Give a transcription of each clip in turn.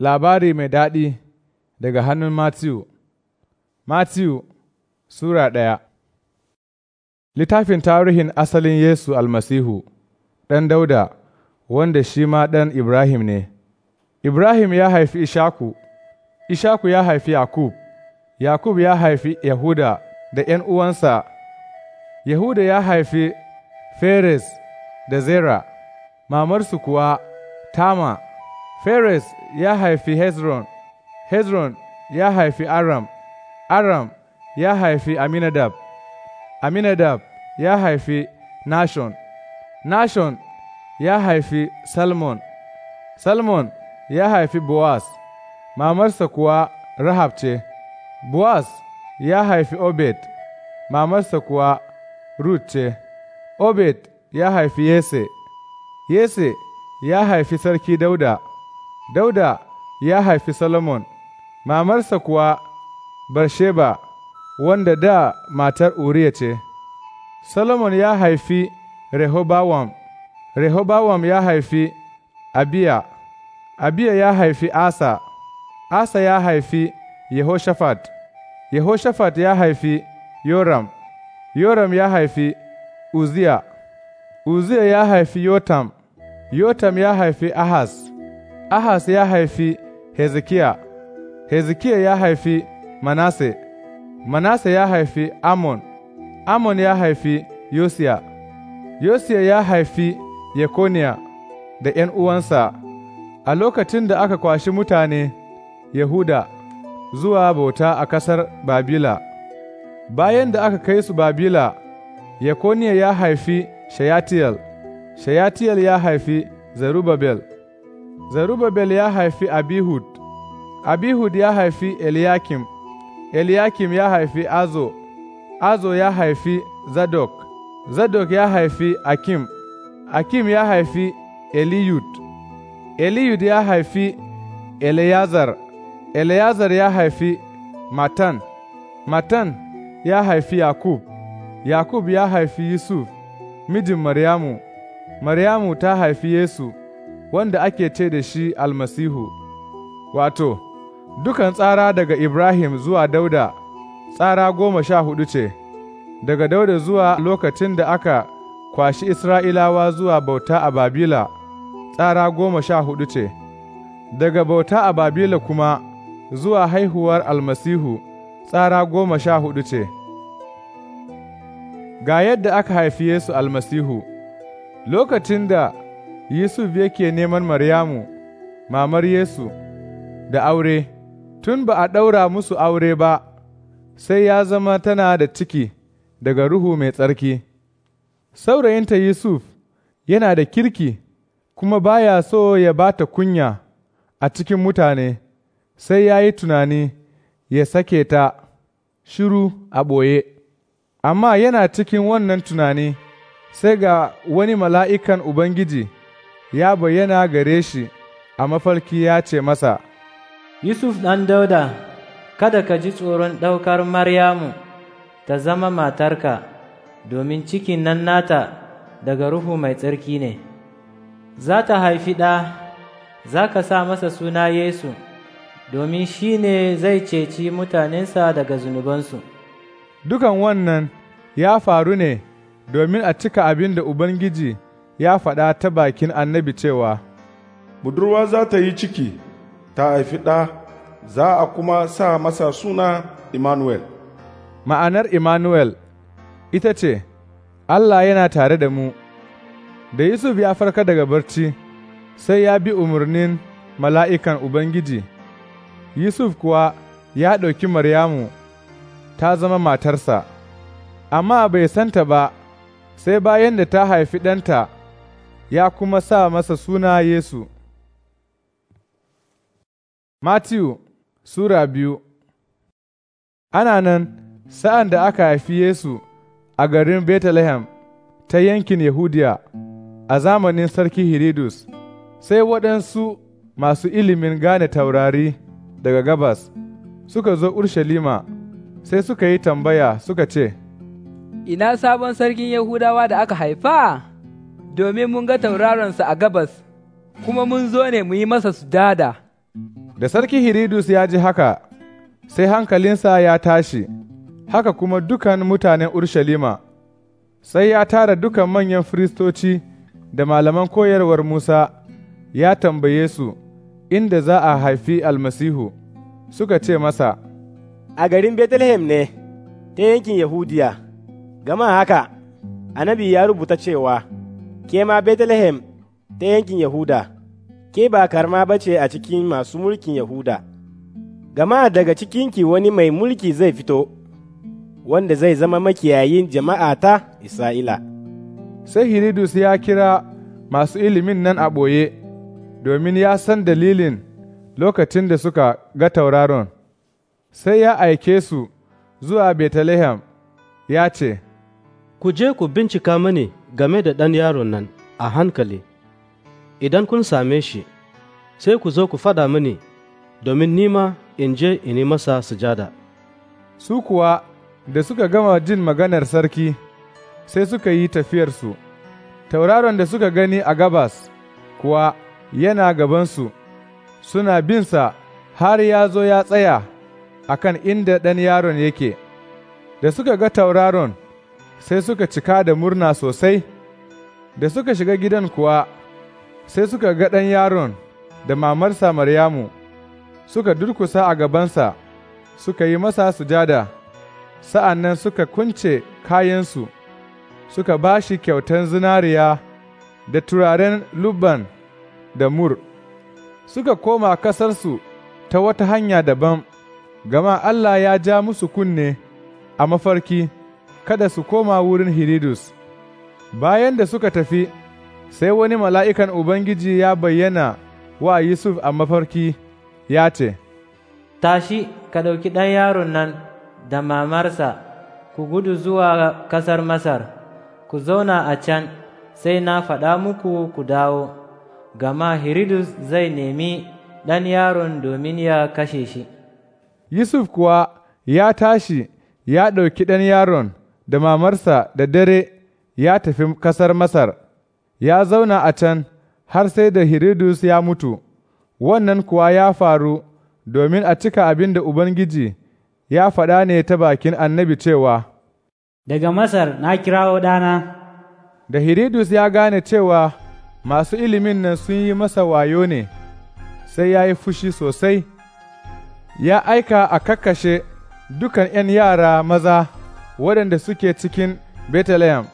Labari mai daɗi daga hannun Matiyu Matiyu Sura ɗaya Littafin tarihin asalin Yesu almasihu, ɗan Dauda, wanda shi ma ɗan Ibrahim ne. Ibrahim ya haifi Ishaku, Ishaku ya haifi Yakub, Yakub ya haifi Yahuda da ’yan uwansa, Yahuda ya haifi Feres da Zera, mamarsu kuwa Tama Feres ya haifi Hezron, Hezron ya haifi Aram, Aram ya haifi Aminadab, Aminadab ya haifi Nashon, Nashon ya haifi Salmon, Salmon ya haifi Boaz, mamarsa kuwa Rahab ce, Boaz ya haifi Obed, mamarsa kuwa Ruth ce, Obed ya haifi Yese, Yese ya haifi Sarki Dauda. Dauda ya haifi Solomon, mamarsa kuwa Barsheba, wanda da matar Uriya ce. Solomon ya haifi Rehobawam, Rehobawam ya haifi Abiya, Abiya ya haifi Asa, Asa ya haifi Yehoshaphat, Yehoshaphat ya haifi Yoram, Yoram ya haifi Uziya, Uziya ya haifi Yotam, Yotam ya haifi Ahaz. ahas ya haifi Hezekiya, Hezekiya ya haifi Manase, Manase ya haifi Amon, Amon ya haifi Yosiya, Yosiya ya haifi Yekoniya da ’yan uwansa a lokacin da aka kwashi mutane Yahuda zuwa bauta a ƙasar Babila. Bayan da aka kai su Babila, Yekoniya ya haifi Shayatiyal, Shayatiyal ya haifi Zerubbabel. Zerubbabel ya haifi Abihud, Abihud ya haifi Eliakim. Eliakim ya haifi Azo, Azo ya haifi Zadok, Zadok ya haifi Akim, Akim ya haifi Eliyud, Eliyud ya haifi Eleazar. Eleazar ya haifi Matan, Matan ya haifi Yakub, Yakub ya haifi Yusuf, mijin Maryamu, Maryamu ta haifi Yesu. wanda ake ce da shi almasihu, wato, dukan tsara daga Ibrahim zuwa Dauda, tsara goma sha hudu ce, daga Dauda zuwa lokacin da aka kwashi Isra'ilawa zuwa bauta a Babila, tsara goma sha hudu ce, daga bauta a Babila kuma zuwa haihuwar almasihu, tsara goma sha hudu ce. Ga yadda aka haifi Yesu almasihu, lokacin da Yusuf yake neman Maryamu, mamar Yesu, da aure, tun ba a ɗaura musu aure ba, sai ya zama tana da ciki daga Ruhu mai tsarki. Saurayinta Yusuf yana da kirki, kuma baya so ya ba ta kunya a cikin mutane, sai ya yi tunani ya sake ta shiru a ɓoye. Amma yana cikin wannan tunani, sai ga wani mala'ikan Ubangiji. ya bayyana gare shi a mafarki ya ce masa, Yusuf ɗan dauda, kada ka ji tsoron ɗaukar Maryamu ta zama matarka, domin cikin nan nata daga Ruhu mai tsarki ne. Za ta haifi ɗa, za ka sa masa suna Yesu, domin shi ne zai ceci mutanensa daga zunubansu. Dukan wannan ya faru ne domin a cika abin da Ubangiji ya faɗa ta bakin annabi cewa, Budurwa za ta yi ciki, ta haifi ɗa, za a kuma sa masa suna Immanuel. Ma'anar Immanuel ita ce, Allah yana tare da mu, da Yusuf ya farka daga barci, sai ya bi umarnin mala'ikan Ubangiji, Yusuf kuwa ya ɗauki Maryamu ta zama matarsa, amma bai santa ba, sai bayan da ta haifi ɗanta ya kuma sa masa suna Yesu. Matiyu Sura biyu Ana nan, sa'an da aka haifi Yesu a garin bethlehem ta yankin Yahudiya a zamanin Sarki Hiridus, sai waɗansu masu ilimin gane taurari daga gabas suka zo Urshalima sai suka yi tambaya suka ce, Ina sabon sarkin Yahudawa da aka haifa? domin mun ga tauraron sa a gabas, kuma mun zo ne mu yi masa sujada. Da sarki Hiridus ya ji haka, sai hankalinsa ya tashi, haka kuma dukan mutanen Urshalima, sai ya tara dukan manyan firistoci da malaman koyarwar Musa, ya tambaye su inda za a haifi almasihu, suka ce masa, A garin Bethlehem ne, ta yankin Yahudiya, gama haka, anabi ya rubuta cewa, ke ma Bethlehem ta yankin Yahuda, ke ba karma ba ce a cikin masu mulkin Yahuda, gama daga cikinki wani mai mulki zai fito, wanda zai zama makiyayin jama'a ta Isra'ila. Sai Hiridus ya kira masu ilimin nan a ɓoye, domin ya san dalilin lokacin da suka ga tauraron, sai ya aike su zuwa Bethlehem, ya ce, Ku je ku bincika mani. game da ɗan yaron nan a hankali, idan kun same shi, sai ku zo ku fada mini domin nima in je in yi masa sujada. Su kuwa da suka gama jin maganar sarki, sai suka yi tafiyarsu, tauraron da suka gani a gabas kuwa yana gabansu, suna binsa har ya zo ya tsaya a kan inda ɗan yaron yake, da suka ga tauraron. sai suka cika da murna sosai, da suka shiga gidan kuwa, sai suka ga ɗan yaron da mamarsa Maryamu, suka durkusa a gabansa, suka yi masa sujada, sa'an nan suka kunce kayansu, suka ba shi kyautan zinariya da turaren lubban da mur, suka koma ƙasarsu ta wata hanya daban, gama Allah ya ja musu kunne a mafarki. kada su koma wurin Hiridus. Bayan da suka tafi, sai wani mala'ikan Ubangiji ya bayyana wa Yusuf a mafarki ya ce, Tashi, ka ɗauki ɗan yaron nan da mamarsa, ku gudu zuwa ƙasar Masar, ku zauna a can, sai na faɗa muku ku dawo, gama Hiridus zai nemi ɗan yaron domin ya kashe shi. Yusuf kuwa ya tashi ya ɗauki ɗan yaron. da mamarsa da dare ya tafi ƙasar Masar, ya zauna a can har sai da Hiridus ya mutu, wannan kuwa ya faru domin a cika abin da Ubangiji ya faɗa ne ta bakin annabi cewa, Daga Masar na kirawo ɗana. Da Hiridus ya gane cewa masu ilimin nan sun yi masa wayo ne, sai ya yi fushi sosai, ya aika a kakkashe dukan ’yan yara maza waɗanda suke cikin Betlehem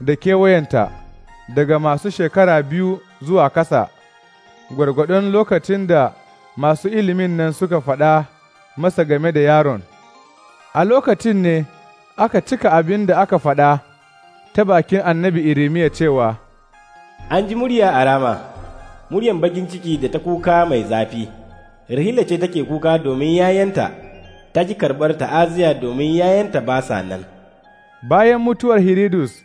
da kewayenta daga masu shekara biyu zuwa kasa, gwargwadon lokacin da masu ilimin nan suka faɗa masa game da yaron. A lokacin ne aka cika abin da aka faɗa ta bakin annabi Irimiya cewa, An ji murya a rama, muryan bakin ciki da ta kuka mai zafi, rahila ce take kuka domin yayanta. ta ji karɓar ta'aziya domin yayanta ba sa nan. Bayan mutuwar Hiridus,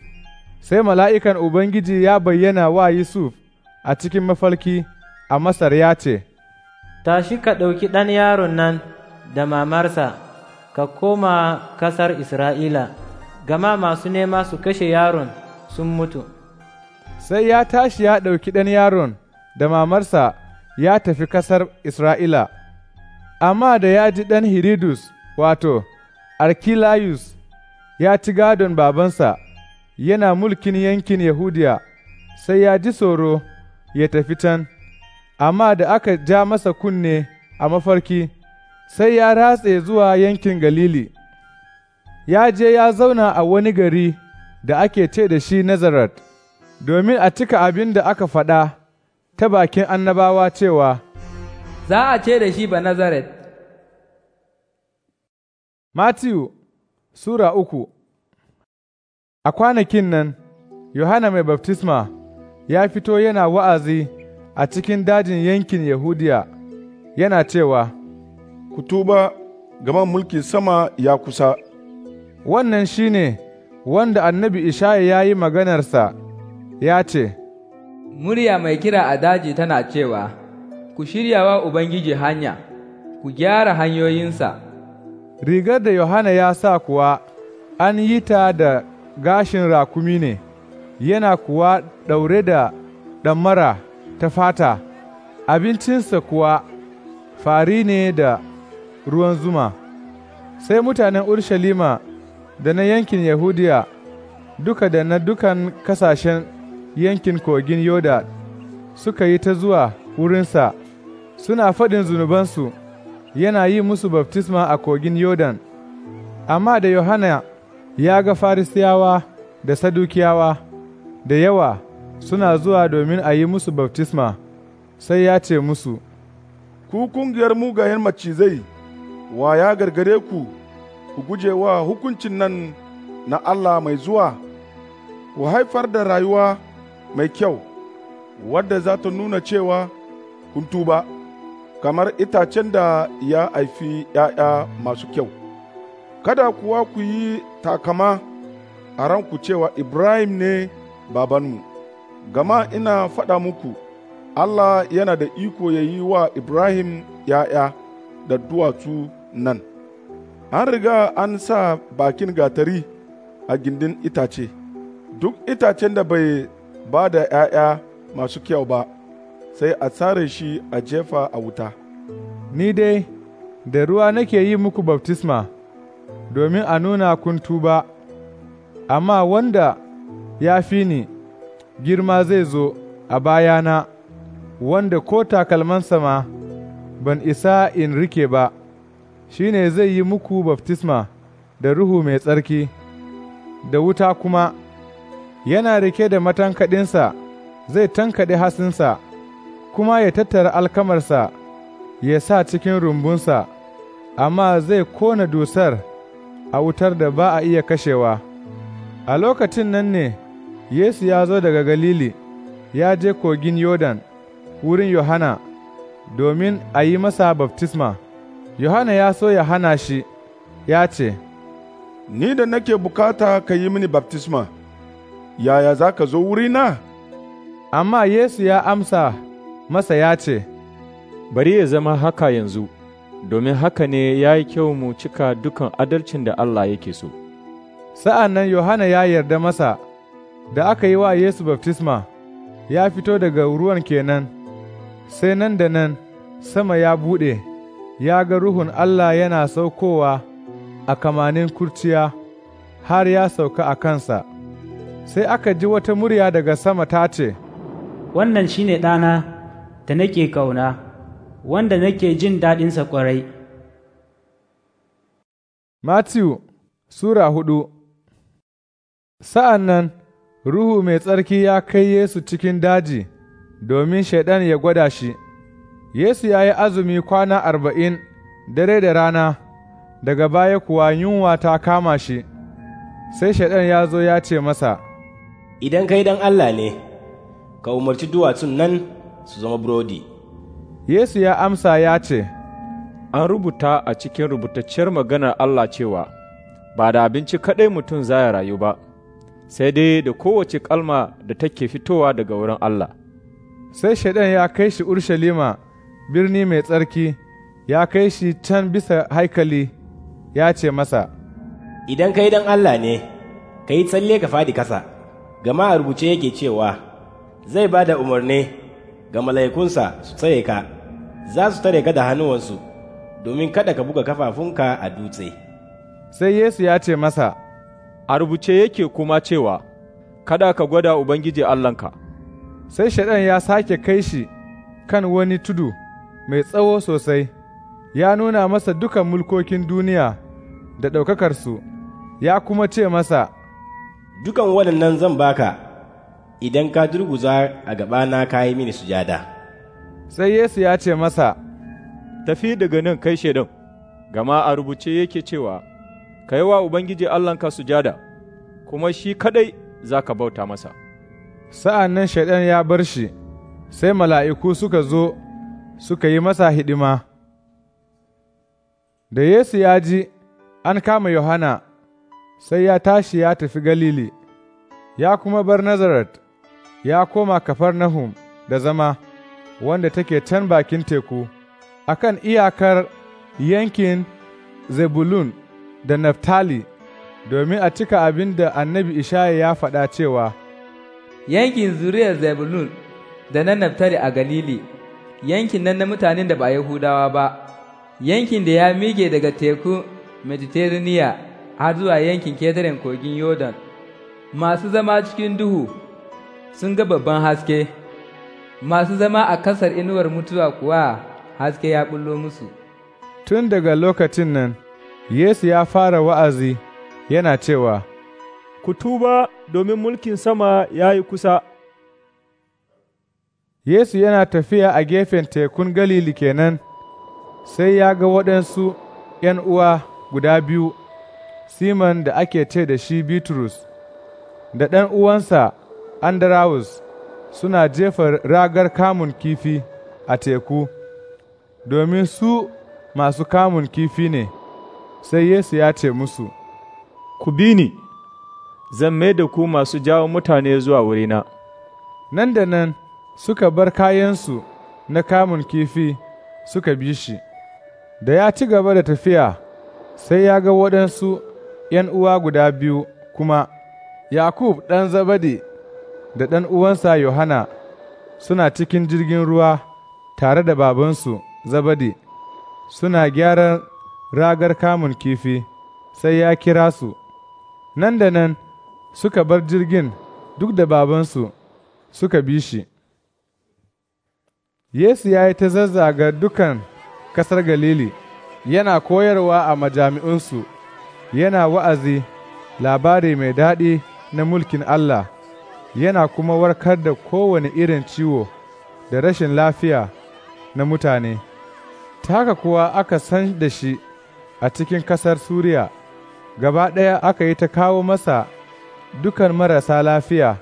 sai mala'ikan Ubangiji ya bayyana wa Yusuf a cikin mafarki a Masar ya ce, Tashi ka ɗauki ɗan yaron nan da mamarsa, ka koma ƙasar Isra'ila, gama masu nema su kashe yaron sun mutu. Sai ya tashi ya ɗauki ɗan yaron da mamarsa ya tafi ƙasar Isra'ila. amma da ya ji ɗan Hiridus, wato, Arkilayus, ya ci gadon babansa, yana mulkin yankin Yahudiya, sai ya ji tsoro ya tafi can, amma da aka ja masa kunne a mafarki, sai ya ratse zuwa yankin Galili. Ya je ya zauna a wani gari da ake ce da shi Nazaret, domin a cika abin da aka faɗa ta bakin annabawa cewa, za a ce da shi ba Nazaret. Matiyu Sura uku A kwanakin nan, Yohana mai baftisma ya fito yana wa'azi a cikin dajin yankin Yahudiya, yana cewa, Ku tuba gaban mulkin sama ya kusa. Wannan shi ne wanda annabi Ishaya ya yi maganarsa, ya ce, Murya mai kira a daji tana cewa, ku shirya wa Ubangiji hanya, ku gyara hanyoyinsa. Rigar da Yohana ya sa kuwa an yi ta da gashin rakumi ne, yana kuwa ɗaure da ɗammara ta fata, abincinsa kuwa fari ne da ruwan zuma. Sai mutanen Urshalima da na yankin Yahudiya duka da na dukan kasashen yankin kogin Yoda suka yi ta zuwa wurinsa suna faɗin zunubansu yana yi musu baftisma a kogin Yodan, amma da Yohana ya ga Farisiyawa da Sadukiyawa da yawa suna zuwa domin a yi musu baftisma, sai ya ce musu, Ku kungiyar mugayen macizai, wa ya gargare ku, ku guje wa hukuncin nan na Allah mai zuwa, ku haifar da rayuwa mai kyau, wadda za ta nuna cewa kun tuba. kamar itacen da ya haifi ’ya'ya masu kyau, kada kuwa ku yi takama a ranku cewa Ibrahim ne babanmu, gama ina faɗa muku, Allah yana da iko ya yi wa Ibrahim ’ya'ya da duwatsu nan. An riga an sa bakin gatari a gindin itace, duk itacen da bai ba da ’ya'ya masu kyau ba. sai a tsare shi a jefa a wuta. Ni dai, da ruwa nake yi muku baftisma, domin a nuna kun tuba, amma wanda ya fi ni girma zai zo a bayana, wanda ko takalmansa ma ban isa in rike ba, shi ne zai yi muku baftisma da Ruhu mai tsarki, da wuta kuma, yana rike da matankaɗinsa zai tankaɗe hasinsa. kuma ya tattara alkamarsa ya sa cikin rumbunsa, amma zai kona dusar a wutar da ba a iya kashewa. A lokacin nan ne, Yesu ya zo daga Galili, ya je kogin Yodan, wurin Yohana, domin a yi masa baftisma. Yohana ya so ya hana shi, ya ce, Ni da nake bukata ka yi mini baftisma, yaya za ka zo wurina? Amma Yesu ya amsa, masa ya ce, Bari ya zama haka yanzu, domin haka ne ya yi kyau mu cika dukan adalcin da Allah yake so. Sa'an nan Yohana ya yarda masa da aka yi wa Yesu baftisma, ya fito daga ruwan kenan, sai nan da nan sama ya buɗe, ya ga Ruhun Allah yana saukowa a kamanin kurciya har ya sauka a kansa. Sai aka ji wata murya daga sama ta ce, Wannan shi ne ɗana. da nake ƙauna wanda nake jin daɗinsa ƙwarai. Matthew Sura hudu Sa'an nan, Ruhu mai tsarki ya kai Yesu cikin daji domin Shaiɗan ya gwada shi, Yesu ya yi azumi kwana arba'in dare da rana, daga baya kuwa yunwa ta kama shi, sai Shaiɗan ya zo ya ce masa, Idan kai dan Allah ne, ka umarci duwatsun nan su zama burodi. Yesu ya amsa ya ce, An rubuta a cikin rubutacciyar maganar Allah cewa, Ba da abinci kaɗai mutum za ya rayu ba, sai dai da kowace kalma da take fitowa daga wurin Allah. Sai shaɗan ya kai shi Urshalima, birni mai tsarki, ya kai shi can bisa haikali, ya ce masa, Idan ka yi don Allah ne, ka yi tsalle ka fadi kasa, gama a rubuce yake cewa, zai ba da umarni ga mala'ikunsa su tsaye ka za su tare ka da hannuwansu domin kada ka buga kafafunka a dutse sai Yesu ya ce masa a rubuce yake kuma cewa kada ka gwada ubangiji Allahnka sai shaɗan ya sake kai shi kan wani tudu mai tsawo sosai ya nuna masa dukan mulkokin duniya da ɗaukakarsu ya kuma ce masa dukan waɗannan zan baka idan ka durguza a gabana ka yi mini sujada. Sai Yesu ya ce masa, Tafi daga nan kai shaidan, gama a rubuce yake cewa, Ka yi wa Ubangiji Allahnka sujada, kuma shi kaɗai za ka bauta masa. Sa'an nan shaidan ya bar shi, sai mala'iku suka zo suka yi masa hidima. Da Yesu ya ji an kama Yohana, sai ya tashi ya tafi Galili, ya kuma bar Nazareth. ya koma kafar nahum da zama, wanda take can bakin teku, akan iyakar yankin Zebulun da Naftali, domin a cika abin da annabi Ishaya ya faɗa cewa, Yankin zuriyar Zebulun da na Naftali a Galili, yankin nan na mutanen da ba Yahudawa ba, yankin da ya mige daga teku Mediterranean har zuwa yankin ketaren kogin Yordan, masu zama cikin duhu. sun ga babban haske, masu zama a kasar inuwar mutuwa kuwa haske ya bullo musu. Tun daga lokacin nan, Yesu ya fara wa'azi yana cewa, Ku tuba domin mulkin sama ya yi kusa. Yesu yana tafiya a gefen tekun Galili kenan, sai ya ga waɗansu ’yan uwa guda biyu, Siman da ake ce da shi Bitrus, da ɗan uwansa Andarawus suna jefa ragar kamun kifi a teku, domin su masu kamun kifi ne, sai Yesu ya ce musu, Ku bi ni, zan mai da ku masu jawo mutane zuwa wurina. Nan da nan suka bar kayansu na kamun kifi suka bi shi, da ya ci gaba da tafiya sai ya ga waɗansu ’yan uwa guda biyu kuma, Yakub ɗan Zabadi da ɗan uwansa Yohana suna cikin jirgin ruwa tare da babansu Zabadi, suna gyaran ragar kamun kifi, sai ya kira su, nan da nan suka bar jirgin duk da babansu suka bi shi. Yesu ya yi ta zazzaga dukan ƙasar Galili, yana koyarwa a majami'unsu, yana wa'azi labari mai daɗi na mulkin Allah. yana kuma warkar da kowane irin ciwo da rashin lafiya na mutane, ta haka kuwa aka san da shi a cikin ƙasar Suriya, gaba ɗaya aka yi ta kawo masa dukan marasa lafiya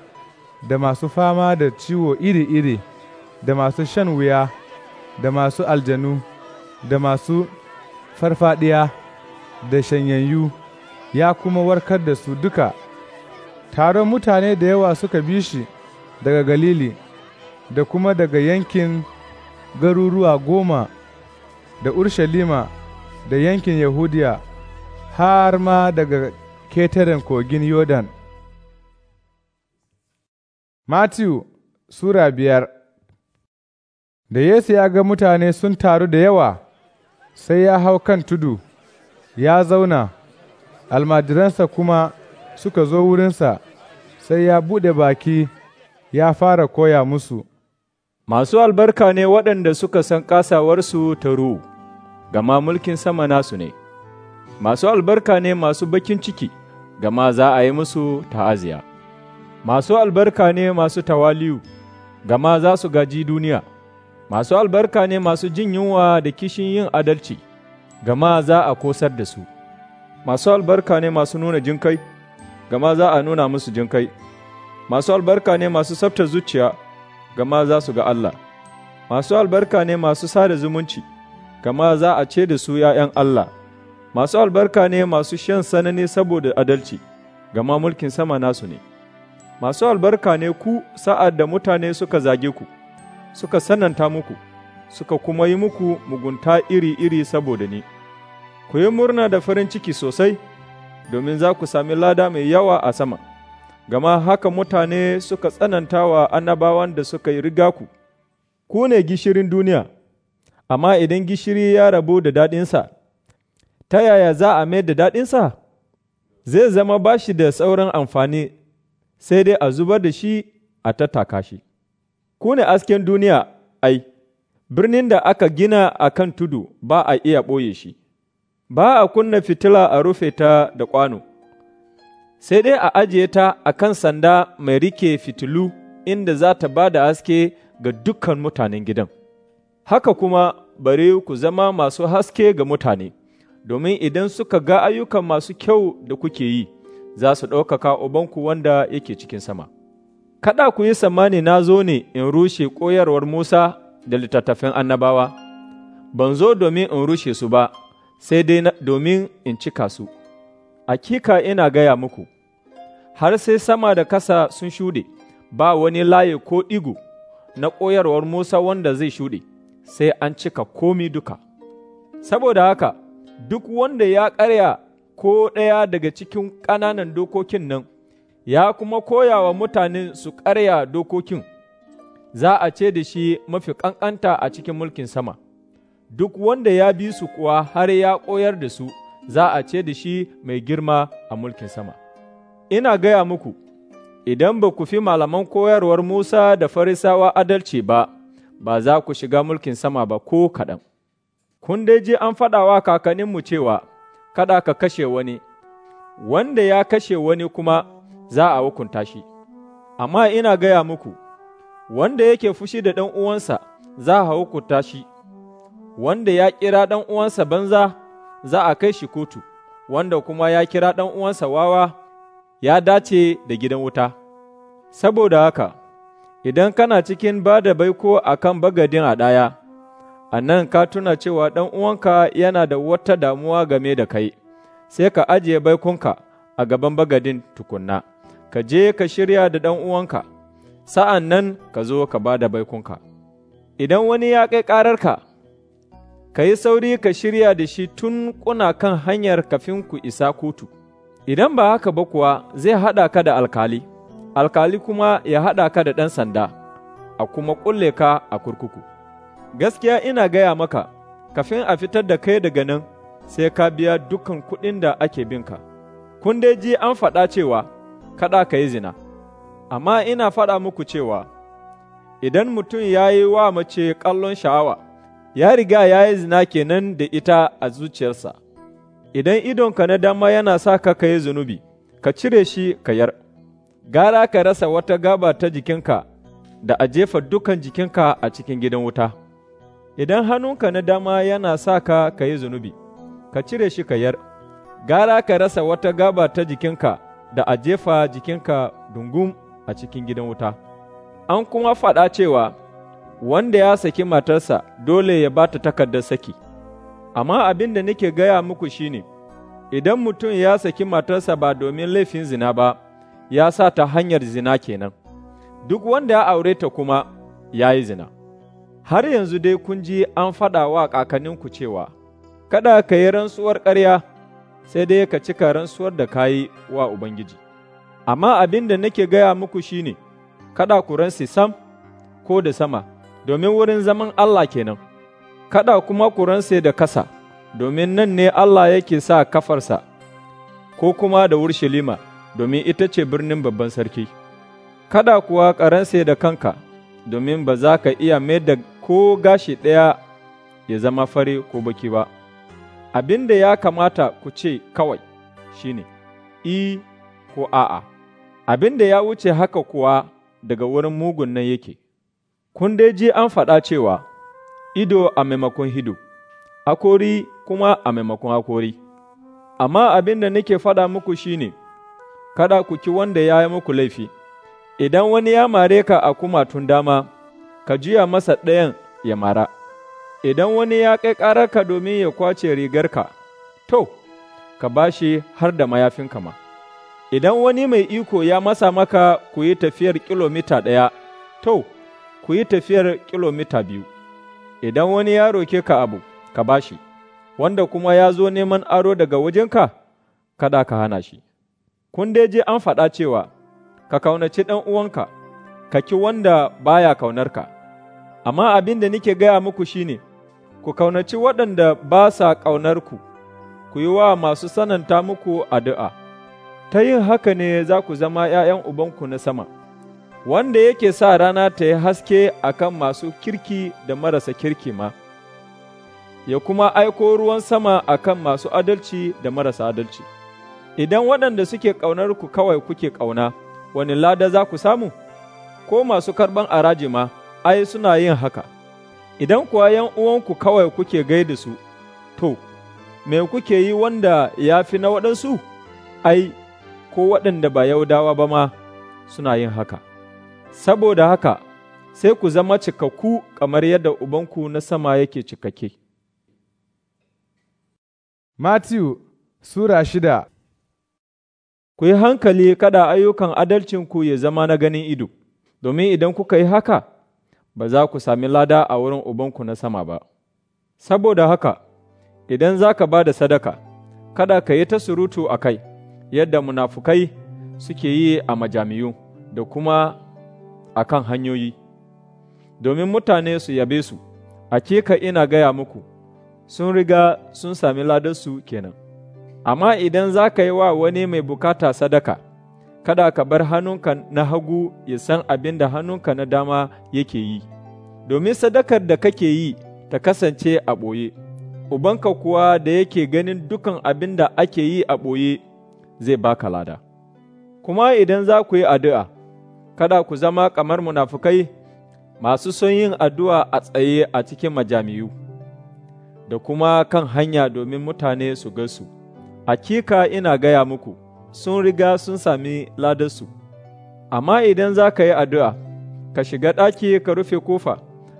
da masu fama da ciwo iri-iri, da masu shan wuya, da masu aljanu, da masu farfadiya, da shanyayyu, ya kuma warkar da su duka. taron mutane da yawa suka bi shi daga Galili da kuma daga yankin garuruwa goma da Urshalima da yankin Yahudiya har ma daga ketaren kogin Yodan. Matthew Sura biyar Da Yesu ya ga mutane sun taru da yawa, sai ya hau kan tudu, ya zauna, almajiransa kuma suka zo wurinsa, sai ya buɗe baki ya fara koya musu. Masu albarka ne waɗanda suka san ƙasawarsu ta ruhu, gama mulkin sama nasu ne. Masu albarka ne masu bakin ciki, gama za a yi musu ta'aziya. Masu albarka ne masu tawaliyu, gama za su gaji duniya. Masu albarka ne masu jin yunwa da kishin yin adalci, gama za a kosar da su. Masu albarka ne masu nuna jinkai. kai. gama za a nuna musu jinkai. Masu albarka ne masu tsaftar zuciya, gama za su ga Allah. Masu albarka ne masu sada zumunci, gama za a ce da su ’ya'yan Allah. Masu albarka ne masu shan sanani saboda adalci, gama mulkin sama nasu ne. Masu albarka ne ku sa'ad da mutane suka zage ku, suka sananta muku, suka kuma yi muku mugunta iri-iri saboda ni. Ku yi murna da farin ciki sosai. domin za ku sami lada mai yawa a sama, gama haka mutane suka tsananta wa annabawan da suka yi riga ku, ku ne gishirin duniya, amma idan gishiri ya rabu da daɗinsa, ta yaya za a mai da daɗinsa? Zai zama ba shi da sauran amfani, sai dai a zubar da shi a tattaka shi. Ku ne asken duniya, ai, birnin da aka gina a kan tudu ba a iya ɓoye shi. ba a kunna fitila a rufe ta da kwano, sai dai a ajiye ta a kan sanda mai rike fitilu inda za ta ba da haske ga dukkan mutanen gidan. Haka kuma bari ku zama masu haske ga mutane, domin idan suka ga ayyukan masu kyau da kuke yi, za su ɗaukaka ubanku wanda yake cikin sama. Kada ku yi samani na zo ne in rushe koyarwar Musa da littattafan annabawa, ban zo domin in rushe su ba. sai dai domin in cika su, akika ina gaya muku, har sai sama da kasa sun shuɗe, ba wani laye ko ɗigo na ƙoyarwar Musa wanda zai shuɗe, sai an cika komi duka. Saboda haka, duk wanda ya ƙarya ko ɗaya daga cikin ƙananan dokokin nan, ya kuma koya wa mutanen su ƙarya dokokin, za a ce da shi mafi ƙanƙanta a cikin mulkin sama. duk wanda ya bi su kuwa har ya koyar da su, za a ce da shi mai girma a mulkin sama. Ina gaya muku, idan ba ku fi malaman koyarwar Musa da Farisawa adalci ba, ba za ku shiga mulkin sama ba ko kaɗan. Kun dai je an faɗawa kakanninmu cewa, kada ka kashe wani, wanda ya kashe wani kuma za a hukunta shi. Amma ina gaya muku, wanda yake fushi da ɗan uwansa za a hukunta shi. wanda ya kira ɗan uwansa banza za a kai shi kotu, wanda kuma ya kira ɗan uwansa wawa ya dace da gidan wuta. Saboda haka, idan kana cikin ba da baiko a kan bagadin a ɗaya, a nan ka tuna cewa ɗan uwanka yana da wata damuwa game da kai, sai ka ajiye baikonka a gaban bagadin tukunna, ka je ka shirya da ɗan uwanka, sa'an nan ka zo ka ba da baikonka. Idan wani ya kai ƙararka, ka yi sauri ka shirya da shi tun kuna kan hanyar kafin ku isa kotu, idan ba haka ba kuwa zai haɗa ka da alkali, alkali kuma ya haɗa ka da ɗan sanda, a kuma ƙulle ka a kurkuku. Gaskiya ina gaya maka, kafin a fitar da kai daga nan, sai ka biya dukan kuɗin da ake binka. Kun dai ji an faɗa cewa, kaɗa ka yi zina, amma ina faɗa muku cewa, idan mutum ya yi wa mace kallon sha'awa, ya riga ya yi zina kenan da ita a zuciyarsa, idan idonka na dama yana sa ka ka yi zunubi, ka cire shi ka yar, gara ka rasa wata gaba ta jikinka da a jefa dukan jikinka a cikin gidan wuta. Idan hannunka na dama yana sa ka ka zunubi, ka cire shi ka yar, gara ka rasa wata gaba ta jikinka da a jefa jikinka dungum a cikin gidan wuta. An kuma faɗa cewa, wanda ya saki matarsa dole ya ba ta takardar saki, amma abin da nake gaya muku shine, idan mutum ya saki matarsa ba domin laifin zina ba, ya sa ta hanyar zina kenan, duk wanda ya aure ta kuma ya yi zina. Har yanzu dai kun ji an faɗa wa kakanninku cewa, Kada ka yi rantsuwar ƙarya, sai dai ka cika rantsuwar da ka yi wa Ubangiji. Amma abin da nake gaya muku shine, kada ku ransi sam ko da sama. domin wurin zaman Allah kenan, kada kuma ku rantse da kasa, domin nan ne Allah yake sa kafarsa, ko kuma da Urshalima, domin ita ce birnin babban sarki. Kada kuwa ƙaranse da kanka, domin ba za ka iya mai da ko gashi ɗaya ya zama fare ko baki ba. Abin da ya kamata ku ce kawai shi ne I ko a'a, abin da ya wuce haka kuwa daga wurin mugun nan yake. kun dai ji an faɗa cewa, Ido a maimakon hidu akori kuma a maimakon akori. Amma abin da nake faɗa muku shi ne, kada ku ki wanda ya yi muku laifi, idan wani ya mare ka a kumatun dama, ka juya masa ɗayan ya mara. Idan wani ya kai ƙararka domin ya kwace rigarka, to, ka ba shi har da mayafinka ma. Idan wani mai iko ya masa maka ku yi tafiyar kilomita ɗaya, to, ku yi tafiyar kilomita biyu, idan wani ya roke ka abu, ka ba shi. wanda kuma ya zo neman aro daga wajenka, kada ka hana shi. Kun dai je an faɗa cewa, ka kaunaci ɗan uwanka, ka ki wanda baya kaunarka, amma abin da nike gaya muku shi ne ku kaunaci waɗanda ba sa ƙaunarku, ku yi wa masu sananta muku addu'a. Ta yin haka ne za ku zama ’ya'yan Ubanku na sama. wanda yake sa rana ta yi haske a kan masu kirki da marasa kirki ma, ya kuma aiko ruwan sama a kan masu adalci da marasa adalci. Idan waɗanda suke ƙaunar ku kawai kuke ƙauna, wani lada za ku samu? Ko masu karɓan araji ma, ai suna yin haka. Idan kuwa ‘yan uwanku kawai kuke gaida su, to, me kuke yi wanda ya fi na waɗansu? Ai, ko waɗanda ba yaudawa ba ma suna yin haka. Saboda haka, sai ku zama cikakku kamar yadda Ubanku na sama yake cikakke. Matiyu Sura shida Ku yi hankali kada ayyukan adalcinku ya zama na ganin ido, domin idan kuka yi haka, ba za ku sami lada a wurin Ubanku na sama ba. Saboda haka, idan za ka ba da sadaka, kada ka yi ta surutu a kai, yadda munafukai suke yi a majami'u da kuma a kan hanyoyi, domin mutane su yabe su, akeka ina gaya muku, sun riga sun sami ladarsu kenan. Amma idan za ka yi wa wani mai bukata sadaka, kada ka bar hannunka na hagu ya san abin da hannunka na dama yake yi, domin sadakar da kake yi ta kasance a ɓoye, Ubanka kuwa da yake ganin dukan abin da ake yi a ɓoye zai baka lada. Kuma idan za ku yi addu'a, kada ku zama kamar munafukai masu son yin addu'a a tsaye a cikin majami'u, da kuma kan hanya domin mutane su gasu, hakika ina gaya muku, sun riga sun sami ladarsu. Amma idan za ka yi addu'a, ka shiga ɗaki ka rufe kofa,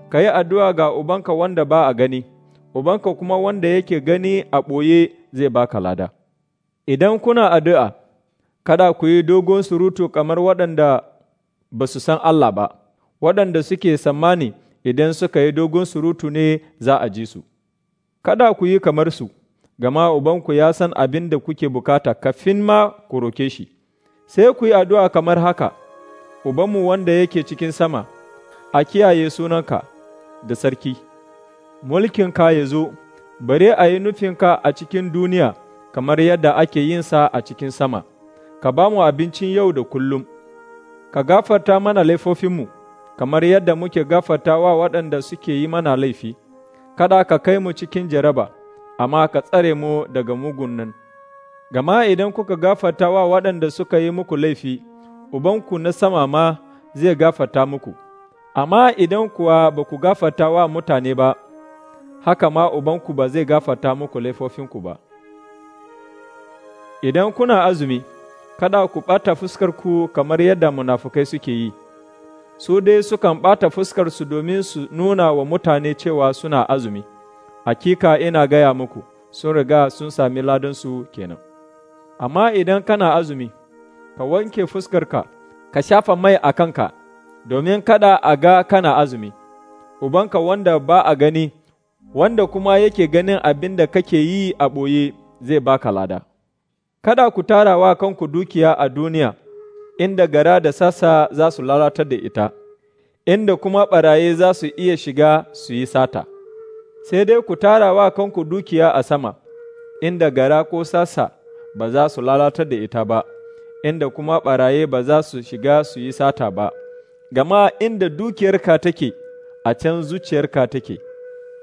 ka yi addu'a ga Ubanka wanda ba a gani, Ubanka kuma wanda yake gani a ɓoye zai baka lada. Idan kuna addu'a, kada ku yi dogon surutu kamar waɗanda ba su san Allah ba, waɗanda suke tsammani idan suka yi dogon surutu ne za a ji su. Kada ku yi kamar su, gama Ubanku ya san abin da kuke bukata kafin ma ku roke shi, sai ku yi addu'a kamar haka, Ubanmu wanda yake cikin sama, a kiyaye sunanka da sarki, mulkinka ya zo, bare a yi nufinka a cikin duniya kamar yadda ake yinsa a cikin sama, ka ba mu abincin yau da kullum. ka gafarta mana laifofinmu, kamar yadda muke gafarta wa waɗanda suke yi mana laifi, kada ka kai mu cikin jaraba, amma ka tsare mu daga mugun nan. Gama idan kuka gafarta wa waɗanda suka yi muku laifi, Ubanku na sama ma zai gafarta muku, amma idan kuwa ba ku gafarta wa mutane ba, haka ma Ubanku ba zai gafarta muku laifofinku ba. Idan kuna azumi, kada ku ɓata fuskarku kamar yadda munafukai suke yi, su dai sukan ɓata fuskarsu domin su nuna wa mutane cewa suna azumi, hakika ina gaya muku, sun riga sun sami ladansu kenan. Amma idan kana azumi, ka wanke fuskarka, ka shafa mai a kanka, domin kada a ga kana azumi, ubanka wanda ba a gani, wanda kuma yake ganin abin da kake yi a ɓoye zai baka lada. kada ku tara wa kanku dukiya a duniya, inda gara da sasa za su lalatar da ita, inda kuma ɓaraye za su iya shiga su yi sata, sai dai ku tara wa kanku dukiya a sama, inda gara ko sasa ba za su lalatar da ita ba, inda kuma ɓaraye ba za su shiga su yi sata ba, gama inda dukiyarka take, a can zuciyarka take.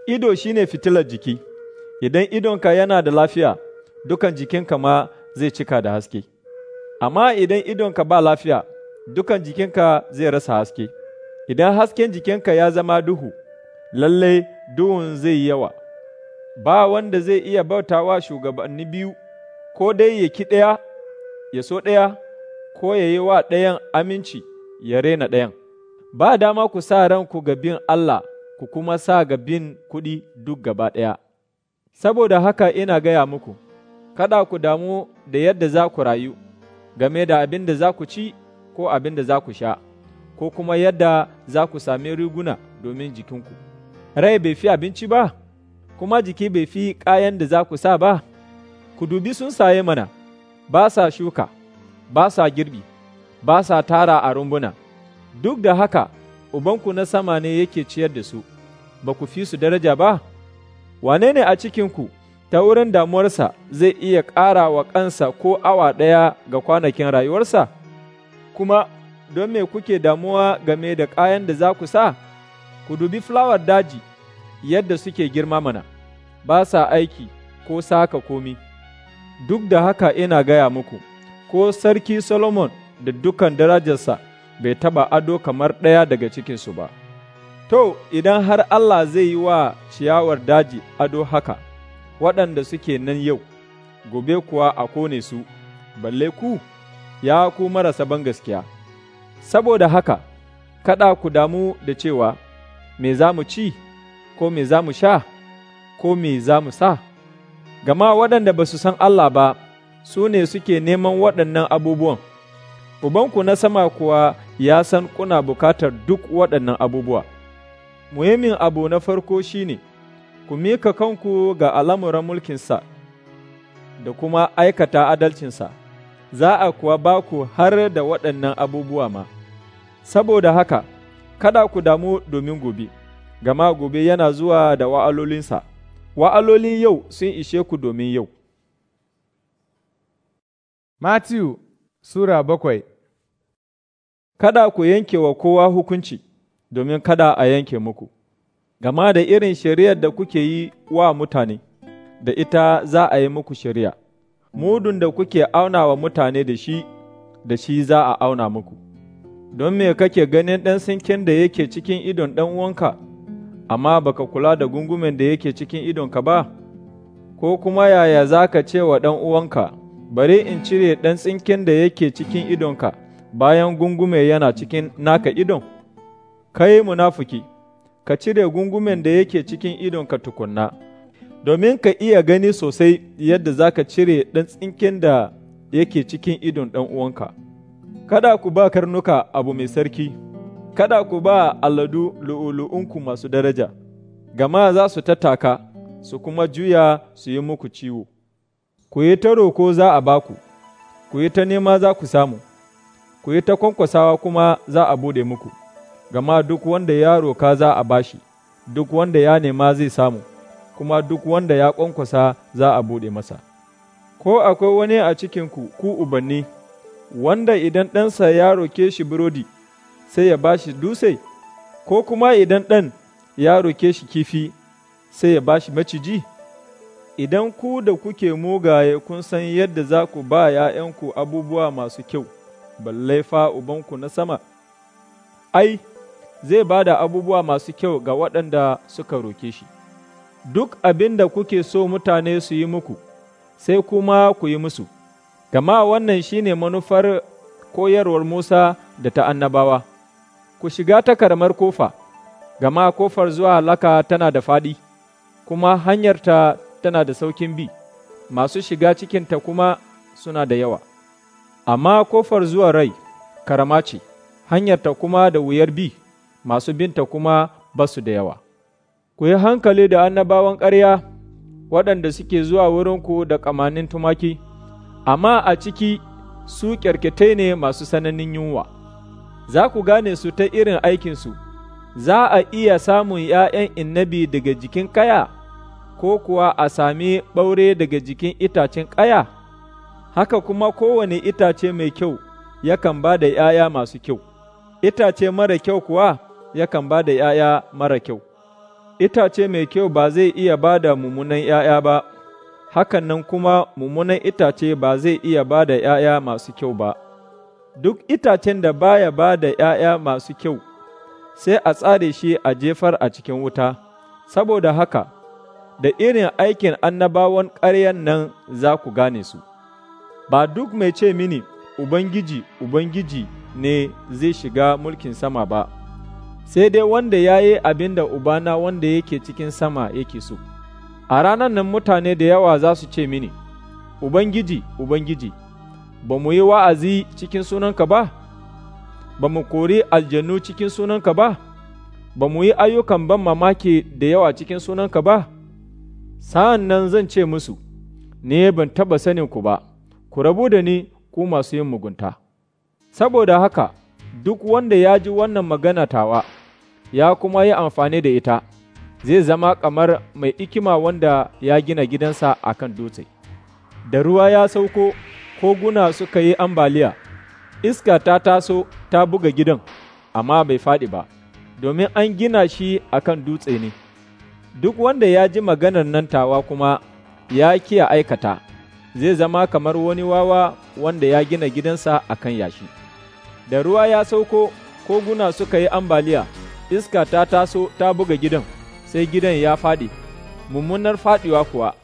Ido shine fitilar jiki, idan idonka yana da lafiya, dukan jikinka ma zai cika da haske amma idan idonka ba lafiya dukan jikinka zai rasa haske idan hasken jikinka ya zama duhu lallai duhun zai yawa ba wanda zai iya bautawa shugabanni biyu ko dai ya ki ɗaya ya so ɗaya ko ya yi wa ɗayan aminci ya rena ɗayan ba dama ku sa ranku ga bin Allah ku kuma sa ga bin kuɗi duk gaba ɗaya saboda haka ina gaya muku kada ku damu da yadda za ku rayu game da abin da za ku ci ko abin da za ku sha, ko kuma yadda za ku sami riguna domin jikinku. Rai bai fi abinci ba, kuma jiki bai fi kayan da za ku sa ba, ku dubi sun saye mana, ba sa shuka, ba sa girbi, ba sa tara a rumbuna, duk da haka Ubanku na sama ne yake ciyar da su, ba ku fi su daraja ba? Wane ne a cikinku ta wurin damuwarsa zai iya ƙara wa kansa ko awa ɗaya ga kwanakin rayuwarsa? Kuma, don me kuke damuwa game da kayan da za ku sa? Ku dubi fulawar daji yadda suke girma mana, ba sa aiki ko saka komi. Duk da haka ina gaya muku, ko Sarki Solomon da dukan darajarsa bai taɓa ado kamar ɗaya daga cikinsu ba. To, idan har Allah zai yi wa ciyawar daji ado haka. waɗanda suke nan yau, gobe kuwa a kone su, balle ku, ya ku marasa bangaskiya. Saboda haka, kaɗa ku damu da cewa, me za mu ci, ko me za mu sha, ko me za mu sa, gama waɗanda ba su san Allah ba, su ne suke neman waɗannan abubuwan. Ubanku na sama kuwa ya san kuna bukatar duk waɗannan abubuwa. Muhimmin abu na farko shine ne, ku mika kanku ga al'amuran mulkinsa da kuma aikata adalcinsa, za a kuwa ba ku har da waɗannan abubuwa ma. Saboda haka, kada ku damu domin gobe, gama gobe yana zuwa da wa'alolinsa, wa'alolin yau sun ishe ku domin yau. Matiyu Sura bakwai Kada ku yanke wa kowa hukunci, domin kada a yanke muku. gama da irin shari'ar da kuke yi wa mutane, da ita za a yi muku shari'a, mudun da kuke auna wa mutane da shi, da shi za a auna muku. Don me kake ganin ɗan sinkin da yake cikin idon ɗan uwanka, amma baka kula da gungumen da yake cikin idonka ba, ko kuma yaya za ka ce wa ɗan uwanka, bari in cire ɗan tsinken da yake cikin idonka, bayan gungume yana cikin naka idon? Kai munafuki. ka cire gungumen da yake cikin idonka tukunna, domin ka iya gani sosai yadda za ka cire ɗan tsinken da yake cikin idon ɗan uwanka. Kada ku ba karnuka abu mai sarki, kada ku ba aladu lu'ulu'unku masu daraja, gama za su tattaka, su kuma juya su yi muku ciwo. Ku yi ta roko za a baku, ku yi ta nema za ku samu, ku yi ta kwankwasawa kuma za a bude muku. gama duk wanda ya roka za a bashi, duk wanda ya nema zai samu, kuma duk wanda ya ƙwanƙwasa za a buɗe masa. Ko akwai wani a cikinku ku ubanni, wanda idan ɗansa ya roke shi burodi, sai ya bashi dutse, ko kuma idan ɗan ya roke shi kifi, sai ya bashi maciji? Idan ku da kuke mugaye kun san yadda za ku ba ‘ya'yanku abubuwa masu kyau, balle fa ubanku na sama, ai, zai ba da abubuwa masu kyau ga waɗanda suka roke shi. Duk abin da kuke so mutane su yi muku, sai kuma ku yi musu, gama wannan shi ne manufar koyarwar Musa da ta annabawa. Ku shiga ta karamar kofa, gama kofar zuwa laka tana da faɗi, kuma hanyarta tana da saukin bi, masu shiga cikinta kuma suna da yawa. Amma kofar zuwa rai karama ce, hanyarta kuma da wuyar bi. masu binta kuma ba su da yawa. Ku yi hankali da annabawan ƙarya waɗanda suke zuwa wurinku da ƙamanin tumaki, amma a ciki su ƙyarketai ne masu sananin yunwa, za ku gane su ta irin aikinsu, za a iya samun ’ya'yan innabi daga jikin ƙaya, ko kuwa a sami ɓaure daga jikin itacen ƙaya, haka kuma kowane itace mai kyau yakan ba da ’ya'ya masu kyau, itace mara kyau kuwa yakan ba da ’ya'ya mara kyau, itace mai kyau ba zai iya ba da mummunan ’ya'ya ba, hakan nan kuma mummunan itace ba zai iya ba da ’ya'ya masu kyau ba. Duk itacen da baya ba da ’ya'ya masu kyau, sai a tsare shi a jefar a cikin wuta, saboda haka, da irin aikin annabawan ƙaryan nan za ku gane su. Ba duk mai ce mini, Ubangiji, Ubangiji ne zai shiga mulkin sama ba. sai dai wanda ya yi abin da Ubana wanda yake cikin sama yake so. A ranar nan mutane da yawa za su ce mini, Ubangiji, Ubangiji, ba mu yi wa'azi cikin sunanka ba, ba mu kori aljanu cikin sunanka ba, ba mu yi ayyukan ban mamaki da yawa cikin sunanka ba, sa'an nan zan ce musu, ne ban taba sanin ku ba, ku rabu da ni ku masu yin mugunta. Saboda haka, duk wanda ya ji wannan magana tawa, ya kuma yi amfani da ita, zai zama kamar mai ikima wanda ya gina gidansa a kan dutse. Da ruwa ya sauko, koguna suka yi ambaliya, iska ta taso ta buga gidan, amma bai faɗi ba, domin an gina shi a kan dutse ne. Duk wanda ya ji maganar nan tawa kuma ya kiya aikata, zai zama kamar wani wawa wanda ya gina gidansa a kan yashi. Da ruwa ya sauko, koguna suka yi ambaliya. iska ta taso ta buga gidan, sai gidan ya faɗi, mummunar faɗiwa kuwa.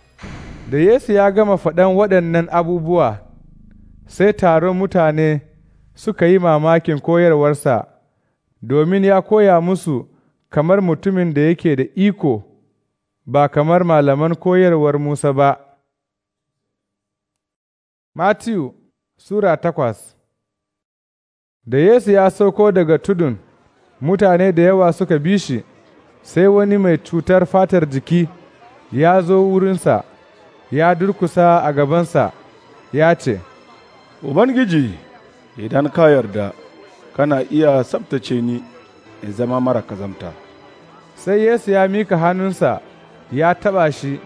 Da Yesu ya gama faɗan waɗannan abubuwa, sai taron mutane suka yi mamakin koyarwarsa, domin ya koya musu kamar mutumin da yake da iko, ba kamar malaman koyarwar Musa ba. Matiyu Sura takwas Da Yesu ya sauko daga tudun, mutane da yawa suka bi shi, sai wani mai cutar fatar jiki ya zo wurinsa, ya durkusa a gabansa, ya ce, Ubangiji, idan ka yarda, kana iya tsabtace ni in zama mara kazamta. Sai Yesu ya mika hannunsa ya taɓa shi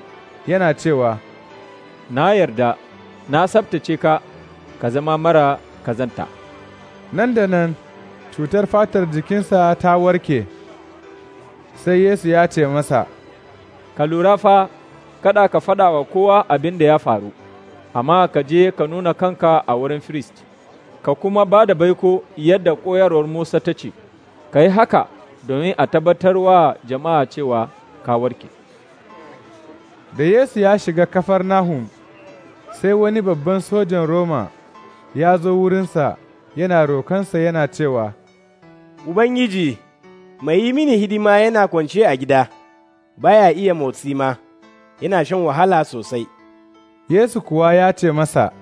yana cewa, Na yarda, na tsabtace ka, ka zama mara kazanta. Nan da nan, cutar fatar jikinsa ta warke, sai Yesu ya ce masa, Ka lura fa, kada ka faɗa wa kowa abin da ya faru, amma ka je ka nuna kanka a wurin firist, ka kuma ba da baiko yadda koyarwar Musa ta ce, ka yi haka domin a tabbatar wa jama'a cewa ka warke. Da Yesu ya shiga kafar Nahum, sai wani babban sojan Roma ya zo wurinsa yana rokansa yana cewa, Ubangiji, mai yi mini hidima yana kwance a gida, baya iya motsi ma, yana shan wahala sosai. Yesu kuwa ya ce masa,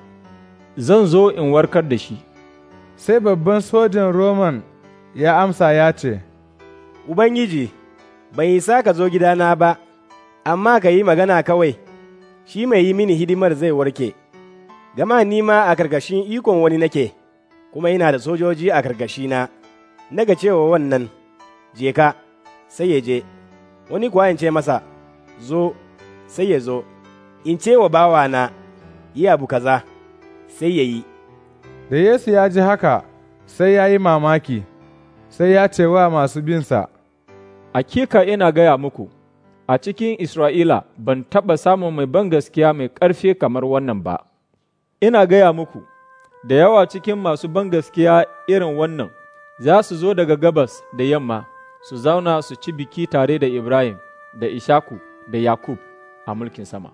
Zan zo in warkar da shi. Sai babban sojan Roman ya amsa ya ce, Ubangiji, bai isa ka zo gidana ba, amma ka yi magana kawai, shi mai yi mini hidimar zai warke, gama nima a karkashin ikon wani nake, kuma yana da sojoji a karkashina. Naga cewa wannan je ka sai ya je, wani kuwa in ce masa zo sai ya zo, in ce wa bawana yi abu kaza sai ya yi. Da Yesu ya ji haka sai ya yi mamaki, sai ya ce wa masu binsa, Akika ina gaya muku, a cikin Isra'ila ban taɓa samun mai ban gaskiya mai ƙarfi kamar wannan ba. Ina gaya muku, da yawa cikin masu ban gaskiya irin wannan za su zo daga gabas da yamma su zauna su ci biki tare da Ibrahim da Ishaku da Yakub a mulkin sama.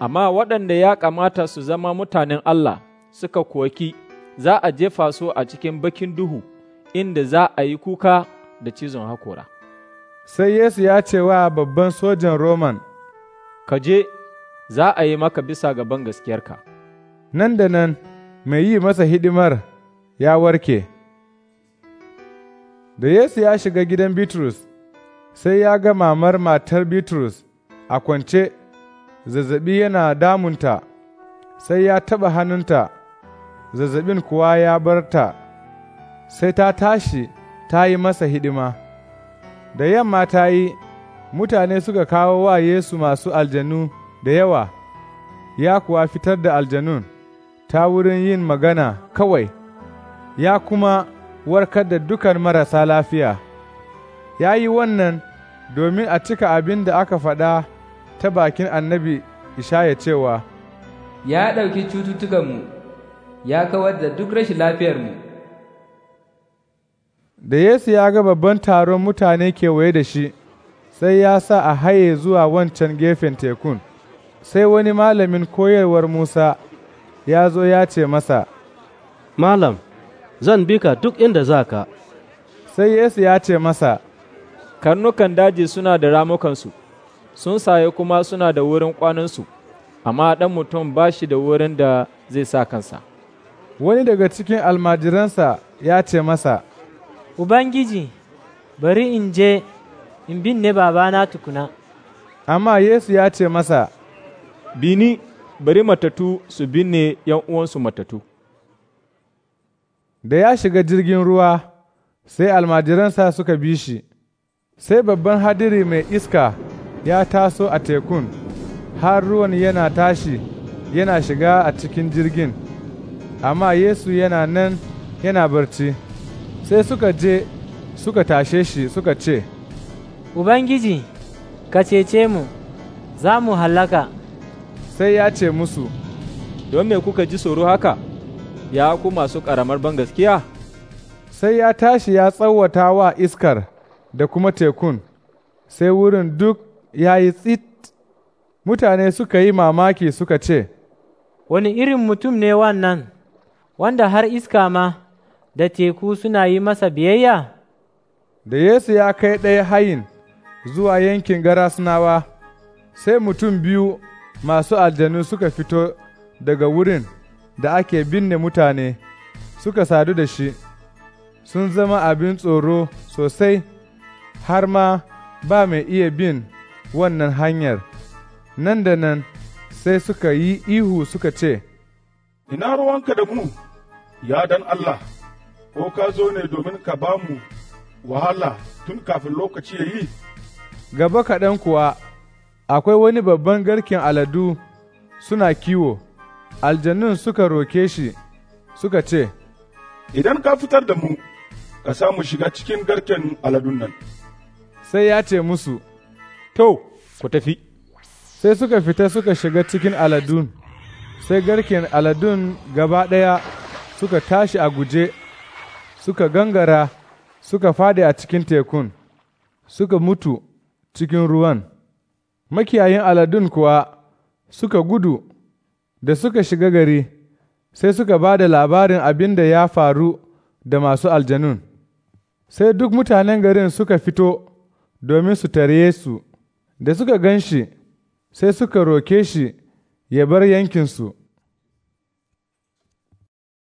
Amma waɗanda ya kamata su zama mutanen Allah suka koki za a jefa su a cikin bakin duhu inda za a yi kuka da cizon hakora. Sai Yesu ya ce wa babban sojan Roman, Ka je, za a yi maka bisa gaban gaskiyarka. Nan da nan, mai yi masa hidimar ya warke. Da Yesu ya shiga gidan Bitrus, sai ya ga mamar matar Bitrus a kwance, zazzaɓi yana damunta, sai ya taɓa hannunta, zazzaɓin kuwa ya bar ta, sai ta tashi ta yi masa hidima. Da yamma ta yi, mutane suka kawo wa Yesu masu aljanu da yawa, ya kuwa fitar da aljanun ta wurin yin magana kawai, ya kuma warkar da dukan marasa lafiya, ya yi wannan domin a cika abin da aka faɗa ta bakin annabi Ishaya cewa, Ya ɗauki cututtukanmu, ya kawar da duk rashin lafiyarmu. Da Yesu ya ga babban taron mutane kewaye da shi, sai ya sa a haye zuwa wancan gefen tekun, sai wani malamin koyarwar Musa ya zo ya ce masa, Malam, zan bi ka duk inda za ka. Sai Yesu ya ce masa, Karnukan daji suna da ramukansu, sun saye kuma suna da wurin kwanansu, amma ɗan mutum ba shi da wurin da zai sa kansa. Wani daga cikin almajiransa ya ce masa, Ubangiji, bari in je in binne babana tukuna. Amma Yesu ya ce masa, Bini, bari matatu su binne uwansu matatu. da ya shiga jirgin ruwa sai almajiransa suka bi shi, sai babban hadiri mai iska ya taso a tekun, har ruwan yana tashi yana shiga a cikin jirgin, amma Yesu yana nan yana barci, sai suka je suka tashe shi suka ce, Ubangiji, ka cece mu, za mu hallaka. Sai ya ce musu, Don me kuka ji tsoro haka? ya ku masu ƙaramar bangaskiya? Sai ya tashi ya tsawata wa iskar da kuma tekun, sai wurin duk ya yi tsit. Mutane suka yi mamaki suka ce, Wani irin mutum ne wannan, wanda har iska ma da teku suna yi masa biyayya? Da Yesu ya kai ɗaya hayin zuwa yankin garasnawa, sai mutum biyu masu aljanu suka fito daga wurin. da ake binne mutane suka sadu da shi, sun zama abin tsoro sosai har ma ba mai iya bin wannan hanyar. Nan da nan sai suka yi ihu suka ce, Ina ruwanka da mu, ya dan Allah, ko ka zo ne domin ka ba mu wahala tun kafin lokaci ya yi? Gaba kaɗan kuwa, akwai wani babban garkin aladu suna kiwo. Aljannun suka roke shi suka ce, Idan ka fitar da mu, ka samu shiga cikin garken aladun nan. Sai ya ce musu, To, ku tafi. Sai suka fita suka shiga cikin aladun, sai garken aladun gaba ɗaya suka tashi a guje, suka gangara, suka fadi a cikin tekun, suka mutu cikin ruwan. Makiyayin aladun kuwa suka gudu da suka shiga gari, sai suka ba da labarin abin da ya faru da masu aljanun. Sai duk mutanen garin suka fito domin su tare su, da suka gan shi, sai suka roke shi ya bar yankinsu.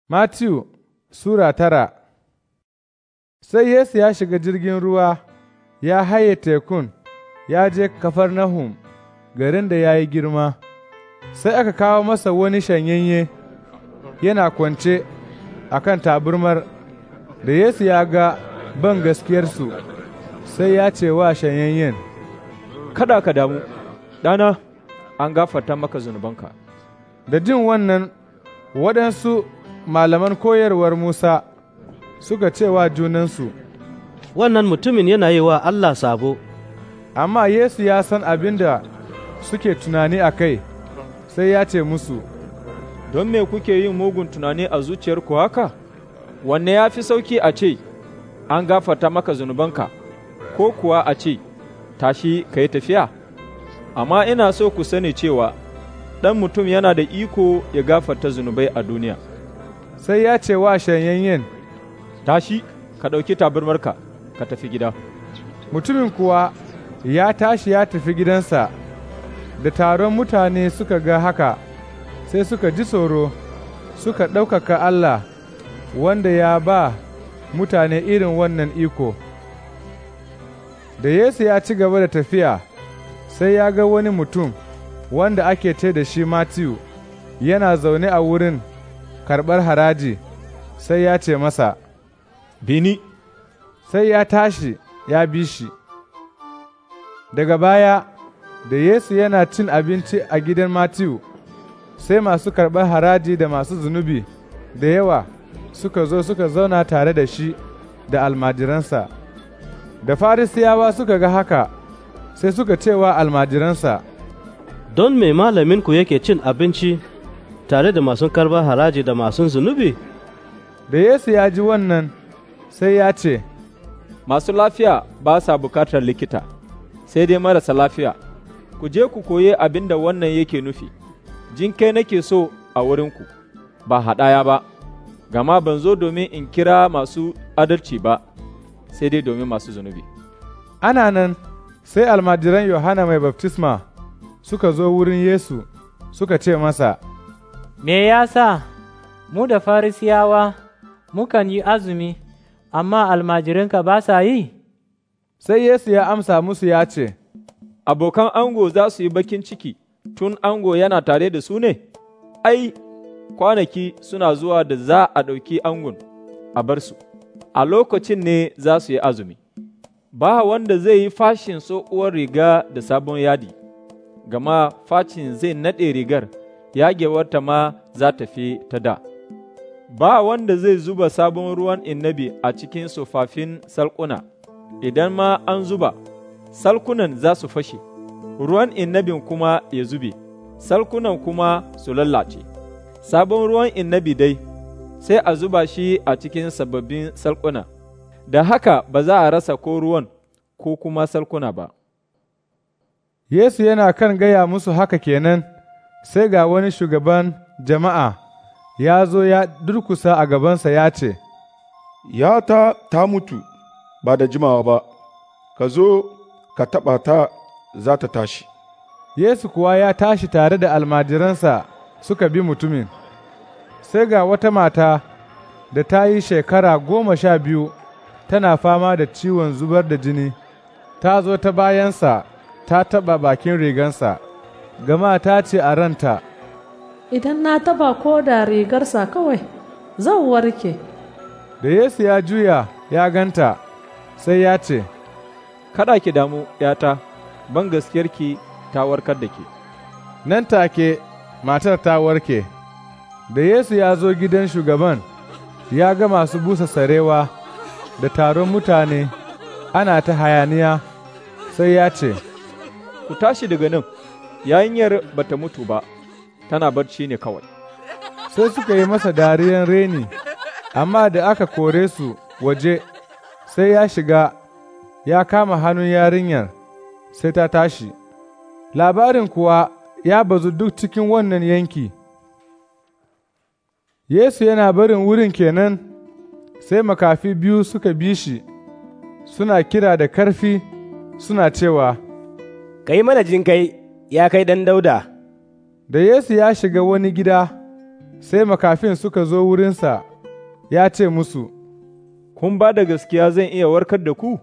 matthew Sura tara Sai Yesu ya shiga jirgin ruwa, ya haye tekun, ya je kafar nahum garin da ya yi girma. sai aka kawo masa wani shanyanye yana kwance a kan taburmar da Yesu ya ga ban gaskiyarsu sai ya ce wa shanyenyen. Kada ka damu, ɗana an gafarta maka zunubanka. Da jin wannan waɗansu malaman koyarwar Musa suka ce wa junansu, Wannan mutumin yana yi wa Allah sabo. Amma Yesu ya san abin da suke tunani a kai. sai ya ce musu, Don me kuke yin mugun tunani a zuciyarku haka? Wanne ya fi sauki a ce, An gafata maka zunubanka, ko kuwa a ce, Tashi ka yi tafiya? Amma ina so ku sani cewa, Ɗan mutum yana da iko ya gafata zunubai a duniya. Sai ya ce wa shanyen. Tashi, ka ɗauki tabarmarka, ka tafi gida. Mutumin kuwa ya tashi ya tafi gidansa. da taron mutane suka ga haka sai suka ji tsoro suka ɗaukaka Allah wanda ya ba mutane irin wannan iko. Da Yesu ya ci gaba da tafiya sai ya ga wani mutum wanda ake ce da shi Matiyu yana zaune a wurin karɓar haraji sai ya ce masa, Bini, sai ya tashi ya bi shi. Daga baya da Yesu yana cin abinci a gidan Matiyu, sai masu karɓar haraji da masu zunubi da yawa suka zo suka zauna tare da shi da almajiransa. Da farisiyawa suka ga haka, sai suka cewa almajiransa, Don mai malaminku yake cin abinci tare da masu karɓar haraji da masu zunubi? Da Yesu ya ji wannan, sai ya ce, Masu lafiya ba sa bukatar likita, sai dai marasa lafiya. ku je ku koye abin da wannan yake nufi, jinkai nake so a wurinku, ba haɗaya ba, gama ban zo domin in kira masu adalci ba, sai dai domin masu zunubi. Ana nan, sai almajiran Yohana mai baftisma suka zo wurin Yesu suka ce masa, Me ya sa, mu da Farisiyawa mukan yi azumi, amma almajirinka ba sa yi? Sai Yesu ya amsa musu ya ce, abokan ango za su yi bakin ciki tun ango yana tare da su ne, ai, kwanaki suna zuwa da za a ɗauki angon a bar su, a lokacin ne za su yi azumi, ba wanda zai yi fashin tsohuwar riga da sabon yadi, gama fashin zai naɗe rigar, yagewarta ma za ta fi ta da. Ba wanda zai zuba sabon ruwan inabi a cikin tsofaffin salkuna, idan ma an zuba. salkunan za su fashe, ruwan inabin kuma ya zube, salkunan kuma su lallace. Sabon ruwan inabi dai, sai a zuba shi a cikin sababbin salkuna, da haka ba za a rasa ko ruwan ko kuma salkuna ba. Yesu yana kan gaya musu haka kenan, sai ga wani shugaban jama'a ya zo ya durkusa a gabansa ya ce, Ya ta ta mutu ba da jimawa ba, ka zo ka taɓa ta za ta tashi. Yesu kuwa ya tashi tare da almajiransa suka bi mutumin, sai ga wata mata da ta yi shekara goma sha biyu tana fama da ciwon zubar da jini, ta zo ta bayansa ta taɓa bakin rigansa, gama ta ce a ranta, Idan na taɓa ko da rigarsa kawai, zan warke. Da Yesu ya juya ya ganta, sai ya ce, kada ki damu ‘yata, ban gaskiyarki ta warkar da ke. Nan take matar ta warke, da Yesu ya zo gidan shugaban, ya ga masu busa sarewa da taron mutane ana ta hayaniya, sai ya ce, Ku tashi daga nan, yayinyar ba ta mutu ba, tana barci ne kawai. Sai suka yi masa dariyan reni, amma da aka kore su waje, sai ya shiga ya kama hannun yarinyar sai ta tashi, labarin kuwa ya bazu duk cikin wannan yanki. Yesu yana barin wurin kenan sai makafi biyu suka bi shi, suna kira da karfi suna cewa, Ka yi mana jinkai, ya kai ɗan dauda. Da Yesu ya shiga wani gida, sai makafin suka zo wurinsa, ya ce musu, Kun ba da gaskiya zan iya warkar da ku?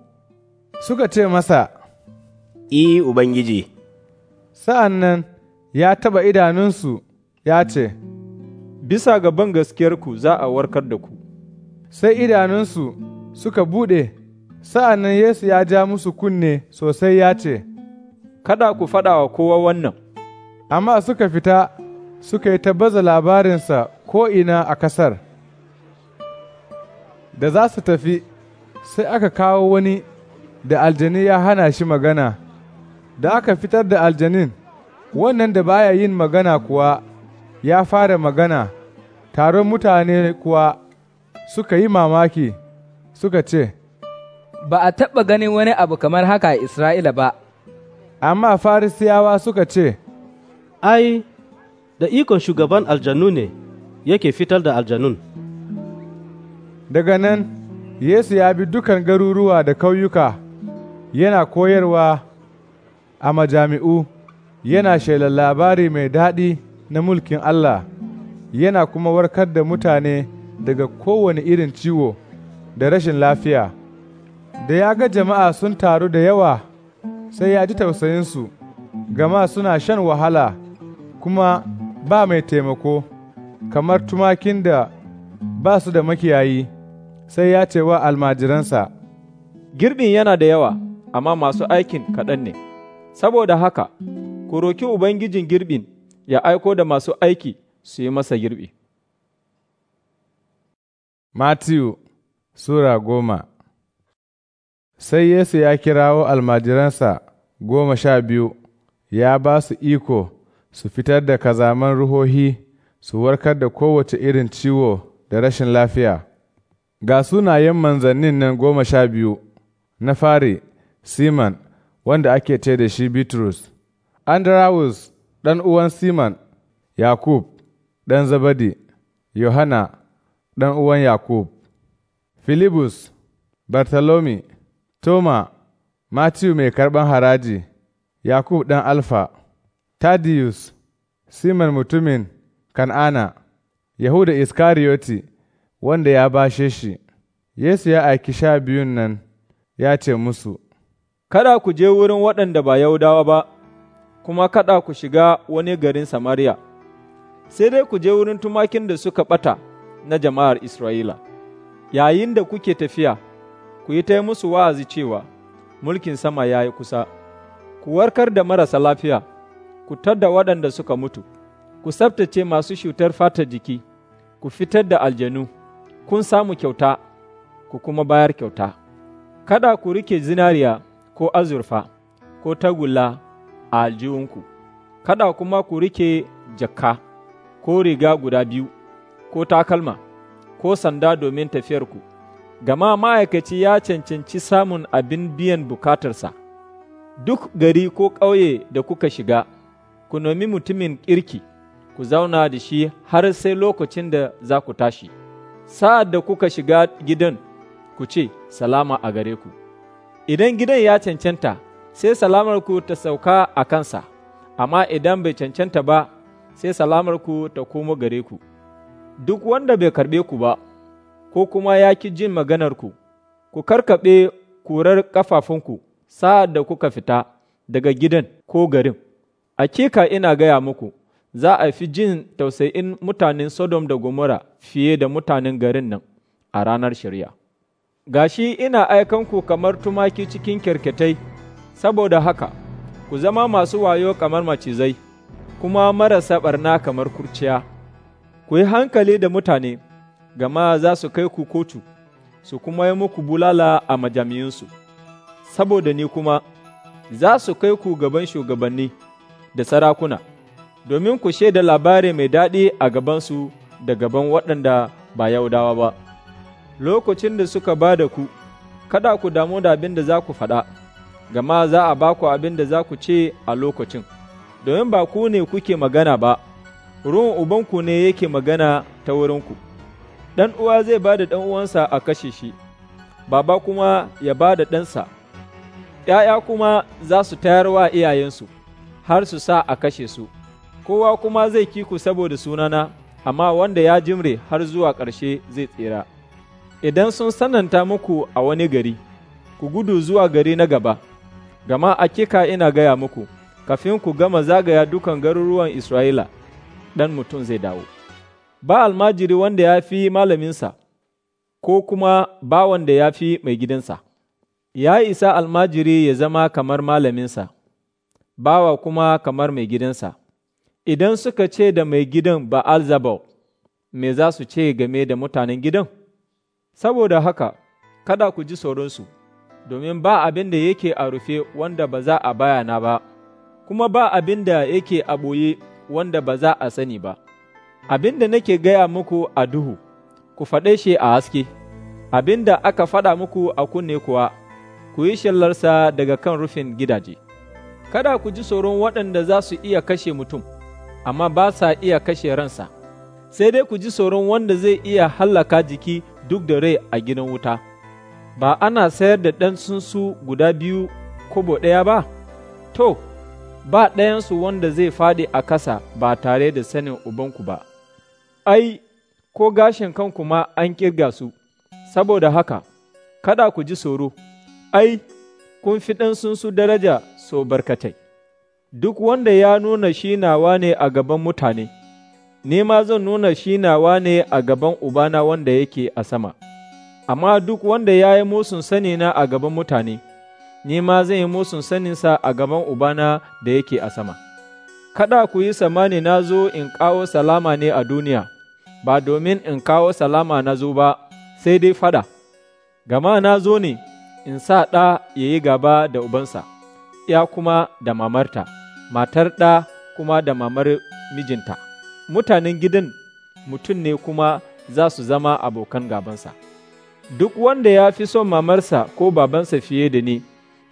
Suka ce masa, I Ubangiji. Sa'an nan ya taɓa idanunsu ya ce, Bisa ga ban gaskiyarku za a warkar da ku. Sai idanunsu suka buɗe, sa'an nan Yesu ya ja musu kunne sosai ya ce, Kada ku faɗa wa kowa wannan. Amma suka fita suka yi ta baza labarinsa ko'ina a ƙasar. Da za su tafi, sai aka kawo wani da aljani ya hana shi magana, da aka fitar da aljanin, wannan da baya yin magana kuwa ya fara magana, taron mutane kuwa suka yi mamaki, suka ce, Ba a taɓa ganin wani abu kamar haka Isra'ila ba. Amma Farisiyawa suka ce, Ai, da ikon shugaban aljanu ne yake fitar da aljanun. Daga nan, Yesu ya bi dukan garuruwa da kauyuka. yana koyarwa a majami'u, yana shelar labari mai daɗi na mulkin Allah, yana kuma warkar da mutane daga kowane irin ciwo da rashin lafiya. Da ya ga jama'a sun taru da yawa, sai ya ji tausayinsu, gama suna shan wahala, kuma ba mai taimako, kamar tumakin da ba su da makiyayi, sai ya ce wa almajiransa, Girbin yana da yawa. amma masu aikin kaɗan ne. Saboda haka, ku roki Ubangijin girbin ya aiko da masu aiki su yi masa girbi. Matiyu Sura goma Sai Yesu ya kirawo almajiransa goma sha biyu, ya ba su iko su fitar da kazaman ruhohi su warkar da kowace irin ciwo da rashin lafiya. Ga sunayen manzannin nan goma sha biyu, na fari Siman, wanda ake ce da shi Bitrus, Andrawus ɗan uwan Siman, Yakub ɗan Zabadi, Yohana ɗan uwan Yakub, Filibus, Bartolome, Toma, Matthew mai karɓan haraji, Yakub ɗan Alfa, tadius Siman mutumin Kan'ana, Yahuda Iskariyoti, wanda ya bashe shi, Yesu ya aiki sha biyun nan ya ce musu, kada ku je wurin waɗanda ba Yahudawa ba, kuma kada ku shiga wani garin Samariya, sai dai ku je wurin tumakin da suka ɓata na jama'ar Isra'ila, yayin da kuke tafiya, ku yi ta musu wa'azi cewa mulkin sama ya yi kusa, ku warkar da marasa lafiya, ku tadda waɗanda suka mutu, ku tsaftace masu cutar fata jiki, ku fitar da aljanu, kun samu kyauta, ku kuma bayar kyauta. Kada ku rike zinariya. ko azurfa, ko tagulla a aljihunku, kada kuma ku rike jaka ko riga guda biyu, ko takalma, ko sanda domin tafiyarku, gama ma'aikaci ya cancanci samun abin biyan bukatarsa. Duk gari ko ƙauye da kuka shiga, ku nomi mutumin ƙirki ku zauna da shi har sai lokacin da za ku tashi. Sa'ad da kuka shiga gidan, ku ce, Salama a gare ku. Idan gidan ya cancanta, sai salamarku ta sauka a kansa, amma idan bai cancanta ba, sai salamarku ta komo gare ku. Duk wanda bai karɓe ku ba, ko kuma ya ki jin maganarku, ku karkaɓe kurar ƙafafunku sa'ad da kuka fita daga gidan ko garin. Akika ina gaya muku, za a fi jin tausayin mutanen Sodom da Gomorra fiye da mutanen garin nan a ranar shirya. gashi ina aikan ku kamar tumaki cikin kyarketai, saboda haka, ku zama masu wayo kamar macizai, kuma marasa ɓarna kamar kurciya. Ku yi hankali da mutane, gama za su kai ku kotu, su kuma yi muku bulala a majami'insu, saboda ni kuma za su kai ku gaban shugabanni da sarakuna, domin ku shaida labari mai daɗi a gabansu da gaban waɗanda ba yaudawa ba. lokacin da suka ba da ku, kada ku damu da abin da za ku faɗa, gama za a ba ku abin da za ku ce a lokacin, domin ba ku ne kuke magana ba, ruwan ubanku ne yake magana ta wurinku. Ɗan uwa zai ba da ɗan uwansa a kashe shi, baba kuma ya ba da ɗansa, ’ya'ya kuma za su tayar wa iyayensu, har su sa a kashe su, kowa kuma zai kiku saboda sunana, amma wanda ya jimre har zuwa ƙarshe zai tsira. idan sun sananta muku a wani gari, ku gudu zuwa gari na gaba, gama akika ina gaya muku, kafin ku gama zagaya dukan garuruwan Isra'ila, ɗan mutum zai dawo. Ba almajiri wanda ya fi malaminsa, ko kuma ba wanda ya fi mai gidansa, ya isa almajiri ya zama kamar malaminsa, bawa kuma kamar mai gidansa. Idan suka ce da mai gidan ba Alzabau, me za su ce game da mutanen gidan? Saboda haka, kada ku ji tsoronsu, domin ba abin da yake a rufe wanda ba za a bayana ba, kuma ba abin da yake a ɓoye wanda ba za a sani ba. Abin da nake gaya muku a duhu, ku faɗe shi a haske, abin da aka faɗa muku a kunne kuwa, ku yi shallarsa daga kan rufin gidaje. Kada ku ji tsoron waɗanda za su iya kashe mutum, amma ba sa iya kashe ransa, sai dai ku ji tsoron wanda zai iya hallaka jiki duk da rai a gidan wuta, ba ana sayar da ɗan sunsu guda biyu kobo ɗaya ba? To, ba ɗayansu wanda zai faɗi a kasa ba tare da sanin ubanku ba, ai, ko gashin kanku ma an ƙirga su, saboda haka, kada ku ji tsoro, ai, kun fi ɗan sunsu daraja so barkatai, duk wanda ya nuna shi nawa ne a gaban mutane. ni ma zan nuna shi nawa ne a gaban Ubana wanda yake a sama, amma duk wanda ya yi musun na a gaban mutane, ni ma zan yi musun saninsa a gaban Ubana da yake a sama. Kada ku yi samani na zo in kawo salama ne a duniya, ba domin in kawo salama na zo ba, sai dai fada, gama na zo ne in sa ɗa ya yi gaba da ubansa, ya kuma da mamarta, matar ɗa kuma da mamar mijinta. mutanen gidan mutum ne kuma za su zama abokan gabansa. Duk wanda ya fi son mamarsa ko babansa fiye da ni,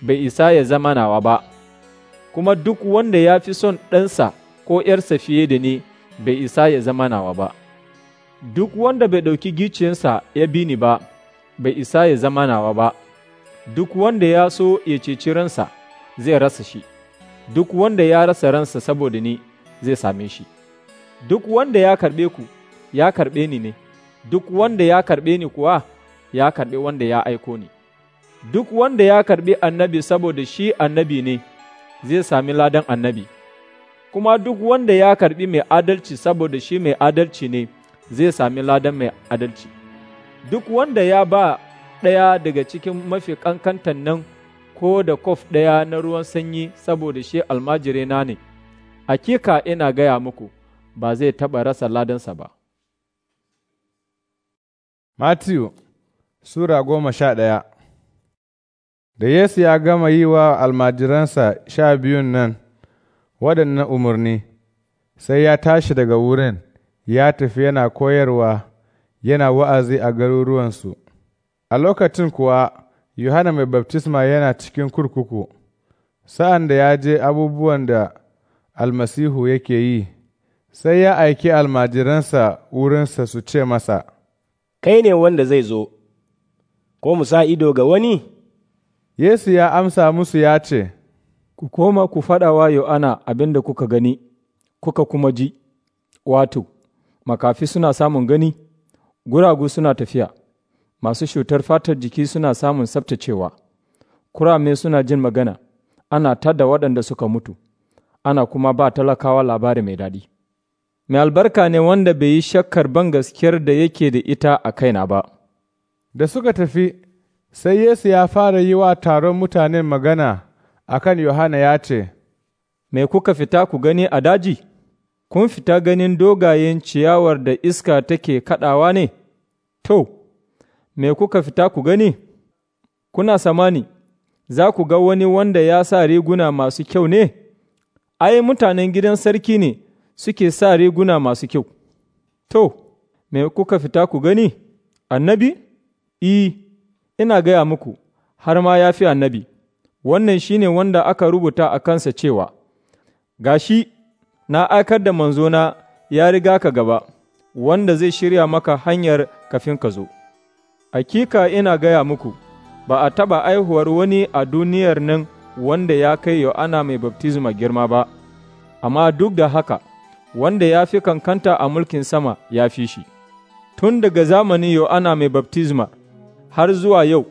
bai isa ya zama nawa ba, kuma duk wanda ya fi son ɗansa ko ’yarsa fiye da ni, bai isa ya zama nawa ba. Duk wanda bai ɗauki giciyansa ya bi ni ba, bai isa ya zama nawa ba. Duk wanda ya so ya ceci ransa, zai rasa shi, duk wanda ya rasa ransa saboda ni, zai same shi. duk wanda ya karbe ku ya karɓe ni ne, duk wanda ya karbe ni kuwa ya karɓe wanda ya aiko ni, duk wanda ya karbe annabi saboda shi annabi ne zai sami ladan annabi, kuma duk wanda ya karɓi mai adalci saboda shi mai adalci ne zai sami ladan mai adalci, duk wanda ya ba ɗaya daga cikin mafi ƙankantan nan ko da kof ɗaya na ruwan sanyi saboda shi almajirena ne, hakika ina gaya muku. ba zai taɓa rasa ladansa ba. Matthew Sura goma sha ɗaya Da Yesu ya gama yi wa almajiransa sha biyun nan waɗannan umarni, sai ya tashi daga wurin ya tafi yana koyarwa yana wa'azi a garuruwansu. A lokacin kuwa, Yohana mai baftisma yana cikin kurkuku, sa'an da ya je abubuwan da almasihu yake yi. sai ya aiki almajiransa wurinsa su ce masa, Kai ne wanda zai zo, ko mu sa ido ga wani? Yesu ya amsa musu ya ce, Ku koma ku faɗa faɗawa Yohana abin da kuka gani, kuka kuma ji, wato, makafi suna samun gani, guragu suna tafiya, masu cutar fatar jiki suna samun tsaftacewa, kurame suna jin magana, ana tada waɗanda suka mutu, ana kuma ba talakawa labari mai daɗi. mai albarka ne wanda bai yi shakkar ban gaskiyar da yake da ita a kaina ba. Da suka tafi, sai Yesu ya fara yi wa taron mutanen magana a kan Yohana ya ce, Me kuka fita ku gani a daji? Kun fita ganin dogayen ciyawar da iska take kaɗawa ne? To, me kuka fita ku gani? Kuna samani, za ku ga wani wanda ya sa riguna masu kyau ne? Ai, mutanen gidan sarki ne. suke sa riguna masu kyau. To, me kuka fita ku gani? Annabi? I, e, ina gaya muku, har ma ya fi annabi, wannan shi ne wanda aka rubuta a kansa cewa, Gashi, na aikar da manzona ya riga ka gaba, wanda zai shirya maka hanyar kafin ka zo. Hakika ina gaya muku, ba a taɓa aihuwar wani a duniyar nan wanda ya kai ana mai baptizma girma ba, amma duk da haka, wanda ya fi kankanta a mulkin sama ya fi shi. Tun daga zamanin Yohana mai baptisma har zuwa yau,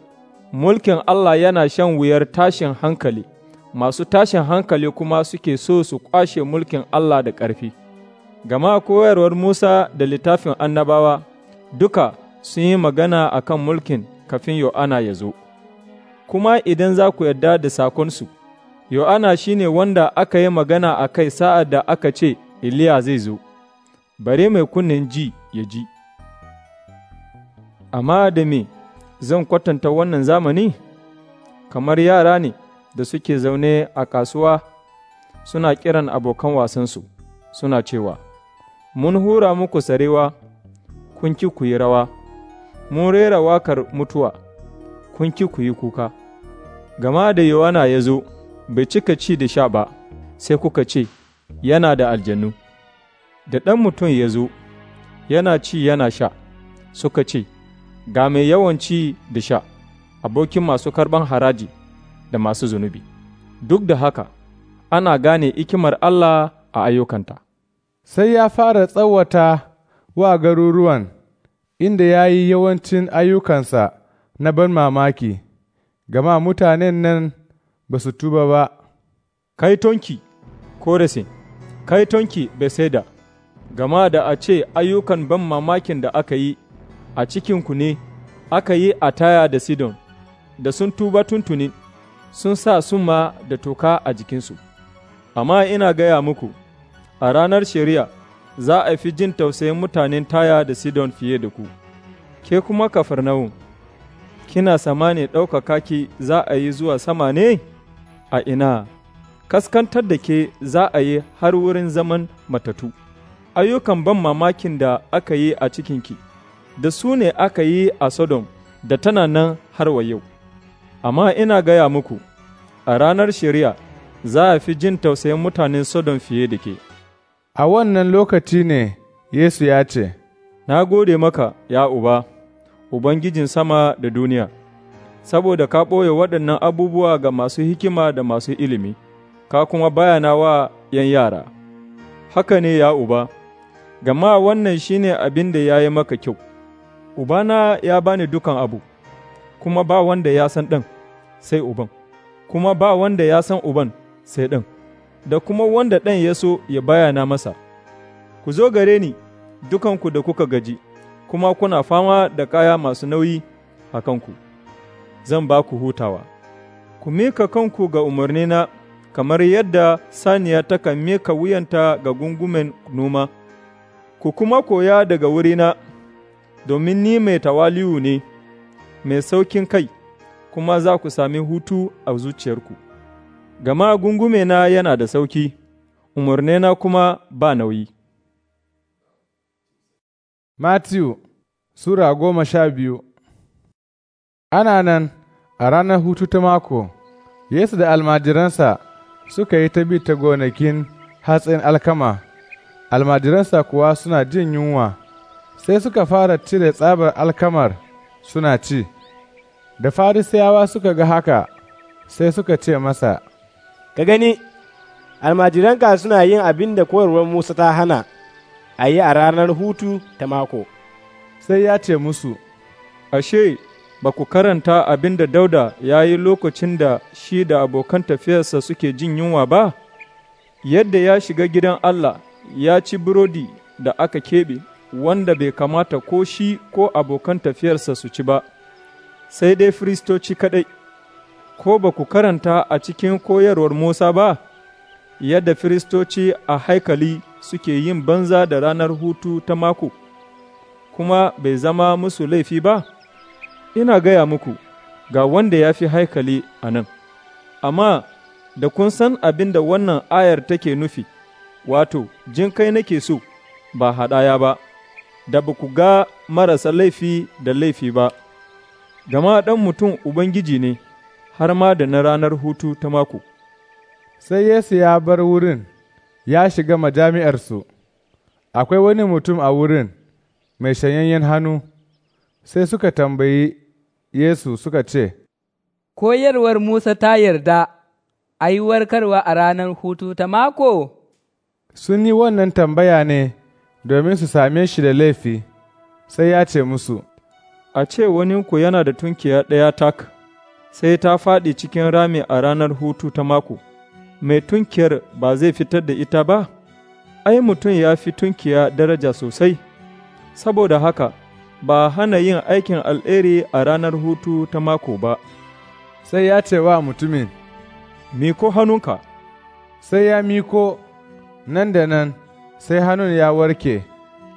mulkin Allah yana shan wuyar tashin hankali, masu tashin hankali kuma suke so su kwashe mulkin Allah da ƙarfi. Gama koyarwar Musa da littafin annabawa duka sun yi magana a kan mulkin kafin Yohana ya zo. Kuma idan za ku yarda da sakonsu, Yohana shi ne wanda aka yi magana a kai sa'ad da aka ce, Iliya zai zo, bare mai kunnen ji ya ji. Amma da me zan kwatanta wannan zamani? Kamar yara ne da suke zaune a kasuwa suna kiran abokan wasansu, suna cewa, Mun hura muku sarewa, kun ki ku yi rawa, mun rera wakar mutuwa, kun ki ku yi kuka. Gama da Yohana ya zo, bai cika ci da sha ba, sai kuka ce, yana da aljanu, da ɗan mutum ya zo, yana ci yana sha, suka ce, Ga mai yawan da sha, abokin masu karɓan haraji da masu zunubi, duk da haka ana gane ikimar Allah a ayyukanta. Sai ya fara tsawata wa garuruwan inda ya yi yawancin ayyukansa na ban mamaki, gama mutanen nan ba su tuba ba. Kaitonki, Koresin, kai kaitonki Beseda, gama da a ce ayyukan ban mamakin da aka yi a cikinku ne aka yi a taya da Sidon, da sun tuba tuntuni sun sa suma da toka a jikinsu. Amma ina gaya muku, a ranar shari'a za a fi jin tausayin mutanen taya da Sidon fiye da ku, ke kuma kafarnawun, kina sama ne ɗaukaka ki za a yi zuwa sama ne? A ina. kaskantar da ke za a yi har wurin zaman matatu, ayyukan ban mamakin da aka yi a cikinki, da su ne aka yi a Sodom da tana nan har wa yau. Amma ina gaya muku, a ranar shari'a za a fi jin tausayin mutanen Sodom fiye da ke. A wannan lokaci ne Yesu ya ce, Na gode maka, ya Uba, Ubangijin sama da duniya, saboda ka ɓoye waɗannan abubuwa ga masu hikima da masu ilimi. ka kuma bayana wa ’yan yara, haka ne ya uba, gama wannan shi ne abin da ya yi maka kyau, Ubana ya bani dukan abu, kuma ba wanda ya san ɗan sai uban, kuma ba wanda ya san uban sai ɗan, da kuma wanda ɗan ya so ya bayana masa, ku zo gare ni dukanku da kuka gaji, kuma kuna fama da kaya masu nauyi a kanku, zan ba ku hutawa, ku mika kanku ga umarnina kamar yadda saniya ta kan meka wuyanta ga gungumen noma, ku kuma koya daga wurina, domin ni mai tawaliyu ne, mai saukin kai, kuma za ku sami hutu a zuciyarku. Gama gungumena yana da sauki, umarnena kuma ba nauyi. Matthew Sura goma sha biyu Ana nan a ranar hutu ta mako, Yesu da almajiransa suka yi ta bi ta gonakin hatsin alkama, almajiransa kuwa suna jin yunwa, sai suka fara cire tsabar alkamar suna ci. Da farisiyawa suka ga haka, sai suka ce masa, Ka gani, almajiranka suna yin abin da koyarwar Musa ta hana a yi a ranar hutu ta mako. Sai ya ce musu, Ashe, ba ku karanta abin da Dauda ya yi lokacin da shi da abokan tafiyarsa suke jin yunwa ba? Yadda ya shiga gidan Allah ya ci burodi da aka keɓe, wanda bai kamata ko shi ko abokan tafiyarsa su ci ba, sai dai firistoci kaɗai. Ko ba ku karanta a cikin koyarwar Musa ba? Yadda firistoci a haikali suke yin banza da ranar hutu ta mako, kuma bai zama musu laifi ba? ina gaya muku, ga wanda ya fi haikali a nan, amma da kun san abin da wannan ayar take nufi, wato, jin kai nake so, ba haɗaya ba, da ba ku ga marasa laifi da laifi ba, gama ɗan mutum Ubangiji ne, har ma da na ranar hutu ta mako. Sai Yesu ya bar wurin, ya shiga majami'arsu, akwai wani mutum a wurin mai shanyayyen hannu, sai suka tambayi Yesu suka ce, Koyarwar Musa ta yarda a yi warkarwa a ranar hutu ta mako? Sun yi wannan tambaya ne domin su same shi da laifi, sai ya ce musu, A ce waninku yana da tunkiya ɗaya tak, sai ta faɗi cikin rami a ranar hutu ta mako, mai tunkiyar ba zai fitar da ita ba? Ai, mutum ya fi tunkiya daraja sosai, saboda haka. ba hana yin aikin alheri a ranar hutu ta mako ba. Sai ya ce wa mutumin, Miko hannunka, sai ya miko nan da nan, sai hannun ya warke,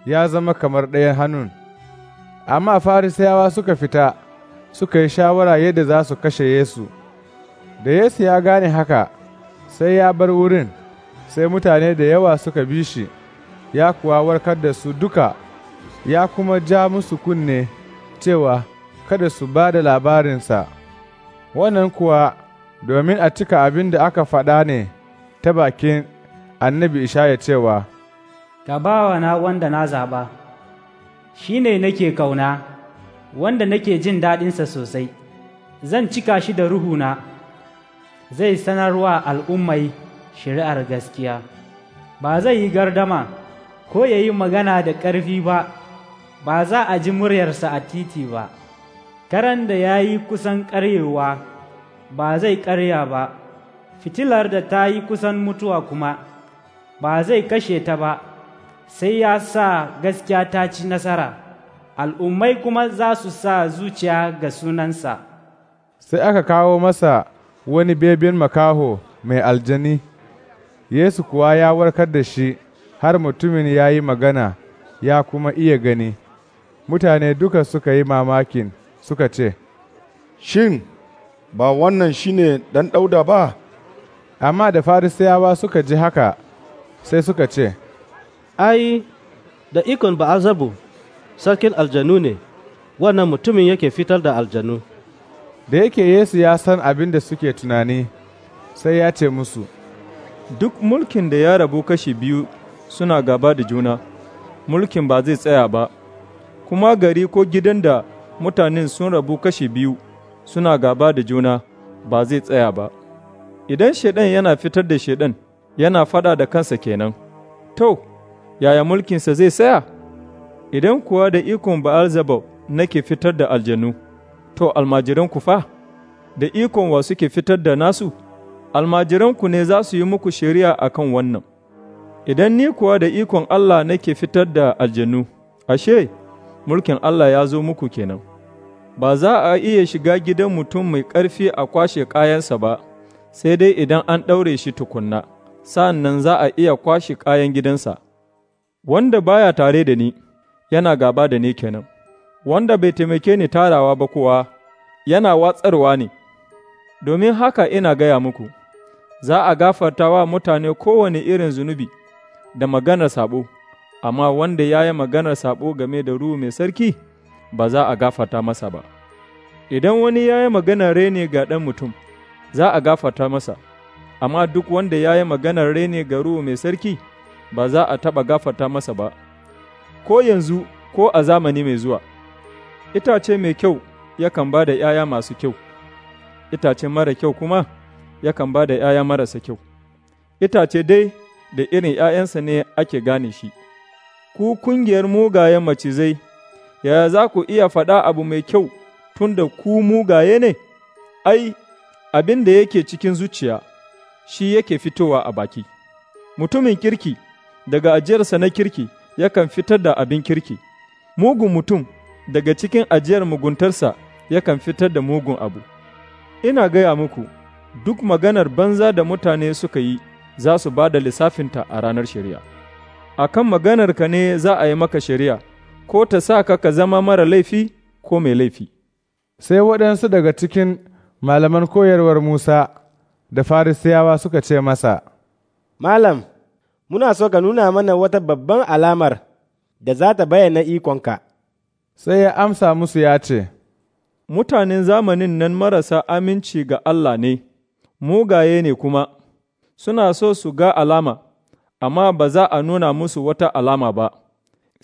ya zama kamar ɗayan hannun. Amma farisayawa suka fita, suka yi shawara yadda za su kashe Yesu. Da Yesu ya gane haka, sai ya bar wurin, sai mutane da yawa suka bi shi, ya kuwa warkar da su duka. ya kuma ja musu kunne cewa kada su ba da labarinsa, wannan kuwa domin a cika abin da aka faɗa ne ta bakin annabi Ishaya cewa, Ka Gabawa na wanda na zaɓa, shi ne nake kauna, wanda nake jin daɗinsa sosai, zan cika shi da ruhuna, zai sanarwa al'ummai shari'ar gaskiya, ba zai yi gardama ko ya yi magana da ƙarfi ba. ba za a ji muryarsa a titi ba, karan da ya yi kusan karyewa ba zai karya ba, fitilar da ta yi kusan mutuwa kuma ba zai kashe ta ba, sai ya sa gaskiya ta ci nasara, al'ummai kuma za su sa zuciya ga sunansa. Sai aka kawo masa wani bebin makaho mai aljani, Yesu kuwa ya warkar da shi har mutumin ya yi magana ya kuma iya gani. mutane duka suka yi mamakin suka ce, Shin, ba wannan shi ne ɗan ɗauda ba? Amma da Farisiyawa suka ji haka sai suka ce, Ai, da ikon ba azabu, sarkin aljanu ne, wannan mutumin yake fitar da aljanu. Da yake Yesu ya san abin da suke tunani, sai ya ce musu, Duk mulkin da ya rabu kashi biyu suna gaba da juna, mulkin ba zai tsaya ba. kuma gari ko gidan da mutanen sun rabu kashi biyu suna gaba da juna ba zai tsaya ba. Idan shaidan yana fitar da shaidan yana fada da kansa kenan, to, yaya mulkinsa zai tsaya? Idan kuwa da ikon baal nake fitar da aljanu, to, almajiranku fa, da ikon wa suke fitar da nasu, almajiranku ne za su yi muku shari'a a kan wannan. Idan ni kuwa da ikon Allah nake fitar da aljanu, ashe, mulkin Allah ya zo muku kenan. Ba za a iya shiga gidan mutum mai ƙarfi a kwashe kayansa ba, sai dai idan an ɗaure shi tukunna, sa'an nan za a iya kwashe kayan gidansa. Wanda baya tare da ni, yana gaba da ni kenan. Wanda bai taimake ni tarawa ba kuwa, yana watsarwa ne. Domin haka ina gaya muku, za a gafarta wa mutane kowane irin zunubi da maganar sabo. amma wanda ya yi maganar saɓo game da ruhu mai sarki ba za a gafata masa ba. Idan wani ya yi maganar rene ga ɗan mutum, za a gafata masa, amma duk wanda ya yi maganar rene ga ruhu mai sarki ba za a taɓa gafata masa ba, ko yanzu ko a zamani mai zuwa. Itace mai kyau yakan ba da ’ya'ya masu kyau, itace mara kyau kuma yakan ba da ’ya'ya marasa kyau. Itace dai da irin ’ya'yansa ne ake gane shi. ku kungiyar mugayen macizai, yaya za ku iya faɗa abu mai kyau tun da ku mugaye ne? Ai, abin da yake cikin zuciya shi yake fitowa a baki. Mutumin kirki daga ajiyarsa na kirki yakan fitar da abin kirki, mugun mutum daga cikin ajiyar muguntarsa yakan fitar da mugun abu. Ina gaya muku, duk maganar banza da mutane suka yi za su ba da lissafinta a ranar shari'a. a kan maganarka ne za a yi maka shari'a, ko ta sa ka ka zama mara laifi ko mai laifi. Sai waɗansu daga cikin malaman koyarwar Musa da Farisiyawa suka ce masa, Malam, muna so ka nuna mana wata babban alamar da za ta bayyana ikonka. Sai ya amsa musu ya ce, Mutanen zamanin nan marasa aminci ga Allah ne, mugaye ne kuma, suna so su ga alama. amma ba za a nuna musu wata alama ba,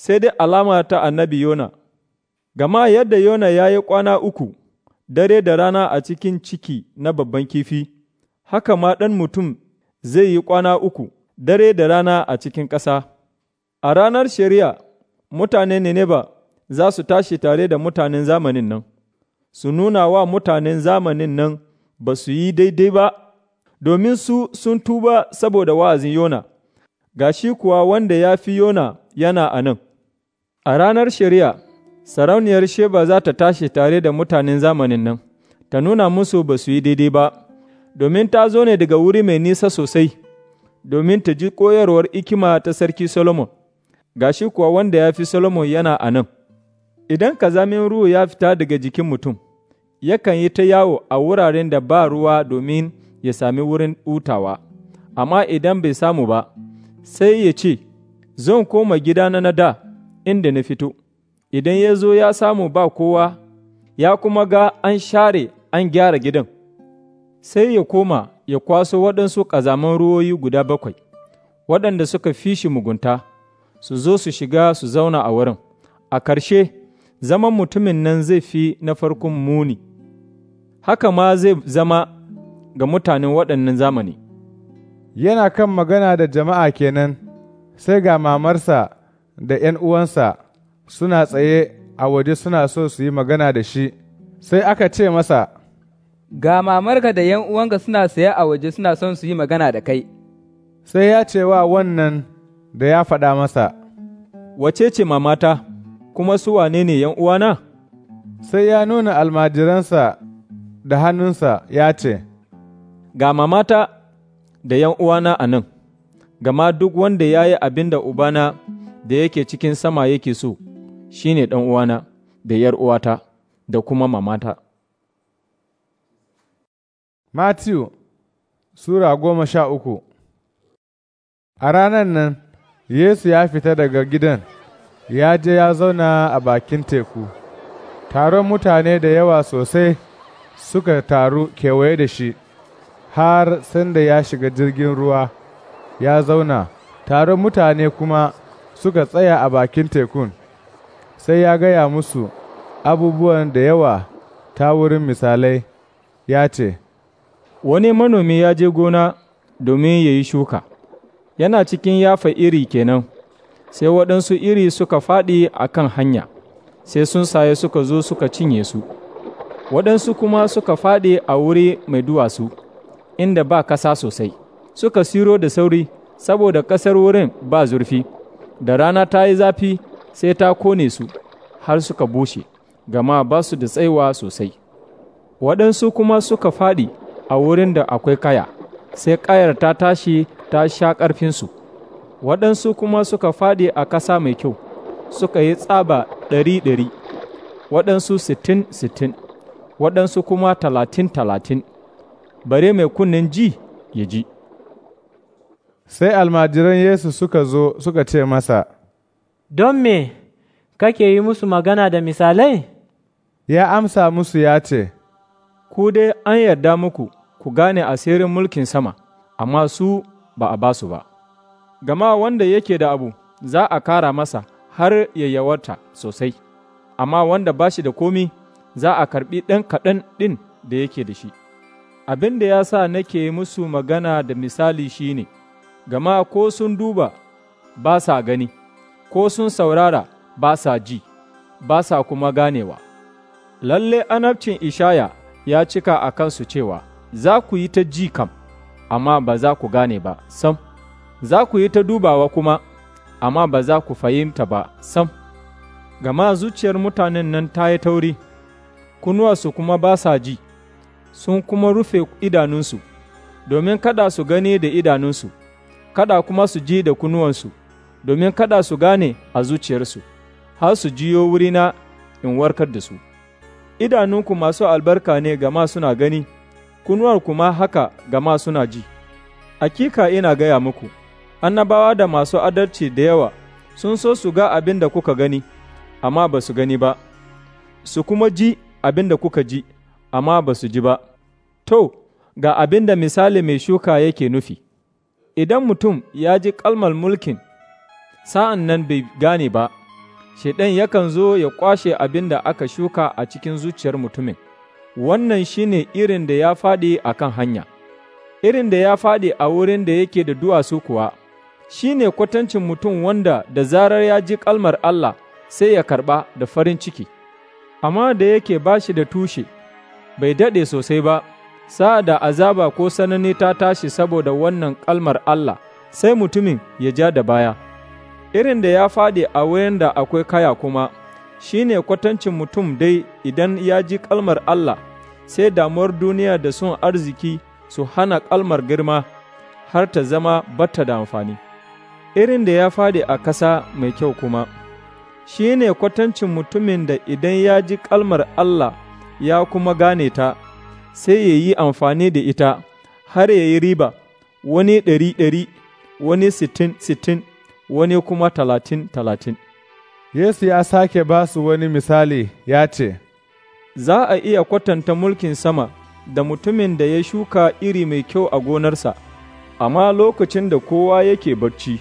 sai dai alama ta annabi Yona, gama yadda Yona ya yi kwana uku, dare da rana a cikin ciki na babban kifi, haka ma ɗan mutum zai yi kwana uku, dare da rana a cikin ƙasa. A ranar shari'a, mutane ne ba za su tashi tare da mutanen zamanin nan, su nuna wa mutanen zamanin nan ba su yi daidai ba, domin su sun tuba saboda wa'azin Yona. ga shi kuwa wanda ya fi Yona yana a nan. A ranar shari'a, sarauniyar Sheba za ta tashi tare da mutanen zamanin nan, ta nuna musu ba su yi daidai ba, domin ta zo ne daga wuri mai nisa sosai, domin ta ji koyarwar ikima ta sarki Solomon, ga shi kuwa wanda ya fi Solomon yana a nan. Idan kazamin ruwa ya fita daga jikin mutum, yakan yi ta yawo a wuraren da ba ruwa domin ya sami wurin wutawa amma idan bai samu ba, sai ya ce, Zan koma gida na da inda na fito, idan ya zo ya samu ba kowa, ya kuma ga an share an gyara gidan, sai ya koma ya kwaso waɗansu ƙazaman ruwoyi guda bakwai, waɗanda suka fi shi mugunta, su zo su shiga su zauna a wurin. A ƙarshe, zaman mutumin nan zai fi na farkon muni, haka ma zai zama ga mutanen waɗannan zamani. yana kan magana da jama'a kenan, sai ga mamarsa da ’yan uwansa suna tsaye a waje suna so su yi magana da shi, sai aka ce masa, Ga mamarka da ’yan uwanka suna tsaye a waje suna son su yi magana da kai. Sai ya ce wa wannan da ya faɗa masa, Wace ce mamata, kuma su wane ne ’yan uwana? Sai ya nuna almajiransa da hannunsa ya ce, Ga mamata da ’yan uwana a nan, gama duk wanda ya yi abin da Ubana da yake cikin sama yake so, shi ne uwana da ’yar uwata da kuma mamata. Matthew Sura goma sha uku A ranar nan, Yesu ya fita daga gidan, ya je ya zauna a bakin teku, taron mutane da yawa sosai suka taru kewaye da shi. har sanda ya shiga jirgin ruwa ya zauna, taron mutane kuma suka tsaya a bakin tekun, sai ya gaya musu abubuwan da yawa ta wurin misalai, ya ce, Wani manomi ya je gona domin ya yi shuka, yana cikin yafa iri kenan, sai waɗansu iri suka faɗi a kan hanya, sai sun saye suka zo suka cinye su, waɗansu kuma suka faɗi a wuri mai duwatsu. inda ba kasa sosai suka siro da sauri saboda ƙasar wurin ba zurfi da rana ta yi zafi sai ta kone su har suka bushe gama ba su da tsaiwa sosai waɗansu kuma suka faɗi a wurin da akwai kaya sai ƙayar ta tashi ta sha ƙarfinsu waɗansu kuma suka faɗi a ƙasa mai kyau suka yi tsaba ɗari-ɗari waɗansu sittin-sittin waɗansu kuma talatin-talatin bare mai kunnen ji ya ji. Sai almajiran Yesu suka zo suka ce masa, Don me kake yi musu magana da misalai? Ya amsa musu ya ce, Ku dai an yarda muku ku gane asirin mulkin sama, amma su ba a basu ba. Gama wanda yake da abu za a kara masa har yayyawarta sosai, amma wanda ba shi da komi za a karɓi ɗan kaɗan ɗin da yake da shi. abin da ya sa nake musu magana da misali shine, gama ko sun duba ba sa gani, ko sun saurara ba sa ji, ba sa kuma ganewa. Lalle anabcin ishaya ya cika a kansu cewa, Za ku yi ta ji kam, amma ba za ku gane ba, sam, za ku yi ta dubawa kuma, amma ba za ku fahimta ba, sam, gama zuciyar mutanen nan ta yi tauri, su kuma ba sa ji. sun kuma rufe idanunsu, domin kada su gani da idanunsu, kada kuma su ji da kunuwansu, domin kada su gane a zuciyarsu, har su jiyo wurina in warkar da su. Idanunku masu albarka ne gama suna gani, kunuwar kuma haka gama suna ji. Akika ina gaya muku, annabawa da masu adalci da yawa sun so su ga abin da kuka gani, amma ba su gani ba, su kuma ji abin da kuka ji. amma ba su ji ba. To, ga abin da misali mai shuka yake nufi, idan mutum ya ji kalmar mulkin, sa'an nan bai gane ba, shaidan yakan zo ya kwashe abin da aka shuka a cikin zuciyar mutumin, wannan shi ne irin da ya faɗi a kan hanya, irin da ya faɗi a wurin da yake da duwatsu kuwa, shi ne kwatancin mutum wanda da zarar ya ji kalmar Allah sai ya karɓa da farin ciki, amma da yake ba shi da tushe. bai daɗe sosai ba, sa'ad da azaba ko sanani ta tashi saboda wannan kalmar Allah, sai mutumin ya ja da baya. Irin da ya faɗi a wayan da akwai kaya kuma, shi ne kwatancin mutum dai idan ya ji kalmar Allah, sai damuwar duniya da sun arziki su hana kalmar girma har ta zama bata da amfani. Irin da ya faɗi a ƙasa mai kyau kuma, shi ne kwatancin mutumin da idan ya ji kalmar Allah ya kuma gane ta, sai ya yi amfani da ita har ya yi riba, wani ɗari ɗari, wani sittin sittin, wani kuma talatin talatin. Yesu ya sake ba su wani misali ya ce, Za a iya kwatanta mulkin sama da mutumin da ya shuka iri mai kyau a gonarsa, amma lokacin da kowa yake barci.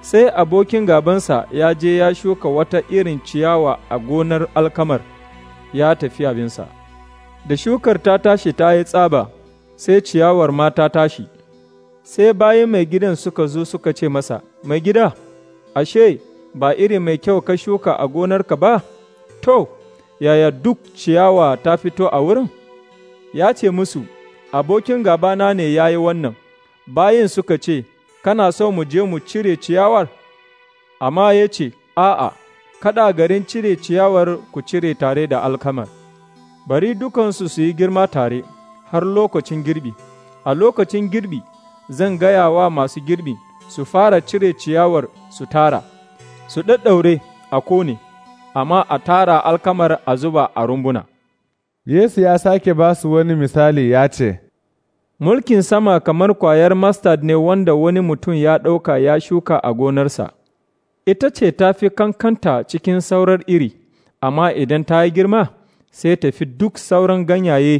sai abokin gabansa ya je ya shuka wata irin ciyawa a gonar alkamar. ya tafi abinsa. Da shukar ta tashi ta yi tsaba, sai ciyawar ma ta tashi, sai bayan mai gidan suka zo suka ce masa, Mai gida, ashe, ba iri mai kyau ka shuka a gonarka ba? To, yaya duk ciyawa ta fito a wurin? Ya ce musu, Abokin gabana ne ya yi wannan, bayin suka ce, Kana so mu je mu cire ciyawar? Amma ya ce, A'a. kada garin cire ciyawar ku cire tare da alkamar, bari dukansu su yi girma tare har lokacin girbi, a lokacin girbi zan gaya wa masu girbi su fara cire ciyawar su tara, su ɗaɗɗaure a kone, amma a tara alkamar a zuba a rumbuna. Yesu ya sake ba su wani misali ya ce, Mulkin sama kamar kwayar mustard ne wanda wani mutum ya ɗauka ya shuka a gonarsa. ita ce ta fi kankanta cikin saurar iri, amma idan ta yi girma sai ta fi duk sauran ganyaye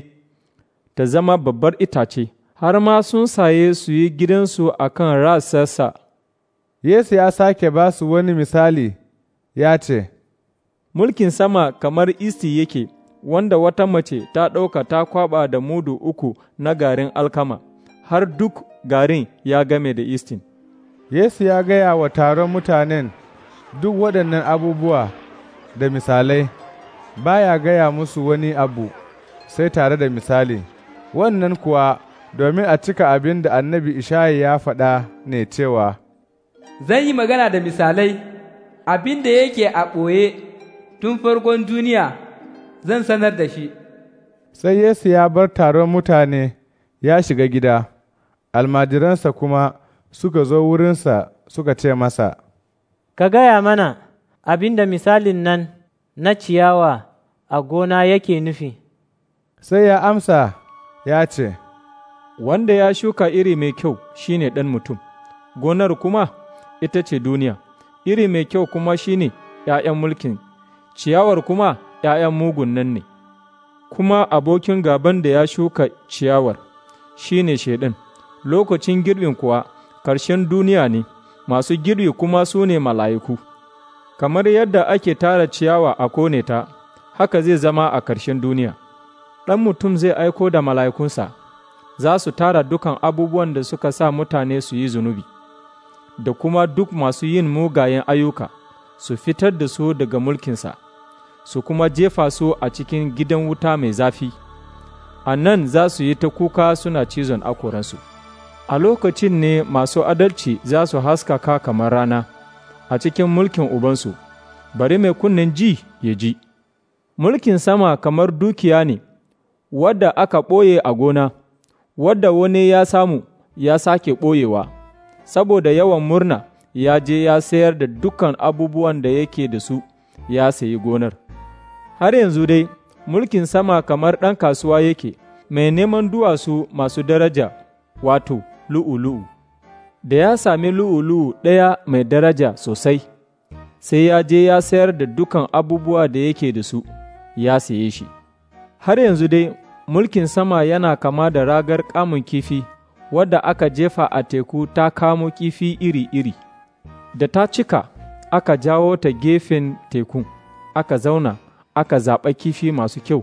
ta zama babbar itace, har ma sun saye su yi gidansu a kan rasarsa. Yesu ya sake ba su wani misali, ya ce, Mulkin sama kamar isti yake, wanda wata mace ta ɗauka ta kwaɓa da mudu uku na garin alkama, har duk garin ya game da istin. Yesu ya gaya wa taron mutanen duk waɗannan abubuwa da misalai, ba ya gaya musu wani abu sai tare da misali, wannan kuwa domin a cika abin da annabi Ishayi ya faɗa ne cewa, Zan yi magana da misalai, abin da yake a ɓoye tun farkon duniya zan sanar da shi. Sai Yesu ya bar taron mutane ya shiga gida, almajiransa kuma suka zo wurinsa suka ce masa, Ka gaya mana abin da misalin nan na ciyawa a gona yake nufi. Sai ya amsa ya ce, Wanda ya shuka iri mai kyau shine ɗan mutum, gonar kuma ita ce duniya, iri mai kyau kuma shine ‘ya'yan mulkin, ciyawar kuma ‘ya'yan mugun nan ne, kuma abokin gaban da ya shuka ciyawar shine shaiɗan, lokacin girbin kuwa ƙarshen duniya ne, masu girbi kuma su ne mala'iku. Kamar yadda ake tara ciyawa a kone ta, haka zai zama a ƙarshen duniya. Ɗan mutum zai aiko da mala'ikunsa, za su tara dukan abubuwan da suka sa mutane su yi zunubi, da kuma duk masu yin mugayen ayyuka, su fitar da su daga mulkinsa, su kuma jefa su a cikin gidan wuta mai zafi. A nan za su yi ta kuka suna cizon akoransu. a lokacin ne masu adalci za su haskaka kamar rana a cikin mulkin ubansu, bari mai kunnen ji ya ji. Mulkin sama kamar dukiya ne, wadda aka ɓoye a gona, wadda wani ya samu ya sake ɓoyewa, saboda yawan murna ya je ya sayar da dukkan abubuwan da yake da su ya sayi gonar. Har yanzu dai, mulkin sama kamar ɗan kasuwa yake, mai neman duwatsu masu daraja, wato, lu'ulu'u. Da ya sami lu'ulu'u ɗaya mai daraja sosai, sai ya je ya sayar da dukan abubuwa da yake da su, ya saye shi. Har yanzu dai, mulkin sama yana kama da ragar kamun kifi, wadda aka jefa a teku ta kamo kifi iri-iri. Da ta cika, aka jawo ta gefen teku aka zauna, aka zaɓa kifi masu kyau,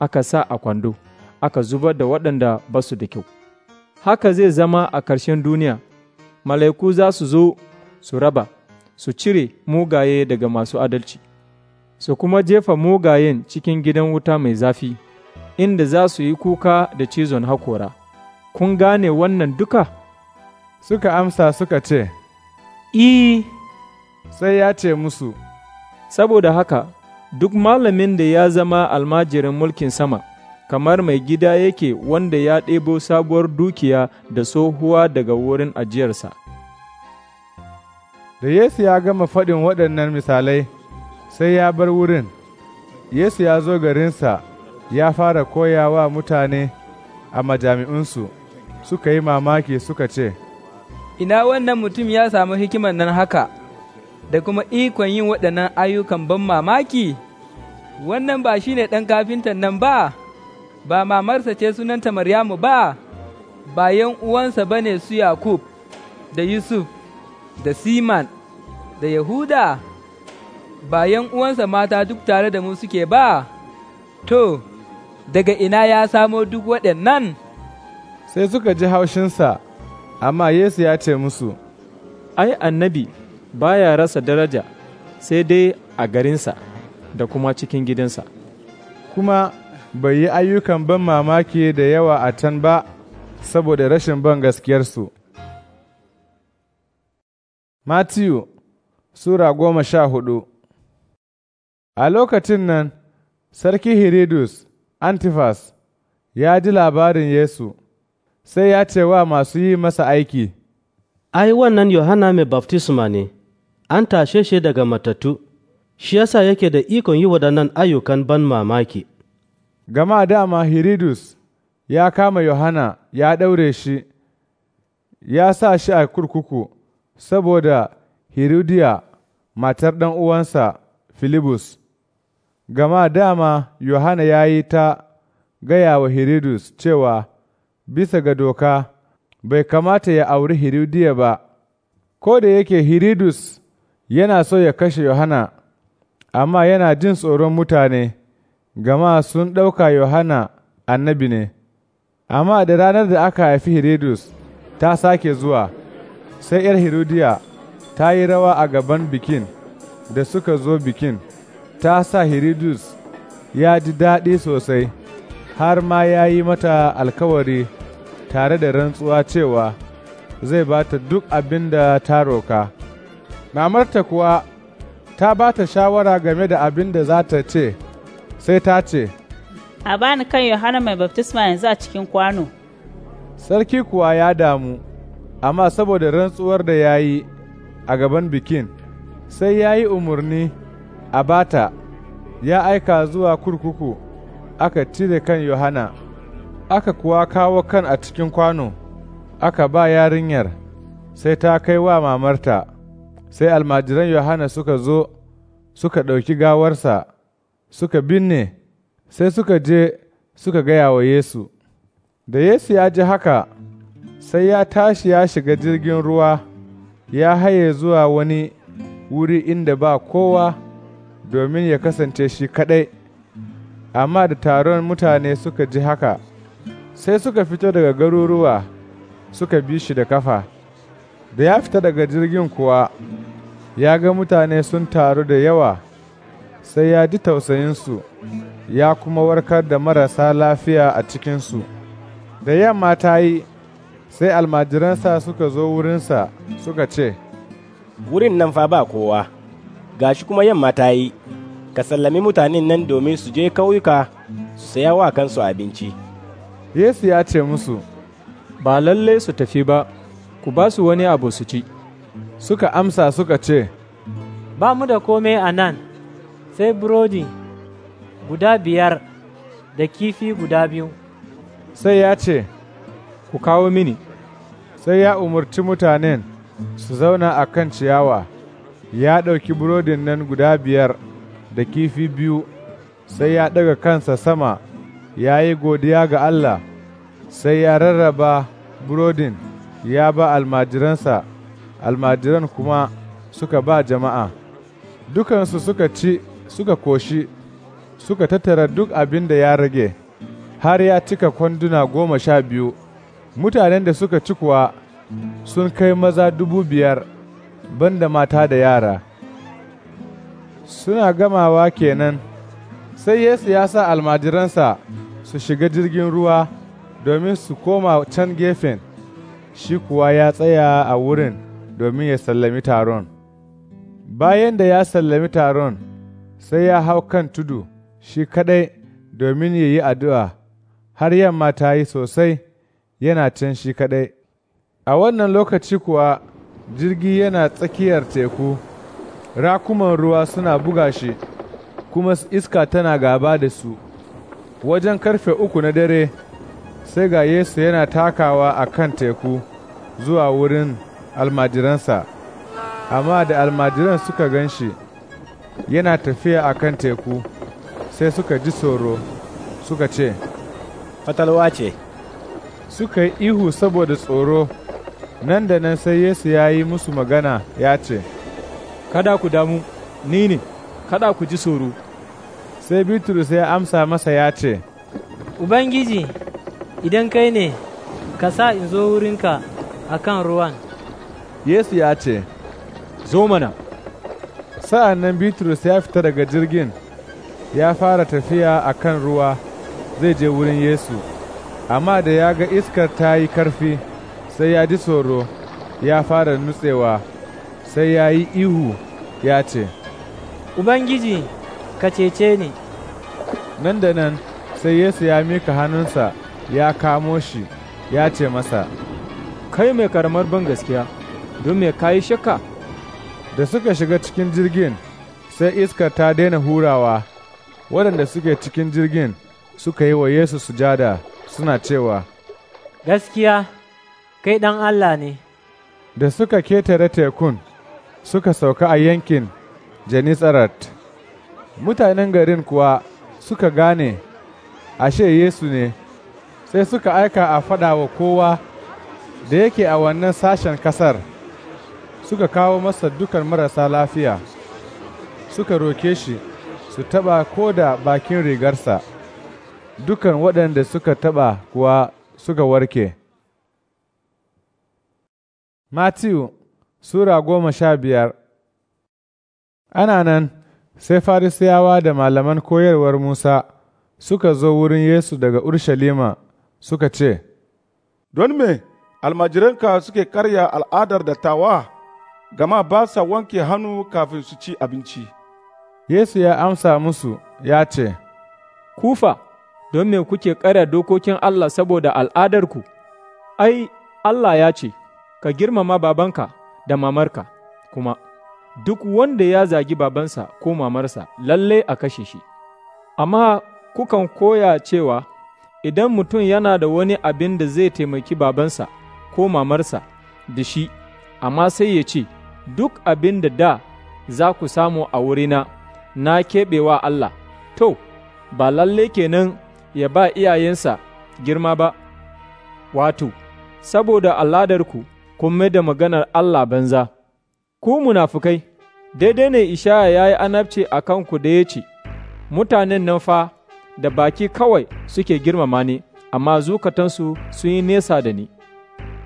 aka sa a kwando, aka zubar da waɗanda ba su da kyau. haka zai zama a ƙarshen duniya, mala'iku za su zo su raba, su cire mugaye daga masu adalci, su kuma jefa mugayen cikin gidan wuta mai zafi, inda za su yi kuka da cizon hakora. Kun gane wannan duka? Suka amsa suka ce, I, sai ya ce musu, Saboda haka, duk malamin da ya zama almajirin mulkin sama, kamar mai gida yake wanda ya ɗebo sabuwar dukiya da tsohuwa daga wurin ajiyarsa. Da Yesu ya gama faɗin waɗannan misalai, sai ya bar wurin, Yesu ya zo garinsa ya fara koyawa mutane a majami'unsu, suka yi mamaki suka ce, Ina wannan mutum ya samu hikimar nan haka, da kuma ikon yin waɗannan ayyukan ban mamaki, wannan ba shi ne ɗan kafintan nan ba. ba mamarsa ce sunanta Maryamu ba, bayan uwansa ba ne su Yakub, da Yusuf, da Siman, da Yahuda, bayan uwansa mata duk tare da mu suke ba, to, daga ina ya samo duk waɗannan? Sai suka ji haushinsa, amma Yesu ya ce musu, Ai, annabi baya rasa daraja sai dai a garinsa da kuma cikin gidansa. Kuma bai yi ayyukan ban mamaki da yawa a can ba saboda rashin ban gaskiyarsu. Matiyu Sura goma sha hudu A lokacin nan, Sarki Hiridus Antifas ya ji labarin Yesu, sai ya ce wa masu yi masa aiki, Ai, wannan Yohana mai baftisma ne, an tashe shi daga matattu, shi yasa yake da ikon yi waɗannan ayyukan ban mamaki. gama dama Hiridus ya kama Yohana ya ɗaure shi, ya sa shi a kurkuku saboda Hirudiya matar ɗan uwansa Filibus, gama dama Yohana ya yi ta gaya wa Hiridus cewa bisa ga doka bai kamata ya auri Hirudiya ba, ko da yake Hiridus yana so ya kashe Yohana, amma yana jin tsoron mutane. gama sun ɗauka Yohana annabi ne, amma da ranar da aka haifi Herodus ta sake zuwa, sai ’yar Herodiya ta yi rawa a gaban bikin da suka zo bikin, ta sa Herodus ya ji daɗi sosai, har ma ya yi mata alkawari tare da rantsuwa cewa zai ba ta duk abin da ta roka. Mamarta kuwa ta ba ta shawara game da abin da za ta ce. sai ta ce, A bani kan Yohana mai baftisma yanzu a cikin kwano. Sarki kuwa ya damu, amma saboda rantsuwar da ya yi a gaban bikin, sai ya yi umarni a bata, ya aika zuwa kurkuku, aka cire kan Yohana, aka kuwa kawo kan a cikin kwano, aka ba yarinyar, sai ta kai wa mamarta, sai almajiran Yohana suka zo, suka ɗauki gawarsa. suka binne sai suka je suka gaya wa Yesu. Da Yesu ya ji haka, sai ya tashi ya shiga jirgin ruwa ya haye zuwa wani wuri inda ba kowa domin ya kasance shi kaɗai. Amma da taron mutane suka ji haka, sai suka fito daga garuruwa suka bi shi da kafa. Da ya fita daga jirgin kuwa, ya ga mutane sun taru da yawa. sai ya ji tausayinsu ya kuma warkar da marasa lafiya a cikinsu. Da yamma ta yi, sai almajiransa suka zo wurinsa suka ce, Wurin nan fa ba kowa, gashi kuma yamma ta yi, ka sallami mutanen nan domin su je kauyuka su saya wa kansu abinci. Yesu ya ce musu, Ba lalle su tafi ba, ku ba su wani abu su ci. Suka amsa suka ce, Ba mu da kome a nan. sai burodi guda biyar da kifi guda biyu sai ya ce ku kawo mini sai ya umarci mutanen su zauna a kan ciyawa ya ɗauki burodin nan guda biyar da kifi biyu sai ya ɗaga kansa sama ya yi godiya ga Allah sai ya rarraba burodin ya ba almajiransa almajiran kuma suka ba jama'a dukansu suka ci suka koshi suka tattara duk abin da ya rage har ya cika kwanduna goma sha biyu mutanen da suka ci kuwa sun kai maza dubu biyar banda mata da yara suna gamawa kenan sai yesu ya sa almajiransa su shiga jirgin ruwa domin su koma can gefen shi kuwa ya tsaya a wurin domin ya sallami taron bayan da ya sallami taron sai ya hau kan tudu shi kaɗai domin ya yi addu'a, har yamma ta yi sosai yana can shi kaɗai. A wannan lokaci kuwa jirgi yana tsakiyar teku, rakuman ruwa suna buga shi, kuma iska tana gaba da su. Wajen karfe uku na dare, sai ga Yesu yana takawa a kan teku zuwa wurin almajiransa, amma da almajiran suka gan shi. yana tafiya a kan teku sai suka ji tsoro suka ce, Fatalwa ce, suka yi ihu saboda tsoro nan da nan sai Yesu ya yi musu magana ya ce, Kada ku damu, ni ne, kada ku ji tsoro. Sai Bitrus ya amsa masa ya ce, Ubangiji, idan kai ne, ka sa in zo wurinka a kan ruwan. Yesu ya ce, Zo mana. sa'an nan bitrus ya fita daga jirgin ya fara tafiya a kan ruwa zai je wurin yesu amma da ya ga iskar ta yi karfi sai ya ji tsoro ya fara nutsewa sai ya yi ihu ya ce ubangiji ka cece ni nan da nan sai yesu ya mika hannunsa ya kamo shi ya ce masa kai mai karamar ban gaskiya don me kayi shakka da suka shiga cikin jirgin sai iskar ta daina hurawa waɗanda suke cikin jirgin suka yi wa Yesu sujada suna cewa, Gaskiya, kai ɗan Allah ne. Da suka ketare tekun suka sauka a yankin Janisarat, mutanen garin kuwa suka gane ashe Yesu ne, sai suka aika a faɗa wa kowa da yake a wannan sashen kasar. suka kawo masa dukan marasa lafiya suka roke shi su taɓa ko da bakin rigarsa dukan waɗanda suka taɓa kuwa suka warke. Matthew Sura goma sha biyar Ana nan sai Farisiyawa da malaman koyarwar Musa suka zo wurin Yesu daga Urshalima suka ce, Don me almajiranka suke karya al'adar da tawa? gama ba sa wanke hannu kafin su ci abinci. Yesu ya amsa musu ya ce, Kufa, don me kuke ƙara dokokin Allah saboda al'adarku, ai, Allah ya ce, Ka girmama babanka da mamarka, kuma, duk wanda ya zagi babansa ko mamarsa lalle a kashe shi, amma kukan koya cewa idan mutum yana da wani abin da zai taimaki babansa ko mamarsa da shi, amma sai ya ce, duk abin da da za ku samu a wurina na keɓewa Allah, to, ba lalle kenan ya ba iyayensa girma ba, wato, saboda aladarku kun mai da maganar Allah banza, ku munafukai, daidai ne ishaya ya yi anabci a kanku da ya ce, mutanen nan fa da baki kawai suke girmama ne amma zukatansu sun yi nesa da ni,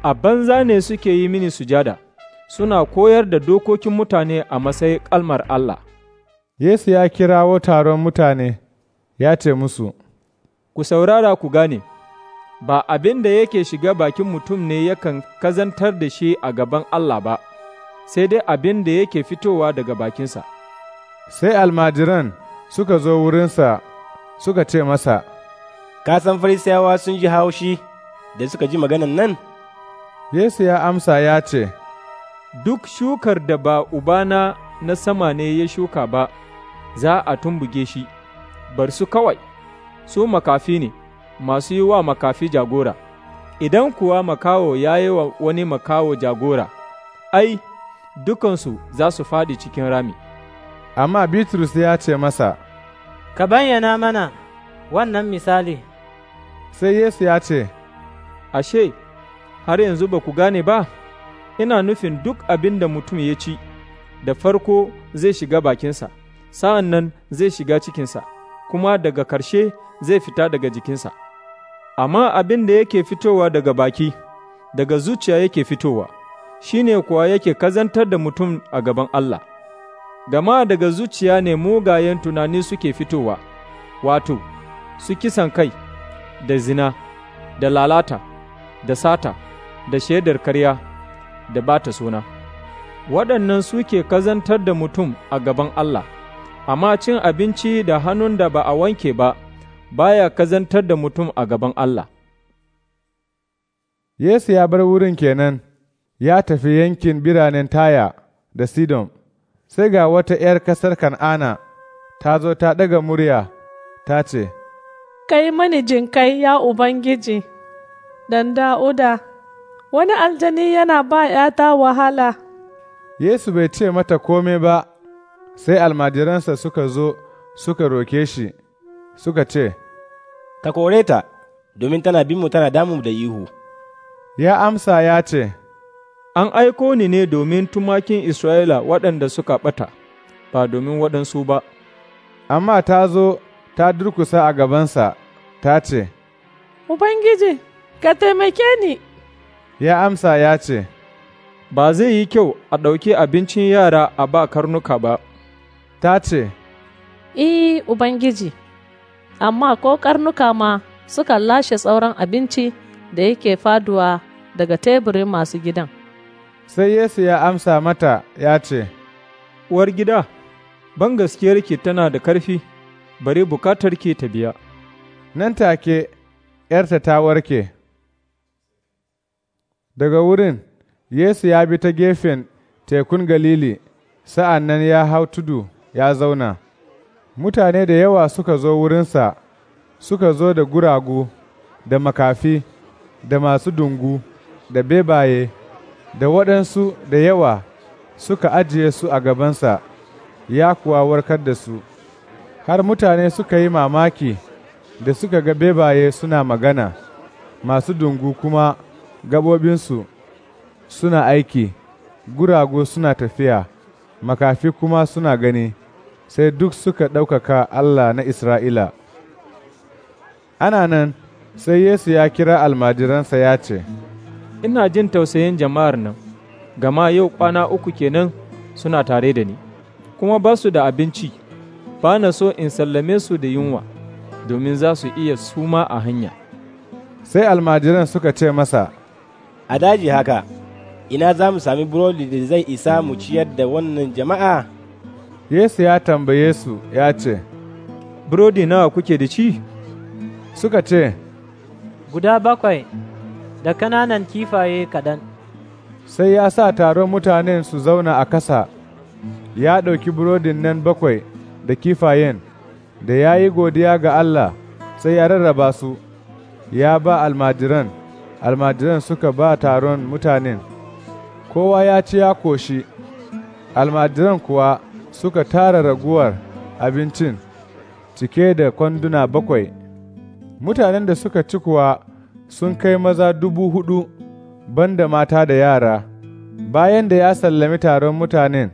a banza ne suke yi mini sujada. suna koyar da dokokin mutane a matsayin kalmar Allah. Yesu ya kirawo taron mutane, ya ce musu, Ku saurara ku gane, ba abin da yake shiga bakin mutum ne yakan kazantar da shi a gaban Allah ba, sai dai abin da yake fitowa daga bakinsa. Sai almajiran suka zo wurinsa suka ce masa, Ka san farisiyawa sun ji haushi da suka ji maganan nan? Yesu ya amsa ya ce, duk shukar da ba Ubana na sama ne ya shuka ba, za a tumbuge shi, bar su kawai, su makafi ne, masu yi wa makafi jagora, idan kuwa makawo ya yi wa wani makawo jagora, ai, dukansu za su faɗi cikin rami. Amma Bitrus ya ce masa, Ka bayyana mana wannan misali. Sai Yesu ya ce, Ashe, har yanzu ba ku gane ba? ina nufin duk abin da mutum ya ci, da farko zai shiga bakinsa, sa'an nan zai shiga cikinsa, kuma daga karshe zai fita daga jikinsa. Amma abin da yake fitowa daga baki, daga zuciya yake fitowa, shine ne kuwa yake kazantar da mutum a gaban Allah. Gama daga zuciya ne mugayen tunani suke fitowa, wato, su kisan kai, da zina, da lalata, da sata, da shaidar karya. da ba ta suna. Waɗannan suke kazantar da mutum a gaban Allah, amma cin abinci da hannun da ba a wanke ba, baya kazantar da mutum a gaban Allah. Yesu ya bar wurin kenan, ya tafi yankin biranen Taya da Sidon, sai ga wata ’yar ƙasar Kan'ana ta zo ta ɗaga murya, ta ce, Kai mani kai ya Ubangiji, dan da'uda. wani aljani yana ba ‘yata wahala. Yesu bai ce mata kome ba, sai almajiransa suka zo suka roke shi, suka ce, Ka kore ta, domin tana binmu tana damu da ihu. Ya amsa ya ce, An aiko ni ne domin tumakin Isra'ila waɗanda suka ɓata, ba domin waɗansu ba. Amma ta zo ta durkusa a gabansa, ta ce, Ubangiji, ka taimake ni. ya amsa ya ce, Ba zai yi kyau a ɗauki abincin yara a ba karnuka ba. Ta ce, I, e, Ubangiji, amma ko karnuka ma suka lashe sauran abinci da yake faduwa daga teburin masu gidan. Sai Yesu ya amsa mata ya ce, Uwar gida, ban gaskiyarki tana da ƙarfi, bari bukatarki ta biya. Nan take, ‘yarta ta warke. Daga wurin, Yesu ya bi ta gefen tekun Galili, sa'an nan ya hau tudu ya zauna. Mutane da yawa suka zo wurinsa, suka zo da guragu, da makafi, da masu dungu, da bebaye, da waɗansu da yawa suka ajiye su a gabansa, ya kuwa warkar da su. Har mutane suka yi mamaki da suka ga bebaye suna magana, masu dungu kuma gabobinsu suna aiki, gurago suna tafiya, makafi kuma suna gani, sai duk suka ɗaukaka Allah na Isra'ila. Ana nan, sai Yesu ya kira almajiransa ya ce, Ina jin tausayin jama'ar nan, gama yau kwana uku kenan suna tare da ni, kuma ba su da abinci, ba na so in sallame su da yunwa, domin za su iya suma a hanya. Sai almajiran suka ce masa, a daji haka ina za mu sami burodi da zai isa mu ciyar da wannan jama'a yesu ya tambaye su ya ce burodi nawa kuke da ci suka ce guda bakwai da kananan kifaye kaɗan sai ya sa taron mutanen su zauna a kasa ya ɗauki burodin nan bakwai da kifayen da ya yi godiya ga Allah sai ya rarraba su ya ba almajiran almajiran suka ba taron mutanen kowa ya ci ya koshi almajiran kuwa suka tara raguwar abincin cike da kwanduna bakwai mutanen da suka ci kuwa sun kai maza dubu hudu banda mata da yara bayan da ya sallami taron mutanen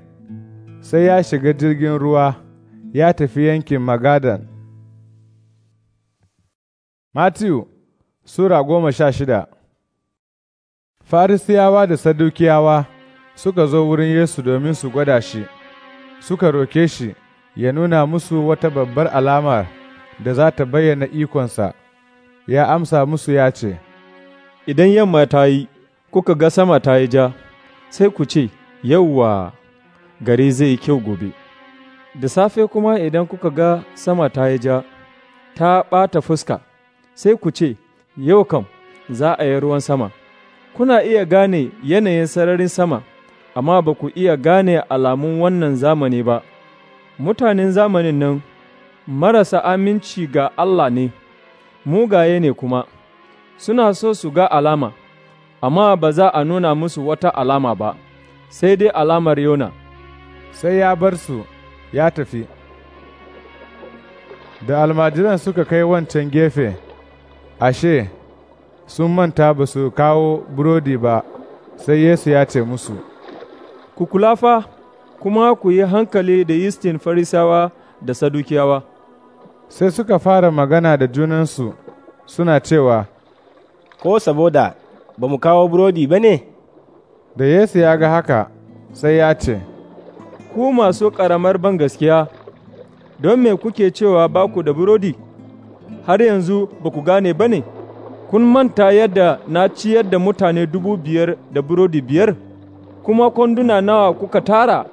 sai ya shiga jirgin ruwa ya tafi yankin magadan matthew Sura goma sha shida Farisiyawa da Sadukiyawa suka zo wurin Yesu domin su gwada shi, suka roke shi ya nuna musu wata babbar alama da za ta bayyana ikonsa, ya amsa musu ya ce, Idan yamma ta yi, kuka ga sama ta yi ja, sai ku ce, Yauwa, gari zai yi kyau gobe. Da safe kuma idan kuka ga sama ta yi ja, ta ɓata fuska, sai ku ce, Yau kam za a yi ruwan sama. kuna iya gane yanayin sararin sama, amma ba ku iya gane alamun wannan zamani ba, mutanen zamanin nan marasa aminci ga Allah ne, mugaye ne kuma, suna so su ga alama, amma ba za a nuna musu wata alama ba, sai dai alamar Yona. Sai ya bar su ya tafi. Da almajiran suka kai wancan gefe, ashe, sun manta ba su kawo burodi ba, sai Yesu ya ce musu, Ku kula fa, kuma ku yi hankali da yistin farisawa da sadukiyawa. Sai suka fara magana da junansu suna cewa, Ko saboda ba mu kawo burodi ba ne? Da Yesu ya ga haka, sai ya ce, Ku masu ƙaramar ban gaskiya, don me kuke cewa ba ku da burodi, har yanzu ba ku gane ba ne? kun manta yadda na ciyar da mutane dubu biyar da burodi biyar, kuma kwanduna nawa kuka tara,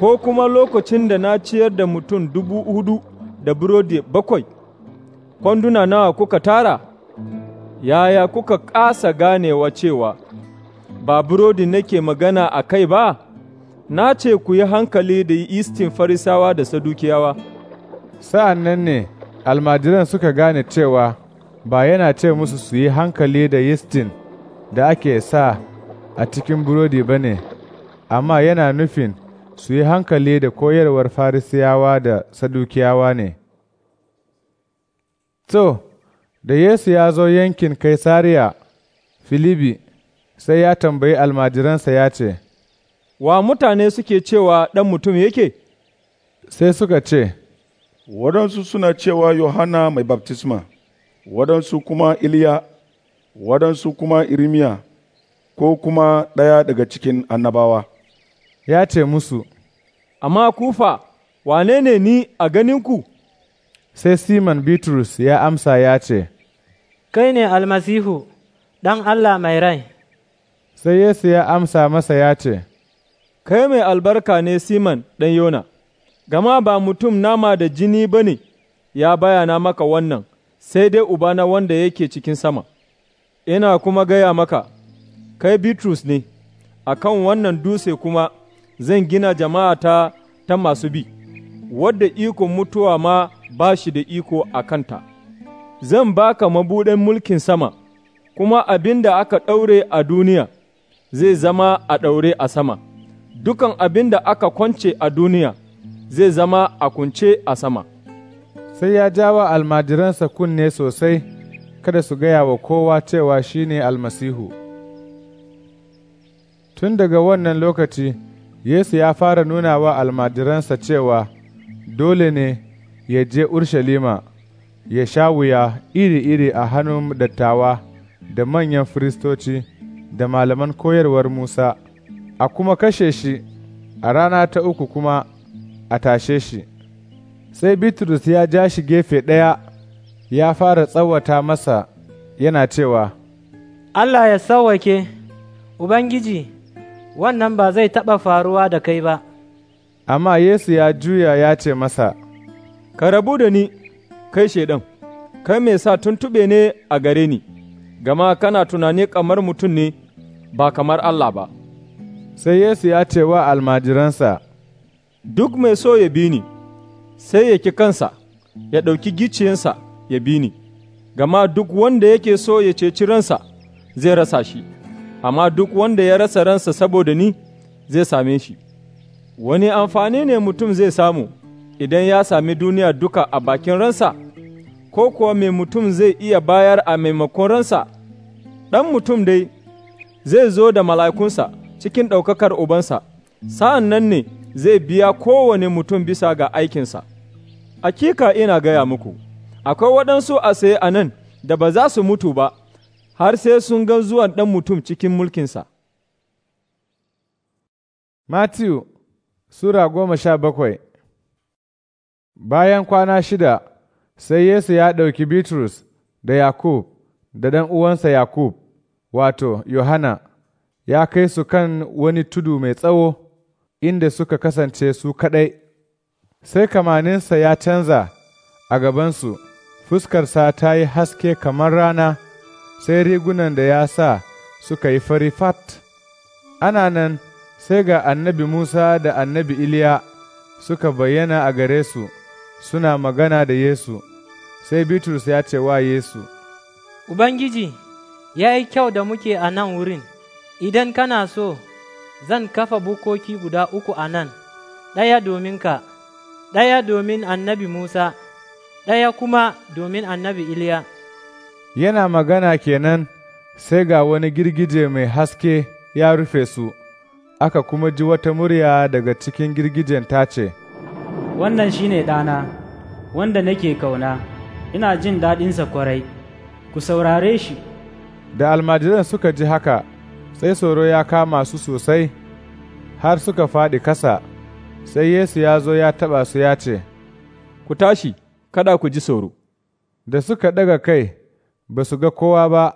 ko kuma lokacin da na ciyar da mutum dubu hudu da burodi bakwai, kwanduna nawa kuka tara, yaya kuka ƙasa ganewa cewa, ba burodi nake magana a kai ba, na ce ku yi hankali da istin farisawa da sadukiyawa. Sa'an nan ne, almajiran suka gane cewa. ba yana ce musu su yi hankali da yistin da ake sa a cikin burodi ba ne, amma yana nufin su yi hankali da koyarwar farisiyawa da sadukiyawa ne. To, da Yesu ya zo yankin Kaisariya, Filibi, sai ya tambayi almajiransa ya ce, Wa mutane suke cewa ɗan mutum yake? Sai suka ce, Waɗansu suna cewa Yohana mai baptisma. waɗansu kuma Iliya, waɗansu kuma irimiya, ko kuma ɗaya daga cikin annabawa. Ya ce musu, Amma kufa, wane ne ni a ganinku? Sai Siman Bitrus ya amsa ya ce, Kai ne almasihu, ɗan Allah mai rai. Sai Yesu ya amsa masa ya ce, Kai mai albarka ne simon ɗan Yona, gama ba mutum nama da jini ba ne ya bayana maka wannan. sai dai Ubana wanda yake cikin sama, ina kuma gaya maka, kai Bitrus ne, a kan wannan dutse kuma zan gina jama'a ta ta masu bi, wadda ikon mutuwa ma ba shi da iko a kanta. Zan baka mabuɗin mulkin sama, kuma abin da aka ɗaure a duniya zai zama a ɗaure a sama, dukan abin da aka kwance a duniya zai zama a kunce a sama. sai ya jawa almajiransa kunne sosai kada su gaya wa kowa cewa shi ne almasihu. Tun daga wannan lokaci, Yesu ya fara nuna wa almajiransa cewa dole ne ya je Urshalima, ya sha wuya iri-iri a hannun dattawa da manyan firistoci da malaman koyarwar Musa, a kuma kashe shi, a rana ta uku kuma a tashe shi. sai Bitrus ya ja shi gefe ɗaya ya fara tsawata masa yana cewa, Allah ya sauwake Ubangiji, wannan ba zai taɓa faruwa da kai ba. Amma Yesu ya juya ya ce masa, Ka rabu da ni, kai shaidan, kai mai sa tuntuɓe ne a gare ni, gama kana tunani kamar mutum ne ba kamar Allah ba. Sai Yesu ya ce wa almajiransa, Duk mai so ya bi ni. sai ya ki kansa, ya ɗauki giciyansa ya bi ni, gama duk wanda yake so ya ceci ransa zai rasa shi, amma duk wanda ya rasa ransa saboda ni zai same shi. Wani amfani ne mutum zai samu idan ya sami duniya duka a bakin ransa, ko kuwa mai mutum zai iya bayar a maimakon ransa, ɗan mutum dai zai zo da mala'ikunsa cikin ɗaukakar ubansa, sa'an nan ne zai biya kowane mutum bisa ga aikinsa. Akika ina gaya muku, akwai waɗansu a saye a nan da ba za su mutu ba, har sai sun ga zuwan ɗan mutum cikin mulkinsa. matthew Sura goma sha bakwai Bayan kwana shida, sai Yesu ya ɗauki Bitrus da Yakub da ɗan uwansa Yakub, wato, Yohana, ya kai su kan wani tudu mai tsawo. inda suka kasance su kaɗai, sai kamaninsa ya canza a gabansu, fuskarsa ta yi haske kamar rana, sai rigunan da ya sa suka yi fari fat. Ana nan sai ga annabi Musa da annabi Iliya suka bayyana a gare su, suna magana da Yesu, sai Bitrus ya ce wa Yesu, Ubangiji, ya yi kyau da muke a nan wurin, idan kana so, zan kafa bukoki guda uku a nan, ɗaya domin ka, ɗaya domin annabi Musa, ɗaya kuma domin annabi Iliya. Yana magana kenan sai ga wani girgije mai haske ya rufe su, aka kuma ji wata murya daga cikin girgijen ta ce, Wannan shi ne ɗana, wanda nake kauna, ina jin daɗinsa kwarai, ku saurare shi. Da almajiran suka ji haka. sai tsoro ya kama su sosai, har suka faɗi kasa, sai Yesu ya zo ya taɓa su ya ce, Ku tashi, kada ku ji tsoro. Da suka ɗaga kai, ba su ga kowa ba,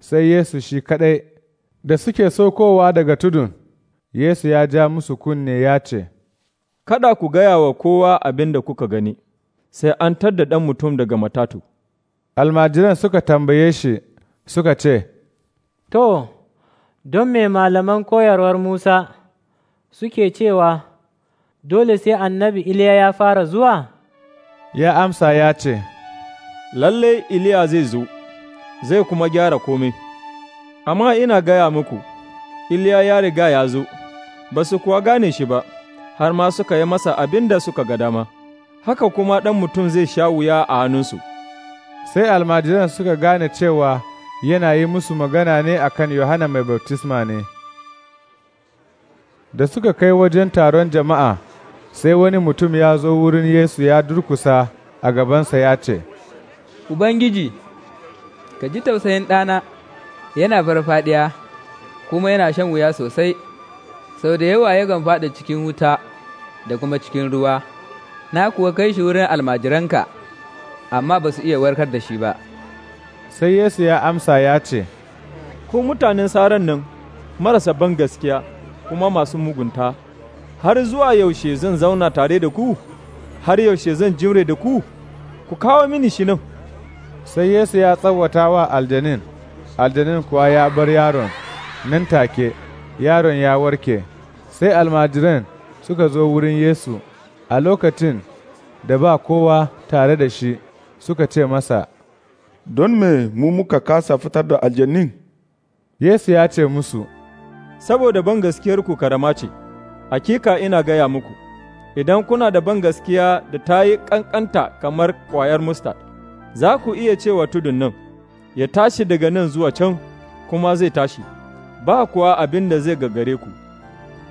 sai Yesu shi kaɗai, da suke so kowa daga tudun, Yesu ya ja musu kunne ya ce, Kada ku gaya wa kowa abin da kuka gani, sai an tadda ɗan mutum daga matatu. Almajiran suka tambaye shi, suka ce, To, don me malaman koyarwar Musa suke cewa, Dole sai annabi Iliya ya fara zuwa? Ya amsa ya ce, Lalle Iliya zai zo, zai kuma gyara komai, amma ina gaya muku, Iliya ya riga ya zo, ba su kuwa gane shi ba, har ma suka yi masa abin da suka ga dama, haka kuma ɗan mutum zai sha wuya a hannunsu. Sai almajiran suka gane cewa yana yi musu magana ne akan Yohana mai baftisma ne. Da suka kai wajen taron jama'a, sai wani mutum ya zo wurin Yesu ya durkusa a gabansa ya ce, Ubangiji, ka ji tausayin ɗana, yana farfaɗiya, kuma yana shan wuya sosai, sau da yawa yakan faɗa cikin wuta da kuma cikin ruwa, na kuwa kai shi wurin almajiranka, amma ba su iya warkar da shi ba. Sai Yesu ya amsa ya ce, Ku mutanen saran nan marasa ban gaskiya kuma masu mugunta, har zuwa yaushe zan zauna tare da ku, har yaushe zan jimre da ku, ku kawo mini shi nan. Sai Yesu ya tsawata wa aljanin, aljanin kuwa ya bar yaron, nan take yaron ya warke, sai almajiran suka zo wurin Yesu a lokacin da ba kowa tare da shi suka ce masa, don me mu muka kasa fitar da aljannin? Yesu ya ce musu, Saboda ban gaskiyarku karama ce, hakika ina gaya muku, idan kuna da ban gaskiya da ta yi ƙanƙanta kamar ƙwayar mustad, za ku iya cewa tudun nan, ya tashi daga nan zuwa can kuma zai tashi, ba kuwa abin da zai gagare ku.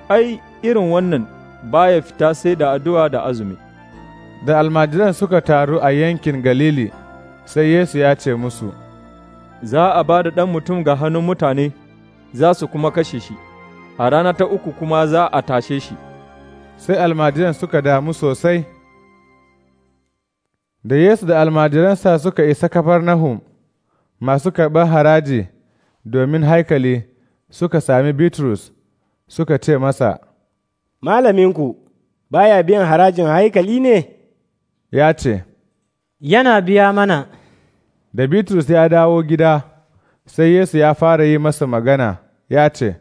Ai, irin wannan ba ya fita sai da addu'a da azumi. Da almajiran suka taru a yankin Galili. sai Yesu ya ce musu, Za a ba da ɗan mutum ga hannun mutane, za su kuma kashe shi, a rana ta uku kuma za a tashe shi. Sai almajiran suka damu sosai. Da Yesu da almajiransa suka isa kafar Nahum, masu karɓar haraji domin haikali suka sami Bitrus suka ce masa, Malaminku, baya biyan harajin haikali ne? Ya ce, yana biya mana. Da Bitrus ya dawo gida, sai Yesu ya fara yi masa magana, ya ce,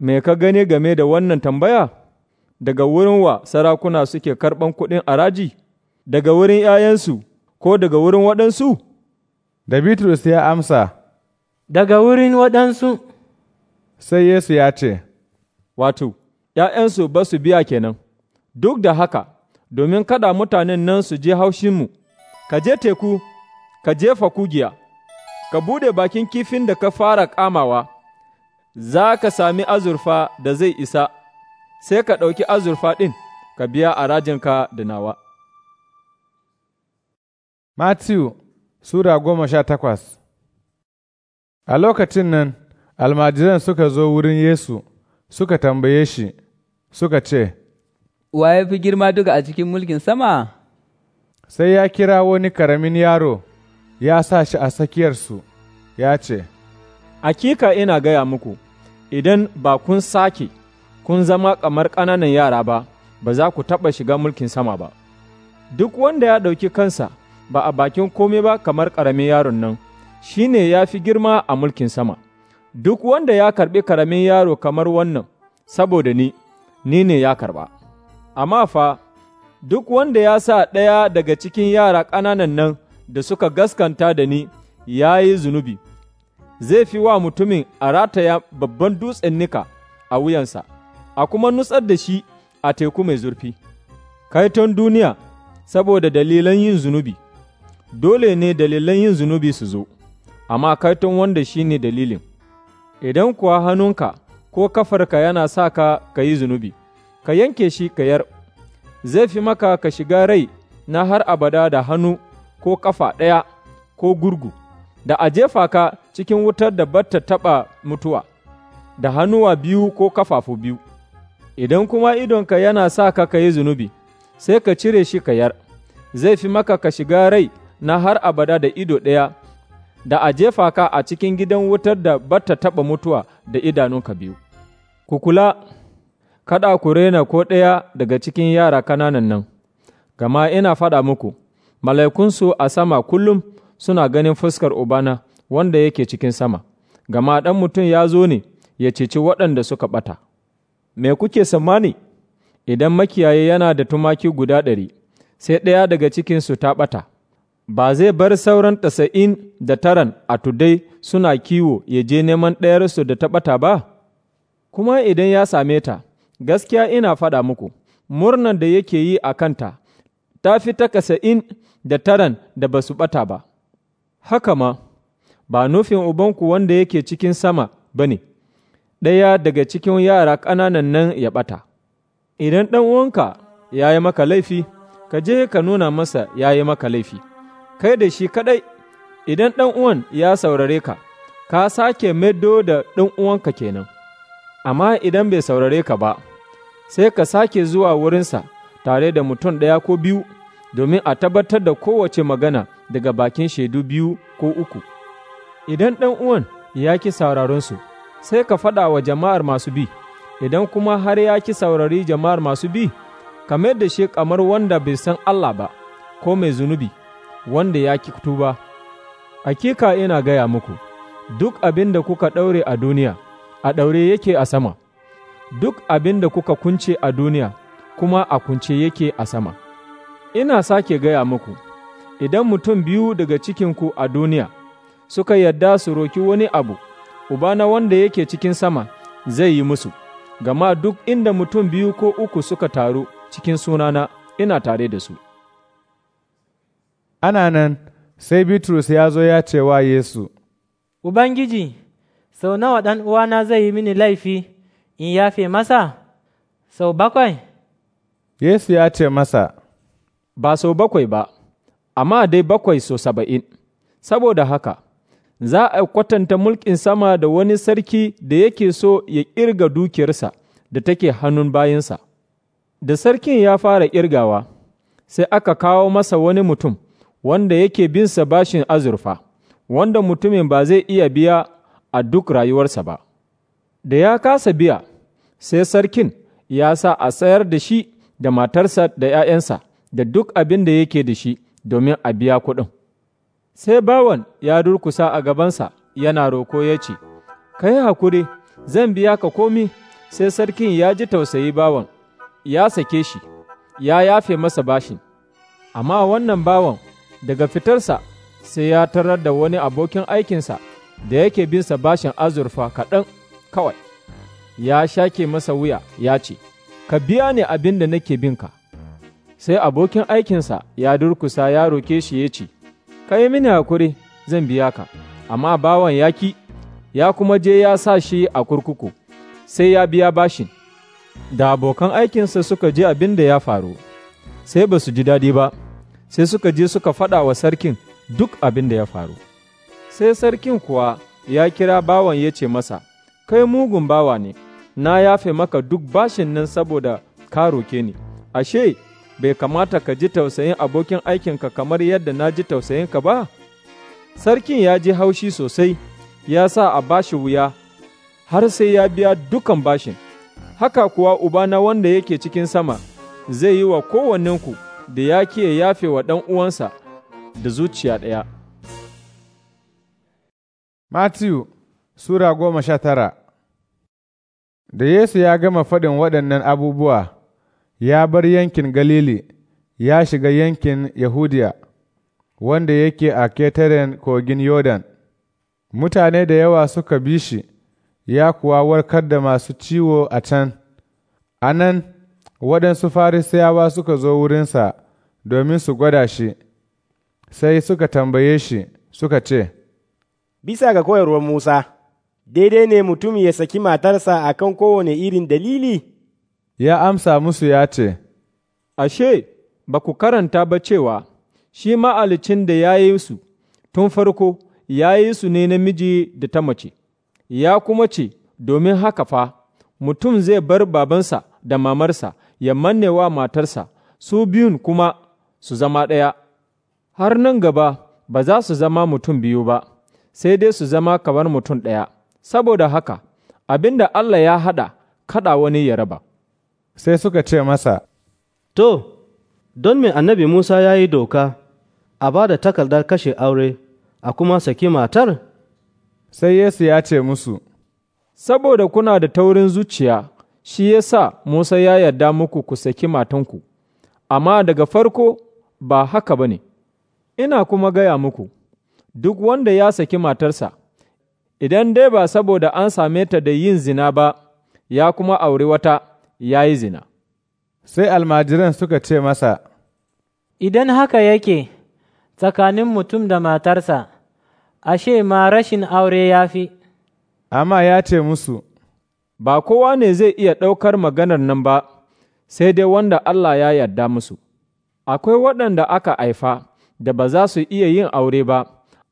Me ka gani game da wannan tambaya? Daga wurin wa sarakuna suke karɓan kuɗin araji? Daga wurin ’ya'yansu ko daga wurin waɗansu? Da Bitrus ya amsa, Daga wurin waɗansu. Sai Yesu ya ce, Wato, ’ya'yansu ba su biya kenan, duk da haka, domin kada mutanen nan su je haushinmu. ka je teku, ka jefa kugiya, ka bude bakin kifin da ka fara kamawa, za ka sami azurfa da zai isa, sai ka ɗauki azurfa ɗin, ka biya a rajinka da nawa. Matthew Sura goma sha takwas A lokacin nan, almajiran suka zo wurin Yesu, suka tambaye shi, suka ce, Wa ya fi girma duka a cikin mulkin sama? sai ya kira wani karamin yaro ya sa shi a tsakiyarsu ya ce, Akika ina gaya muku, idan ba kun sake kun zama kamar ƙananan yara ba, ba za ku taɓa shiga mulkin sama ba. Duk wanda ya ɗauki kansa ba a bakin kome ba kamar ƙaramin yaron nan, shi ne ya fi girma a mulkin sama. Duk wanda ya karɓi ƙaramin yaro kamar wannan, saboda ni, ni ne ya karɓa. Amma fa, Duk wanda ya sa ɗaya daga cikin yara ƙananan nan da suka gaskanta da ni ya yi zunubi, zai fi wa mutumin a rataya babban dutsen nika a wuyansa, a kuma nutsar da shi a teku mai zurfi. Kaiton duniya saboda dalilan yin zunubi, dole ne dalilan yin zunubi su zo, amma kaiton wanda shi ne dalilin. Idan kuwa hannunka ko kafarka yana sa ka ka yi zunubi, ka yanke shi ka yar zai fi maka ka shiga rai na har abada da hannu ko kafa ɗaya ko gurgu, da a jefa ka cikin wutar da bata taɓa mutuwa, da hannuwa biyu ko kafafu biyu. Idan kuma idonka yana sa ka ka yi zunubi, sai ka cire shi ka yar, zai fi maka ka shiga rai na har abada da ido ɗaya, da a jefa ka a cikin gidan wutar da bata taɓa mutuwa da idanunka biyu. Ku kula. kada ku rena ko ɗaya daga cikin yara kananan nan, gama ina faɗa muku, mala'ikunsu a sama kullum suna ganin fuskar Ubana wanda yake cikin sama, gama ɗan mutum ya zo ne ya ceci waɗanda suka ɓata. Me kuke sammani? Idan makiyayi yana da tumaki guda ɗari, sai ɗaya daga cikinsu ta ɓata, ba zai bar sauran tasa'in da taran a tudai suna kiwo ya je neman ɗayarsu da ta ɓata ba? Kuma idan ya same ta, gaskiya ina faɗa muku, murnan da yake yi a kanta ta fi ta kasa'in da taran da ba su ɓata ba, haka ma ba nufin ubanku wanda yake cikin sama ba ne, ɗaya daga cikin yara ƙananan nan ya ɓata. Idan ɗan uwanka ya yi maka laifi, ka je ka nuna masa ya yi maka laifi, kai da shi kaɗai, idan ɗan uwan ya saurare ka, ka sake maido da ɗan uwanka kenan. amma idan bai saurare ka ba, sai ka sake zuwa wurinsa tare da mutum ɗaya ko biyu domin a tabbatar da kowace magana daga bakin shaidu biyu ko uku. Idan ɗan uwan ya ki sauraronsu, sai ka faɗa wa jama'ar masu bi, idan kuma har ya ki saurari jama'ar masu bi, ka mayar da shi kamar wanda bai san Allah ba, ko mai zunubi, wanda ya ki tuba. Hakika ina gaya muku, duk abin da kuka ɗaure a duniya. a ɗaure yake a sama, duk abin da kuka kunce a duniya kuma a kunce yake a sama. Ina sake gaya muku, idan mutum biyu daga cikinku a duniya suka yadda su roki wani abu, Ubana wanda yake cikin sama zai yi musu, gama duk inda mutum biyu ko uku suka taru cikin sunana ina tare da su. Ana nan, sai Bitrus ya zo ya ce wa Yesu, Ubangiji, sau nawa ɗan uwana zai yi mini laifi in yafe masa sau bakwai yesu ya ce masa ba sau bakwai ba amma dai bakwai sau saba'in saboda haka za a kwatanta mulkin sama da wani sarki da yake so ya ƙirga dukiyarsa da take hannun bayansa da sarkin ya fara ƙirgawa sai aka kawo masa wani mutum wanda yake binsa bashin azurfa wanda mutumin ba zai iya biya a duk rayuwarsa ba. Da ya kasa biya, sai sarkin ya sa a tsayar da shi da matarsa da ’ya'yansa da duk abin da yake da shi domin a biya kuɗin. Sai bawan ya durkusa a gabansa yana roko ya ce, Ka yi hakuri, zan biya ka komi, sai sarkin ya ji tausayi bawan, ya sake shi, ya yafe masa bashin. Amma wannan bawan daga fitarsa sai ya tarar da wani abokin aikinsa da yake binsa bashin azurfa kaɗan kawai, ya shake masa wuya ya ce, Ka biya ni abin da nake binka, sai abokin aikinsa ya durkusa ya roke shi ya ce, Ka yi mini hakuri zan biya ka, amma bawan ya ki, ya kuma je ya sa shi a kurkuku, sai ya biya bashin. Da abokan aikinsa suka je abin da ya faru, sai ba su ji daɗi ba, sai suka je suka faɗa wa sarkin duk abin da ya faru. sai sarkin kuwa ya kira bawan ya ce masa, Kai mugun bawa ne, na yafe maka duk bashin nan saboda ka roke ni, ashe, bai kamata ka ji tausayin abokin aikinka kamar yadda na ji tausayin ka ba? Sarkin ya ji haushi sosai, ya sa a bashi wuya, har sai ya biya dukan bashin. Haka kuwa uba na wanda yake cikin sama, zai yi wa kowanninku da ya ke yafe wa ɗan uwansa da zuciya ɗaya. Matiyu Sura goma sha tara Da Yesu ya gama faɗin waɗannan abubuwa, ya bar yankin Galili, ya shiga yankin Yahudiya, wanda yake a ketaren kogin Yodan. Mutane da yawa suka bi shi, ya kuwa warkar da masu ciwo a can. A nan, waɗansu Farisiyawa suka zo wurinsa domin su gwada shi, sai suka tambaye shi, suka ce, Bisa ga koyarwar Musa, daidai ne mutum ya saki matarsa a kan kowane irin dalili? Ya amsa musu ya ce, Ashe, ba ku karanta ba cewa, shi ma'alicin da ya yi su tun farko ya yi su ne namiji da ta mace, ya kuma ce, domin haka fa, mutum zai bar babansa da mamarsa ya manne wa matarsa, su biyun kuma su zama ɗaya, har nan gaba ba za su zama mutum biyu ba. sai dai su zama kamar mutum ɗaya, saboda haka abin da Allah ya haɗa kaɗa wani ya raba. Sai suka ce masa, To, don me annabi Musa ya yi doka, a ba da takardar kashe aure, a kuma saki matar? Sai Yesu ya ce musu, Saboda kuna da taurin zuciya, shi ya sa Musa ya yarda muku ku saki matanku, amma daga farko ba haka ba ne, ina kuma gaya muku. duk wanda ya saki matarsa, idan dai ba saboda an same ta da yin zina ba, ya kuma auri wata ya yi zina. Sai almajiran suka ce masa, Idan haka yake tsakanin mutum da matarsa, ashe ma rashin aure ya fi. Amma ya ce musu, Ba kowa ne zai iya ɗaukar maganar nan ba, sai dai wanda Allah ya yarda musu. Akwai waɗanda aka haifa da ba za su iya yin aure ba.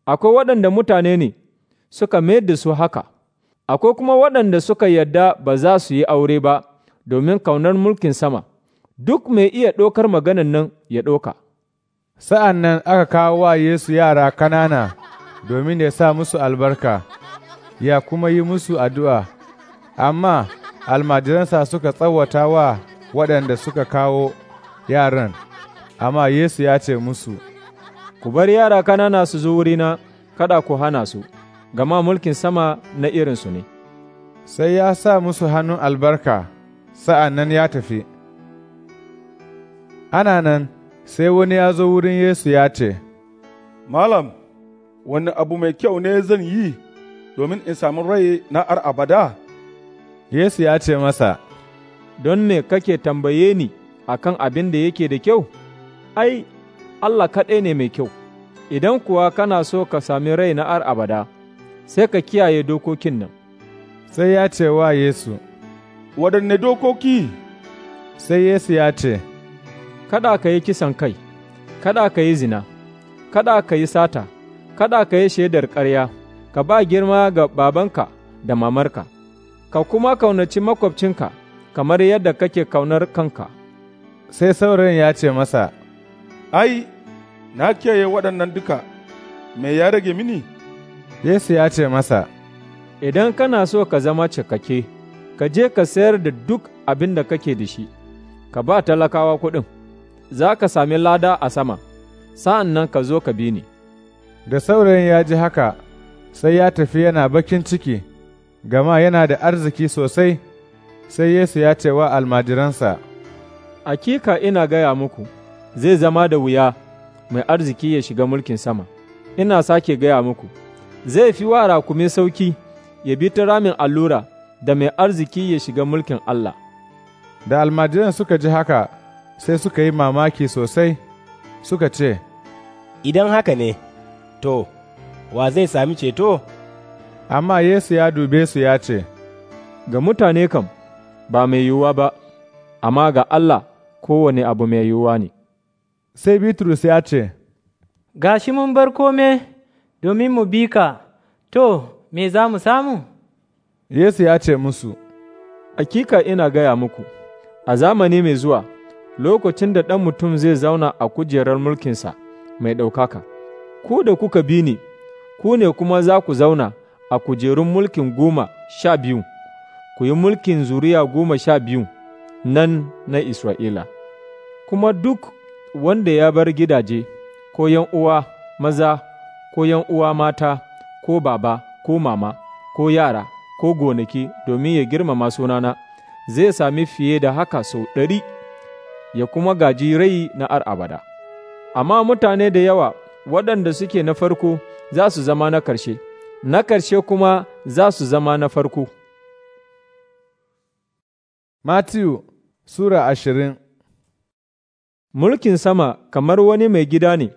akwai waɗanda mutane ne suka mayar da su haka, akwai kuma waɗanda suka yadda ba za su yi aure ba domin kaunar mulkin sama, duk mai iya ɗaukar maganan nan ya ɗauka. Sa'an nan aka kawo wa Yesu yara ƙanana domin ya sa musu albarka, ya kuma yi musu addu'a, amma almajiransa suka tsawata wa waɗanda suka kawo yaran, amma Yesu ya ce musu, Ku bar yara kanana su zo wurina, kada ku hana su, gama mulkin sama na irinsu ne. Sai ya sa musu hannun albarka, sa'an nan ya tafi. Ana nan, sai wani ya zo wurin Yesu ya ce, Malam, wani abu mai kyau ne zan yi domin in samu rai na ar abada? Yesu ya ce masa, Don ne kake tambaye ni a kan abin da yake da kyau? Ai, Allah kaɗai ne mai kyau, idan kuwa kana so ka sami rai na ar abada, sai ka kiyaye dokokin nan. Sai ya ce wa Yesu, waɗanne dokoki? Sai Yesu ya ce, Kada ka yi kisan kai, kada ka yi zina, kada ka yi sata, kada ka yi shaidar karya, ka ba girma ga babanka da mamarka, ka kuma kaunaci makwabcinka kamar yadda kake kaunar kanka. Sai sauran ya ce masa, Ai, na kiyaye waɗannan duka, mai ya rage mini? Yesu ya ce masa, Idan kana so ka zama cikakke, ka je ka sayar da duk abin da kake da shi, ka ba talakawa kuɗin, za ka sami lada a sama, sa'an nan ka zo ka bi ni. Da saurayin ya ji haka, sai ya tafi yana bakin ciki, gama yana da arziki sosai, sai Yesu ya ce wa almajiransa, Akika ina gaya muku, zai zama da wuya. mai arziki ya shiga mulkin sama. Ina sake gaya muku, zai fi wa rakumin sauki ya bi ta ramin allura da mai arziki ya shiga mulkin Allah. Da almajiran suka ji haka, sai suka yi mamaki sosai, suka ce, Idan haka ne, to, wa zai sami ceto? Amma Yesu ya dube su ya ce, Ga mutane kam, ba mai yiwuwa ba, amma ga Allah kowane abu mai yiwuwa ne. Sai Bitrus ya ce, Ga shi mun bar kome domin mu bi ka, to, me za mu samu? Yesu ya ce musu, Hakika ina gaya muku, a zamani mai zuwa, lokacin da ɗan mutum zai zauna a kujerar mulkinsa mai ɗaukaka, ku da kuka bi ni, ku ne kuma za ku zauna a kujerun mulkin goma sha biyu, ku yi mulkin zuriya goma sha biyu nan na Isra'ila, kuma duk wanda ya bar gidaje, ko ’yan uwa maza, ko uwa mata, ko baba, ko mama, ko yara, ko gonaki domin ya girmama sunana, zai sami fiye da haka sau ɗari, ya kuma gaji rai na ar abada. Amma mutane da yawa waɗanda suke na farko za su zama na ƙarshe, na ƙarshe kuma za su zama na farko. matthew Sura ashirin mulkin sama kamar wani mai gida ne,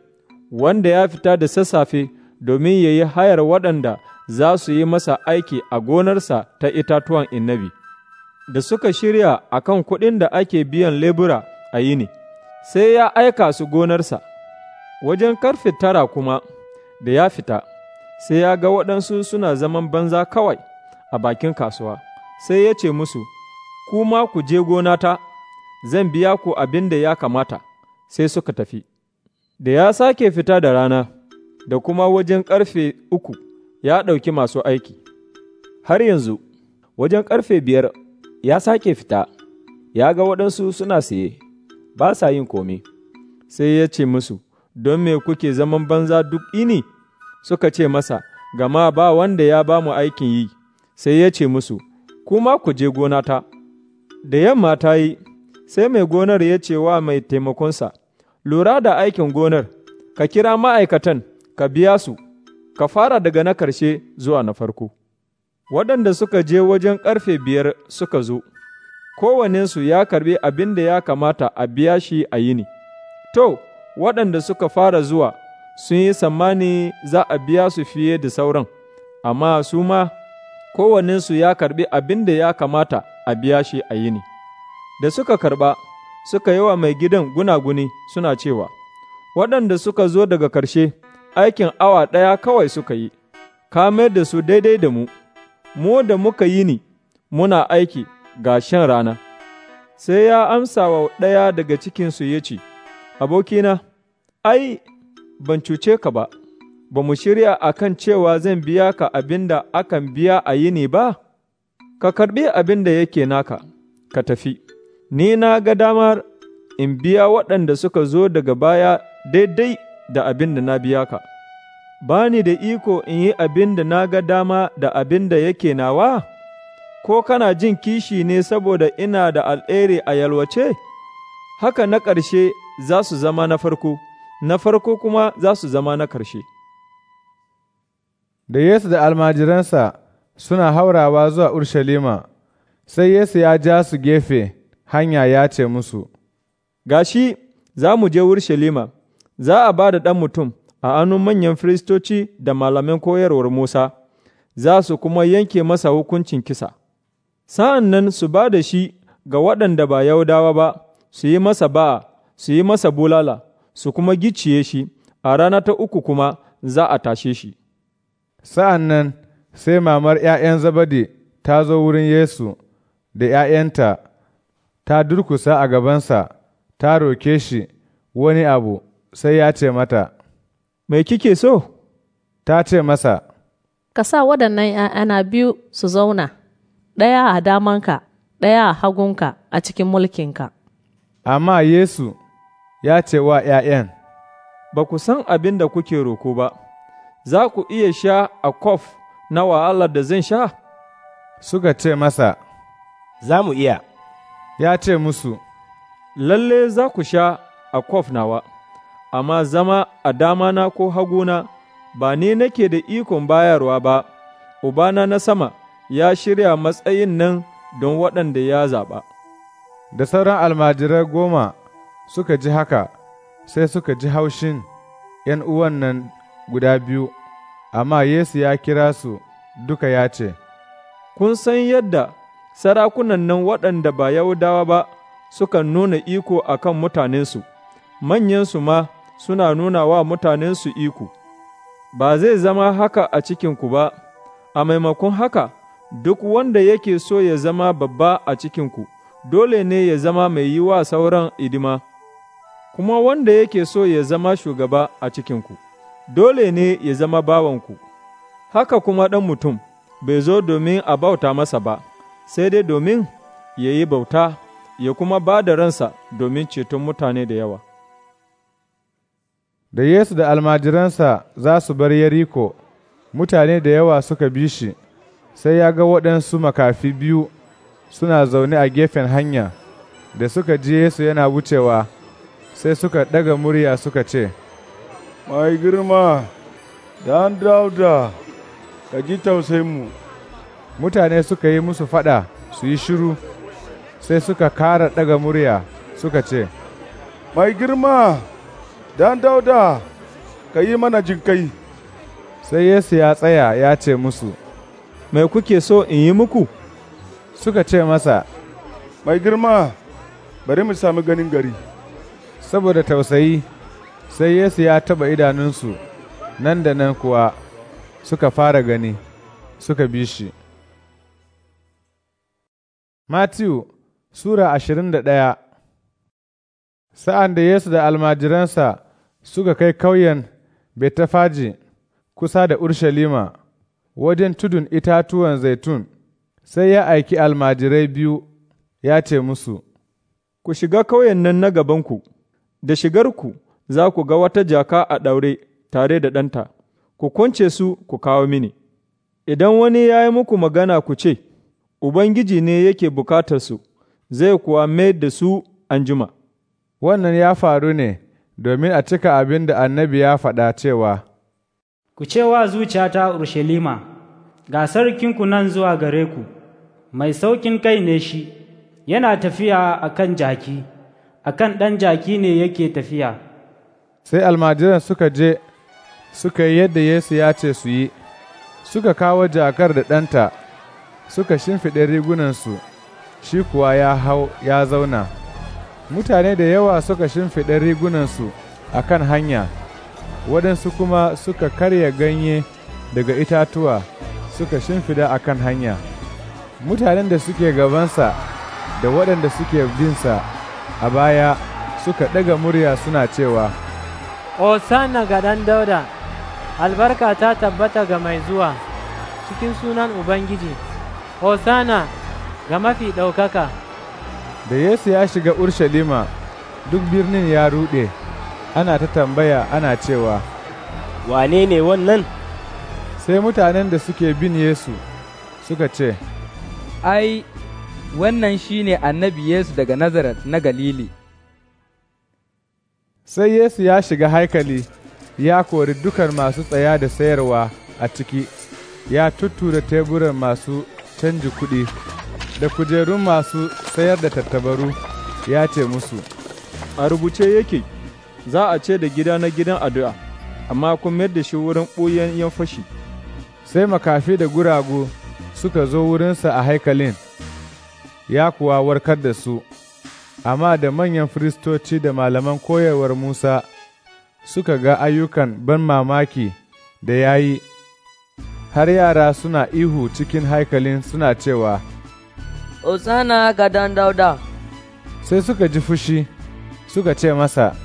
wanda ya fita da sassafe domin ya yi hayar waɗanda za su yi masa aiki a gonarsa ta itatuwan inabi, da suka shirya a kan kuɗin da ake biyan lebura a yini, sai ya aika su gonarsa, wajen karfe tara kuma da ya fita, sai ya ga waɗansu suna zaman banza kawai a bakin kasuwa, sai ya ce musu, Kuma ku je gonata, zan biya ku abin da ya kamata. sai suka tafi. Da ya sake fita da rana, da kuma wajen ƙarfe uku ya ɗauki masu aiki. Har yanzu, wajen ƙarfe biyar ya sake fita, ya ga waɗansu suna saye, ba sa yin komi. Sai ya ce musu, Don me kuke zaman banza duk ini? Suka ce masa, Gama ba wanda ya ba mu aikin yi, sai ya ce musu, Kuma ku je gona ta. Da yamma ta yi, sai mai gonar ya ce wa mai taimakonsa, Lura da aikin gonar, ka kira ma'aikatan, ka biya su, ka fara daga na ƙarshe zuwa na farko. Waɗanda suka je wajen ƙarfe biyar suka zo, kowanensu ya karbi abin da ya kamata a biya shi a yini. To, waɗanda suka fara zuwa sun yi tsammani za a biya su fiye da sauran, amma su ma kowanensu ya karbi abin da ya kamata a biya shi a yini. da suka karɓa suka yi wa mai gidan gunaguni suna cewa, Waɗanda suka zo daga ƙarshe aikin awa ɗaya kawai suka yi, ka da su daidai da mu, mu da muka yi ni muna aiki ga shan rana. Sai ya amsa wa ɗaya daga cikinsu ya ce, Abokina, ai, ban cuce ka ba, ba mu shirya a kan cewa zan biya ka abin da akan biya a yini ba, ka karɓi abin da yake naka, ka tafi. ni na ga damar in biya waɗanda suka zo daga baya daidai da abin da na biya ka, ba ni da iko in yi abin da na ga dama da abin da yake nawa? Ko kana jin kishi ne saboda ina da al'ere a yalwace? Haka na ƙarshe za su zama na farko, na farko kuma za su zama na ƙarshe. Da Yesu da almajiransa suna haurawa zuwa Urshalima, sai Yesu ya ja su gefe. hanya ya ce musu, Gashi za mu je Urshalima, za a ba da ɗan mutum a hannun manyan firistoci da malaman koyarwar Musa, za su kuma yanke masa hukuncin kisa. Sa'an nan su ba da shi ga waɗanda ba yaudawa ba, su yi masa ba'a, su yi masa bulala, su kuma gicciye shi, a rana ta uku kuma za a tashe shi. Sa'an nan sai mamar ’ya'yan Zabadi ta zo wurin Yesu da ’ya'yanta ta durkusa a gabansa, ta roke shi wani abu, sai ya ce mata, Mai kike so? Ta ce masa, Ka sa waɗannan ‘ya'yana biyu su zauna, ɗaya a damanka, ɗaya a hagunka a cikin mulkinka. Amma Yesu ya ce wa ‘ya'yan, Ba ku san abin da kuke roko ba, za ku iya sha a kof na wahalar da zan sha? Suka ce masa, Za mu iya. ya ce musu, Lalle za ku sha a kwaf nawa, amma zama a damana ko haguna ba ni nake da ikon bayarwa ba, Ubana na sama ya shirya matsayin nan don waɗanda ya zaɓa. Da sauran almajirai goma suka ji haka, sai suka ji haushin ’yan uwan nan guda biyu, amma Yesu ya kira su duka ya ce, Kun san yadda sarakunan nan waɗanda ba Yahudawa ba sukan nuna iko a kan mutanensu, manyansu ma suna nuna wa mutanensu iko, ba zai zama haka a cikinku ba, a maimakon haka duk wanda yake so ya zama babba a cikinku, dole ne ya zama mai yi wa sauran idima, kuma wanda yake so ya zama shugaba a cikinku, dole ne ya zama bawanku, haka kuma ɗan mutum bai zo domin a bauta masa ba. sai dai domin ya yi bauta ya kuma ba da ransa domin ceton mutane da yawa. Da Yesu da almajiransa za su bar yariko mutane da yawa suka bi shi, sai ya ga waɗansu makafi biyu suna zaune a gefen hanya, da suka ji Yesu yana wucewa, sai suka ɗaga murya suka ce, Mai girma, dan dauda, ka ji tausayinmu. mu. mutane suka yi musu faɗa su yi shiru sai suka kara ɗaga murya suka ce, Mai girma, dan dauda, ka yi mana jinkai. Sai Yesu ya tsaya ya ce musu, Mai kuke so in yi muku? Suka ce masa, Mai girma, bari mu sami ganin gari. Saboda tausayi, sai Yesu ya taɓa idanunsu, nan da nan kuwa suka fara gani, suka bi shi. matthew Sura ashirin da ɗaya Sa'an da Yesu da almajiransa suka kai ƙauyen Betafaji kusa da Urshalima, wajen tudun itatuwan zaitun, sai ya aiki almajirai biyu ya ce musu, Ku shiga ƙauyen nan na gabanku, da shigarku za ku ga wata jaka a ɗaure tare da ɗanta, ku kwance su ku kawo mini. Idan wani ya yi muku magana ku ce, Ubangiji ne yake bukatarsu, zai kuwa mai da su anjima. Wannan ya faru ne domin a cika abin da annabi ya faɗa cewa, Ku cewa zuciyata Urushalima, ga sarkinku nan zuwa gare ku, mai saukin kai ne shi, yana tafiya a kan jaki, a kan ɗan jaki ne yake tafiya. Sai almajiran suka je, suka yi yadda Yesu ya ce su yi, suka kawo jakar da ɗanta. suka shimfiɗe rigunansu, shi kuwa ya hau ya zauna. Mutane da yawa suka shimfiɗe rigunansu a kan hanya, waɗansu kuma suka karya ganye daga itatuwa suka shimfiɗa a kan hanya. Mutanen da suke gabansa da waɗanda suke binsa a baya suka ɗaga murya suna cewa, Osana ga ɗan dauda, albarka ta tabbata ga mai zuwa cikin sunan Ubangiji. Hosana ga mafi ɗaukaka. Da Yesu ya shiga Urshalima, duk birnin ya ruɗe, ana ta tambaya ana cewa, Wane ne wannan? Sai mutanen da suke bin Yesu suka ce, Ai, wannan shi ne annabi Yesu daga Nazaret na Galili. Sai Yesu ya shiga haikali, ya kori dukan masu tsaya da sayarwa a ciki, ya tuttura teburan masu canji kuɗi da kujerun masu sayar da tattabaru ya ce musu, A rubuce yake, za a ce da gida na gidan addu'a, amma kun mayar da shi wurin ɓuyan yan fashi. Sai makafi da guragu suka zo wurinsa a haikalin, ya kuwa warkar da su, amma da manyan firistoci da malaman koyarwar Musa suka ga ayyukan ban mamaki da ya har yara suna ihu cikin haikalin suna cewa, Osana ga dan dauda. Sai suka ji fushi, suka ce masa,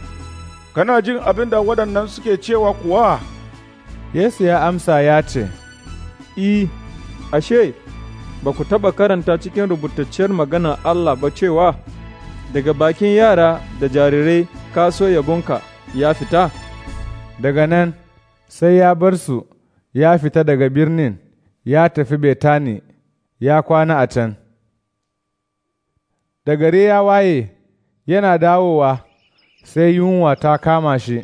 Kana jin abin da waɗannan suke cewa kuwa? Yesu ya amsa ya ce, I, ashe, ba ku taɓa karanta cikin rubutacciyar magana Allah ba cewa, Daga bakin yara da jarirai kaso so yabonka ya fita? Daga nan, sai ya bar su ya fita daga birnin ya tafi Betani ya kwana a can. Da gare ya waye yana dawowa sai yunwa ta kama shi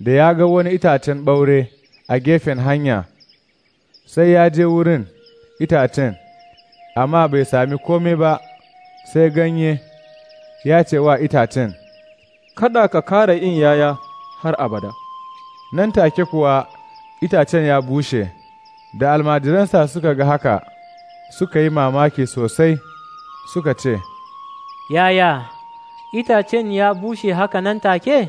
da ya ga wani itacen ɓaure a gefen hanya sai ya je wurin itacen amma bai sami kome ba sai ganye ya ce wa itacen kada ka kara in yaya har abada nan take kuwa itacen ya bushe, da almajiransa suka ga haka, suka yi mamaki sosai, suka ce, Yaya, itacen ya bushe haka nan take?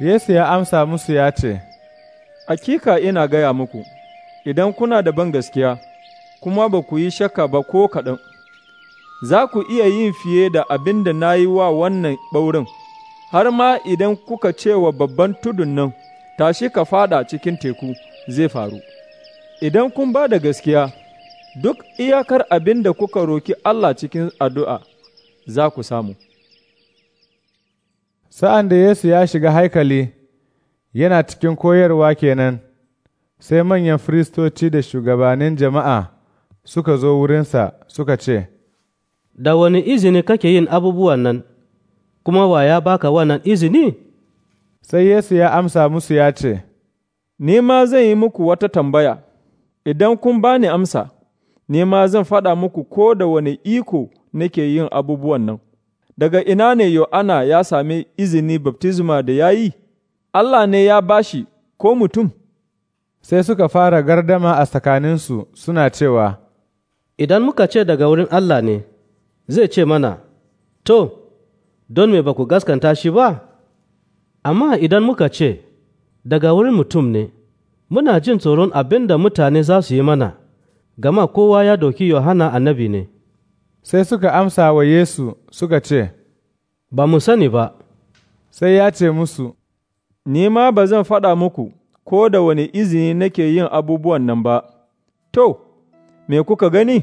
Yesu ya amsa musu ya ce, Akika ina gaya muku, idan kuna da ban gaskiya, kuma ba ku yi shaka ba ko kaɗan, za ku iya yin fiye da abin da na yi wa wannan ɓaurin, har ma idan kuka ce wa babban tudun nan. tashi ka fada cikin teku zai faru. Idan kun ba da gaskiya, duk iyakar abin da kuka roki Allah cikin addu'a za ku samu. Sa'an da Yesu ya shiga haikali, yana cikin koyarwa kenan, sai manyan firistoci da shugabannin jama'a suka zo wurinsa suka ce, Da wani izini kake yin abubuwan nan, kuma wa ya baka wannan izini? Sai Yesu ya amsa musu ya ce, Ni ma zan yi muku wata tambaya, idan kun ba ni amsa, ni ma zan faɗa muku ko da wani iko nake yin abubuwan nan. Daga ina ne Yohana ya sami izini baptizma da ya yi, Allah ne ya bashi ko mutum? Sai suka fara gardama a tsakaninsu suna cewa, Idan muka ce daga wurin Allah ne, zai ce mana, To, don me ba ku gaskanta shi ba? Amma idan muka ce, Daga wurin mutum ne, muna jin tsoron abin da mutane za su yi mana, gama kowa ya doki Yohana annabi ne. Sai suka amsa wa Yesu suka ce, Ba mu sani ba. Sai ya ce musu, Ni ma ba zan faɗa muku ko da wani izini nake yin abubuwan nan ba. To, me kuka gani?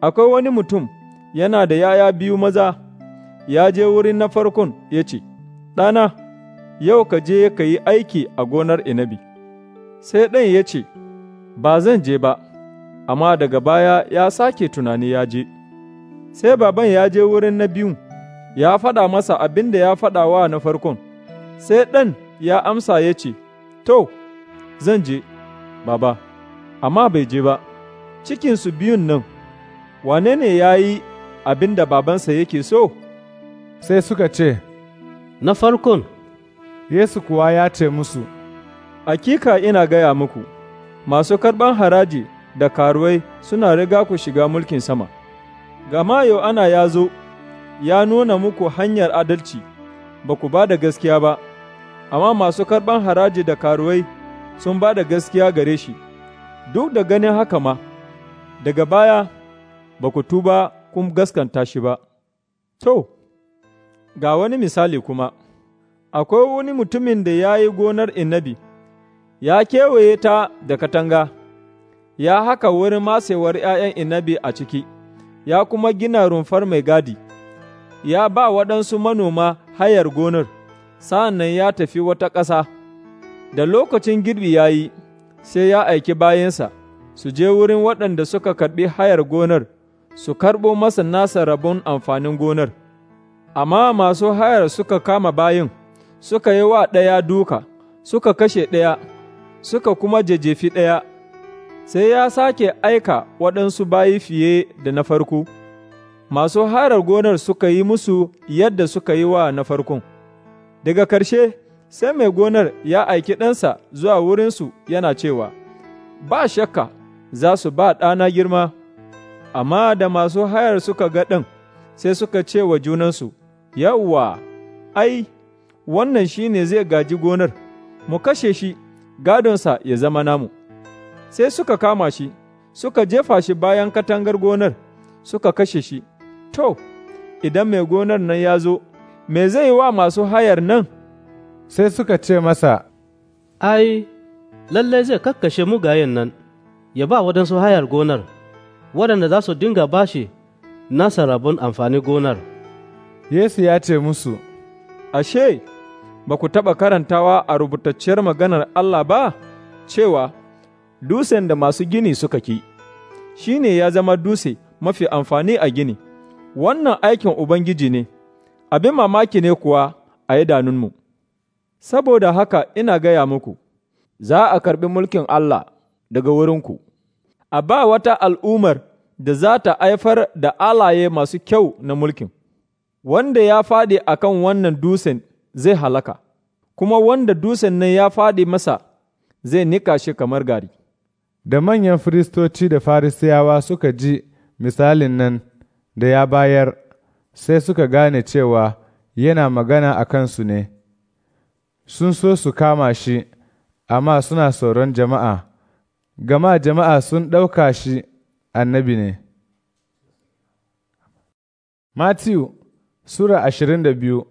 Akwai wani mutum yana da yaya biyu maza, ya je wurin na farkon ya ce, Ɗana, yau ka je ka yi aiki a gonar inabi. Sai ɗan ya ce, Ba zan je ba, amma daga baya ya sake tunani ya je. Sai baban ya je wurin na biyun, ya faɗa masa abin da ya faɗa wa na farkon. Sai ɗan ya amsa ya ce, To, zan je, baba, amma bai je ba, cikinsu biyun nan, wane ne ya yi abin da babansa yake so? Sai suka ce, Na farkon. Yesu kuwa ya ce musu, Akika ina gaya muku, masu karɓan haraji da karuwai suna riga ku shiga mulkin sama, gama ana ya zo, ya nuna muku hanyar adalci, ba ku ba da gaskiya ba, amma masu karɓan haraji da karuwai sun ba da gaskiya gare shi, duk da ganin haka ma, daga baya ba ku tuba kun gaskanta shi ba. To, ga wani misali kuma. akwai wani mutumin da ya yi gonar inabi, ya kewaye ta da katanga, ya haka wurin masewar ’ya'yan inabi a ciki, ya kuma gina rumfar mai gadi, ya ba waɗansu manoma hayar gonar, sa'an ya tafi wata ƙasa, da lokacin girbi ya yi, sai ya aiki bayansa, su je wurin waɗanda suka karɓi hayar gonar, su karɓo masa nasa rabon amfanin gonar. Amma masu hayar suka kama bayin. suka yi wa ɗaya duka, suka kashe ɗaya, suka kuma jejefi ɗaya, sai ya sake aika waɗansu bayi fiye da na farko, masu harar gonar suka yi musu yadda suka yi wa na farkon. Daga ƙarshe, sai mai gonar ya aiki ɗansa zuwa wurinsu yana cewa, Ba shakka za su ba ɗana girma, amma da masu hayar suka ga ɗan sai suka ce wa junansu, Yawwa, ai, wannan shi ne zai gaji gonar, mu kashe shi, gadonsa ya zama namu. Sai suka kama shi, suka jefa shi bayan katangar gonar, suka kashe shi. To, idan mai gonar nan ya zo, me zai wa masu hayar nan? Sai suka ce masa, Ai, lallai zai kakkashe mugayen nan, ya ba waɗansu hayar gonar, waɗanda za su dinga bashi nasa rabon amfani gonar. Yesu ya ce musu, Ashe, ba ku taɓa karantawa a rubutacciyar maganar Allah ba, cewa, Dusen da masu gini suka ki, shi ne ya zama dutse mafi amfani a gini, wannan aikin Ubangiji ne, abin mamaki ne kuwa a yi danunmu. Saboda haka ina gaya muku, za a karɓi mulkin Allah daga wurinku, a ba wata al'ummar da za ta haifar da alaye masu kyau na mulkin, wanda ya faɗi akan wannan dusen. zai halaka, kuma wanda dusan nan ya faɗi masa zai nika shi kamar gari. Da manyan firistoci da farisiyawa suka ji misalin nan da ya bayar, sai suka gane cewa yana magana a kansu ne, sun so su kama shi, amma suna tsoron jama'a, gama jama'a sun ɗauka shi annabi ne. Matthew Sura ashirin da biyu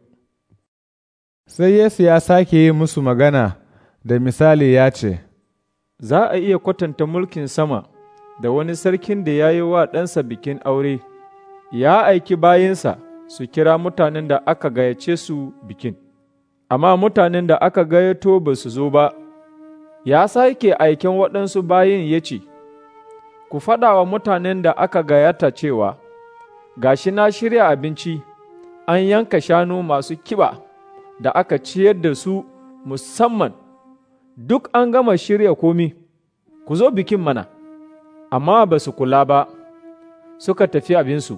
Sai Yesu ya sake yi musu magana da misali ya ce, Za a iya kwatanta mulkin sama da wani sarkin da ya yi wa ɗansa bikin aure, ya aiki bayinsa su kira mutanen da aka gayyace su bikin, amma mutanen da aka gayyato ba su zo ba, ya sake aiken waɗansu bayin ya ce, Ku faɗa wa mutanen da aka gayyata cewa, Gashi na shirya abinci, an yanka shanu masu kiba. da aka ciyar da su musamman duk an gama shirya komi, ku zo bikin mana, amma ba su kula ba, suka tafi abinsu,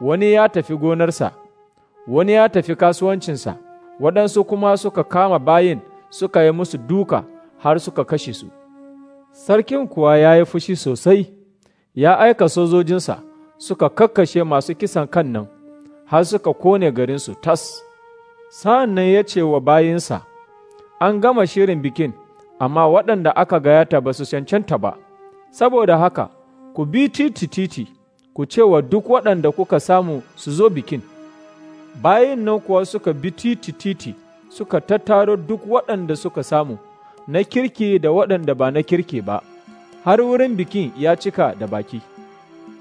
wani ya tafi gonarsa, wani ya tafi kasuwancinsa, waɗansu kuma suka kama bayin suka yi musu duka har suka kashe su. Sarkin kuwa ya yi fushi sosai, ya aika sojojinsa suka kakkashe masu kisan kan nan, har suka kone garinsu tas. Sa'an nan ya ce wa bayinsa, An gama shirin bikin, amma waɗanda aka gayata ba su cancanta ba, saboda haka, ku bi titi-titi, ku ce wa duk waɗanda kuka samu su zo bikin. Bayin nan kuwa suka bi titi-titi, suka tattaro duk waɗanda suka samu, na kirki da waɗanda ba na kirki ba, har wurin bikin ya cika da baki.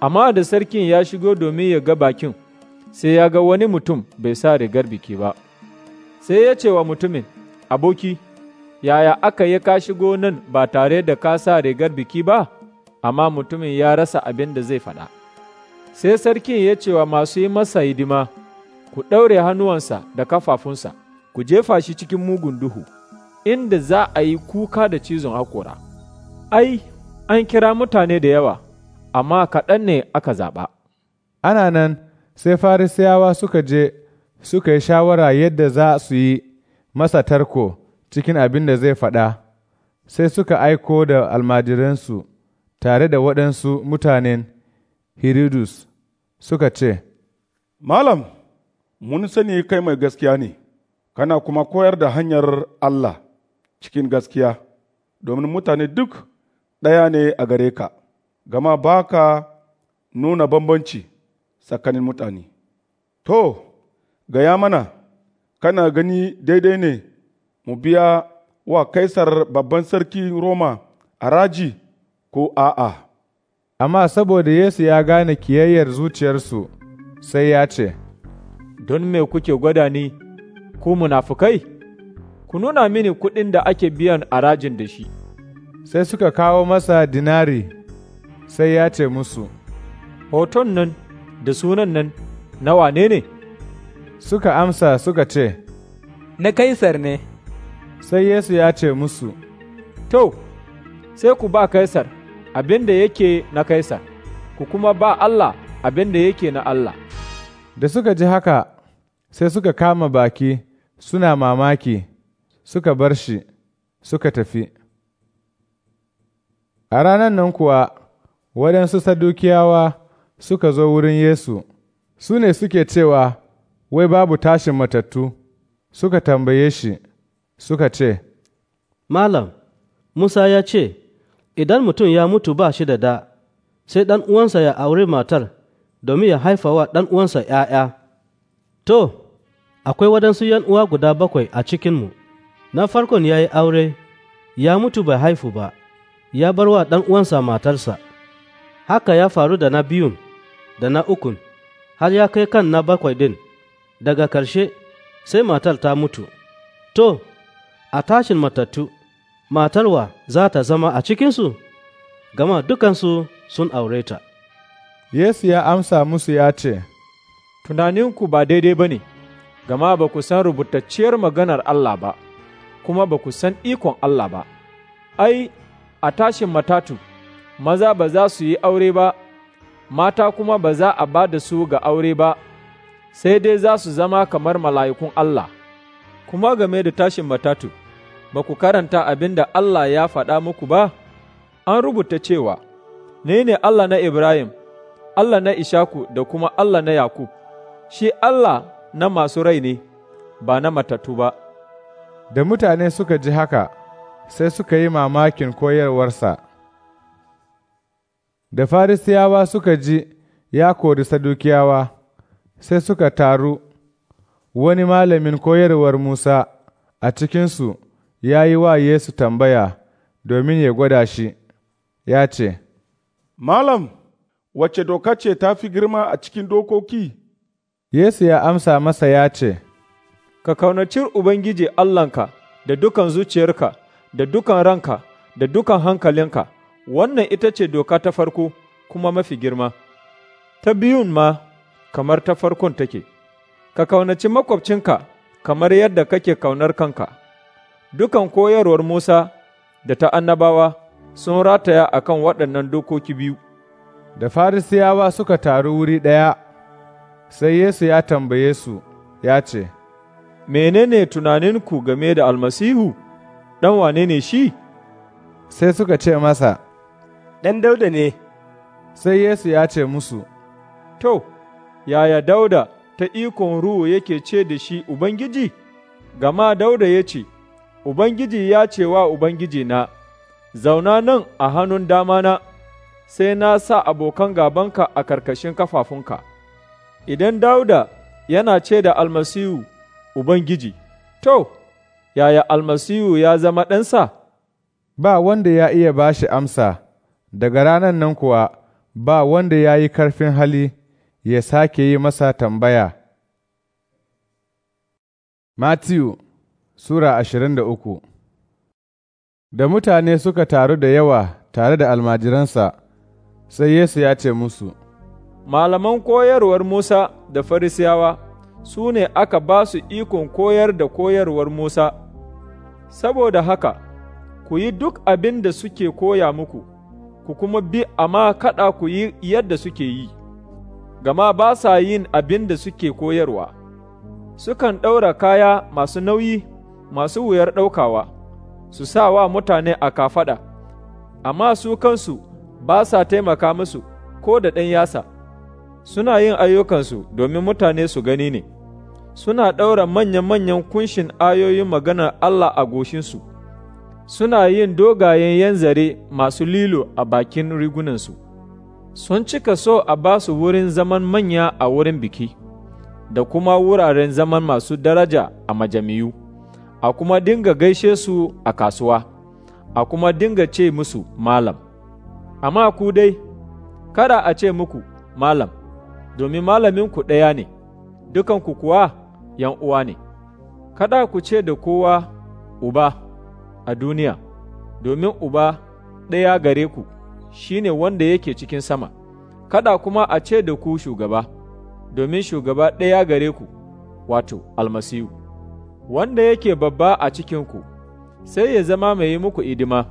Amma da sarkin ya shigo domin ya ga bakin, sai ya ga wani mutum bai sa rigar biki ba. sai ya ce wa mutumin, Aboki, yaya aka yi kashi gonan ba tare da ka sa rigar biki ba? Amma mutumin ya rasa abin da zai faɗa. Sai sarkin ya ce wa masu yi masa hidima, Ku ɗaure hannuwansa da kafafunsa, ku jefa shi cikin mugun duhu, inda za a yi kuka da cizon haƙora. Ai, an kira mutane da yawa, amma kaɗan ne aka zaɓa. Ana nan, sai Farisiyawa suka je suka yi shawara yadda za su yi masa tarko cikin abin da zai faɗa, sai suka aiko da almajiransu tare da waɗansu mutanen Hiridus suka ce, Malam, mun sani kai mai gaskiya ne, kana kuma koyar da hanyar Allah cikin gaskiya, domin mutane duk ɗaya ne a gare ka, gama baka nuna bambanci tsakanin mutane. To, gaya mana, kana gani daidai ne mu biya wa Kaisar babban sarki Roma a raji ko a'a. Amma saboda Yesu ya gane kiyayyar zuciyarsu, sai ya ce, Don me kuke gwada ni, ku munafukai? Ku nuna mini kuɗin da ake biyan a rajin da shi. Sai suka kawo masa dinari, sai ya ce musu, Hoton nan da sunan nan na wane ne? Suka amsa suka ce, Na Kaisar ne. Sai Yesu ya ce musu, To, sai ku ba Kaisar abin da yake na Kaisar, ku kuma ba Allah abin da yake na Allah. Da suka ji haka, sai suka kama baki suna mamaki, suka bar shi, suka tafi. A ranar nan kuwa, waɗansu sadukiyawa suka zo wurin Yesu, su ne suke cewa, wai babu tashin matattu, suka tambaye shi, suka ce, Malam, Musa ya ce, Idan mutum ya mutu ba shi da da, sai ɗan uwansa ya aure matar domin ya haifa wa ɗan uwansa ‘ya'ya. To, akwai wadansu ‘yan uwa guda bakwai a cikinmu, na farkon ya yi aure, ya mutu bai haifu ba, ya bar wa ɗan uwansa matarsa. Haka ya faru da na biyun, da na ukun, har ya kai kan na bakwai ɗin. daga ƙarshe sai matar ta mutu, to, a tashin matattu, matarwa za ta zama a cikinsu, gama dukansu sun aure ta. Yesu ya amsa musu ya ce, Tunaninku ba daidai ba ne, gama ba ku san rubutacciyar maganar Allah ba, kuma ba ku san ikon Allah ba. Ai, a tashin matatu, maza ba za su yi aure ba, mata kuma ba za a ba da su ga aure ba. sai dai za su zama kamar mala'ikun Allah, kuma game da tashin matatu, ba ku karanta abin da Allah ya faɗa muku ba, an rubuta cewa, Ni ne Allah na Ibrahim, Allah na Ishaku da kuma Allah na Yakub, shi Allah na masu rai ne, ba na matatu ba. Da mutane suka ji haka, sai suka yi mamakin koyarwarsa. Da Farisiyawa suka ji, ya kori Sadukiyawa. sai suka taru, wani malamin koyarwar Musa a cikinsu ya yi wa Yesu tambaya domin ya gwada shi, ya ce, Malam, wace doka ce ta fi girma a cikin dokoki? Yesu ya amsa masa ya ce, Ka kaunaci Ubangiji Allahnka da dukan zuciyarka, da dukan ranka, da dukan hankalinka, wannan ita ce doka ta farko kuma mafi girma. Ta biyun ma kamar ta farkon take, ka kaunaci makwabcinka kamar yadda kake kaunar kanka. Dukan koyarwar Musa da ta annabawa sun rataya a kan waɗannan dokoki biyu. Da Farisiyawa suka taru wuri ɗaya, sai Yesu ya tambaye su, ya ce, Menene tunaninku game da almasihu, ɗan wane ne shi? Sai suka ce masa, Ɗan dauda ne. Sai Yesu ya ce musu, To, yaya dauda ta ikon ruhu yake ce da shi Ubangiji? Gama dauda ya ce, Ubangiji ya ce wa Ubangiji na, zauna nan a hannun damana, sai na sa abokan gabanka a karkashin kafafunka. Idan dauda yana ce da almasihu Ubangiji, to, yaya almasihu ya zama ɗansa? Ba wanda ya iya ba shi amsa, daga ranar nan kuwa ba wanda ya yi karfin hali. ya sake yi masa tambaya. matthew Sura ashirin da uku Da mutane suka taru da yawa tare da almajiransa, sai Yesu ya ce musu, Malaman koyarwar Musa da Farisiyawa su ne aka ba su ikon koyar da koyarwar Musa, saboda haka, ku yi duk abin da suke koya muku, ku kuma bi amma kada ku yi yadda suke yi. gama ba sa yin abin da suke koyarwa, sukan ɗaura kaya masu nauyi masu wuyar ɗaukawa, su sa wa mutane a kafaɗa, amma su kansu ba sa taimaka musu ko da ɗan yasa, suna yin ayyukansu domin mutane su gani ne, suna ɗaura manyan-manyan kunshin ayoyin maganar Allah a goshinsu, suna yin dogayen yanzare masu lilo a bakin rigunansu. sun cika so a ba su wurin zaman manya a wurin biki, da kuma wuraren zaman masu daraja a majami'u, a kuma dinga gaishe su a kasuwa, a kuma dinga ce musu malam. Amma ku dai, kada a ce muku malam, domin malamin ku ɗaya ne, dukanku kuwa yan uwa ne. Kada ku ce da kowa uba a duniya, domin uba ɗaya gare ku. shi ne wanda yake cikin sama, kada kuma a ce da ku shugaba, domin shugaba ɗaya gare ku, wato, almasihu, wanda yake babba a cikinku, sai ya zama mai yi muku idima,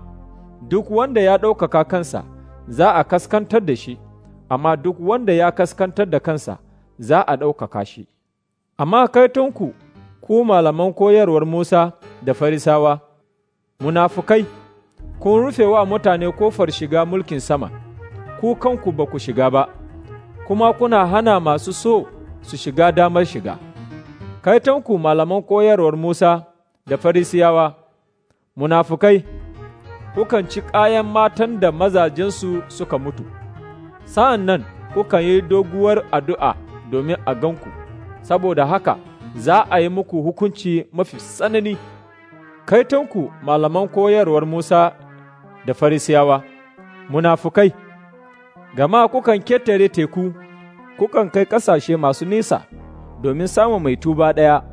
duk wanda ya ɗaukaka kansa za a kaskantar da shi, amma duk wanda ya kaskantar da kansa za a ɗaukaka shi. Amma kaitonku, ku malaman koyarwar Musa da Farisawa, munafukai. kun rufe wa mutane kofar shiga mulkin sama, ku kanku ba ku shiga ba, kuma kuna hana masu so su shiga damar shiga. Kaitanku malaman koyarwar Musa da Farisiyawa, munafukai, kukan ci kayan matan da mazajensu suka mutu, sa'an nan kukan yi doguwar addu'a domin a ganku, saboda haka za a yi muku hukunci mafi tsanani. Kaitonku malaman koyarwar Musa da farisiyawa, munafukai, gama kukan ketare teku, kukan kai ƙasashe masu nisa domin samun mai tuba ɗaya,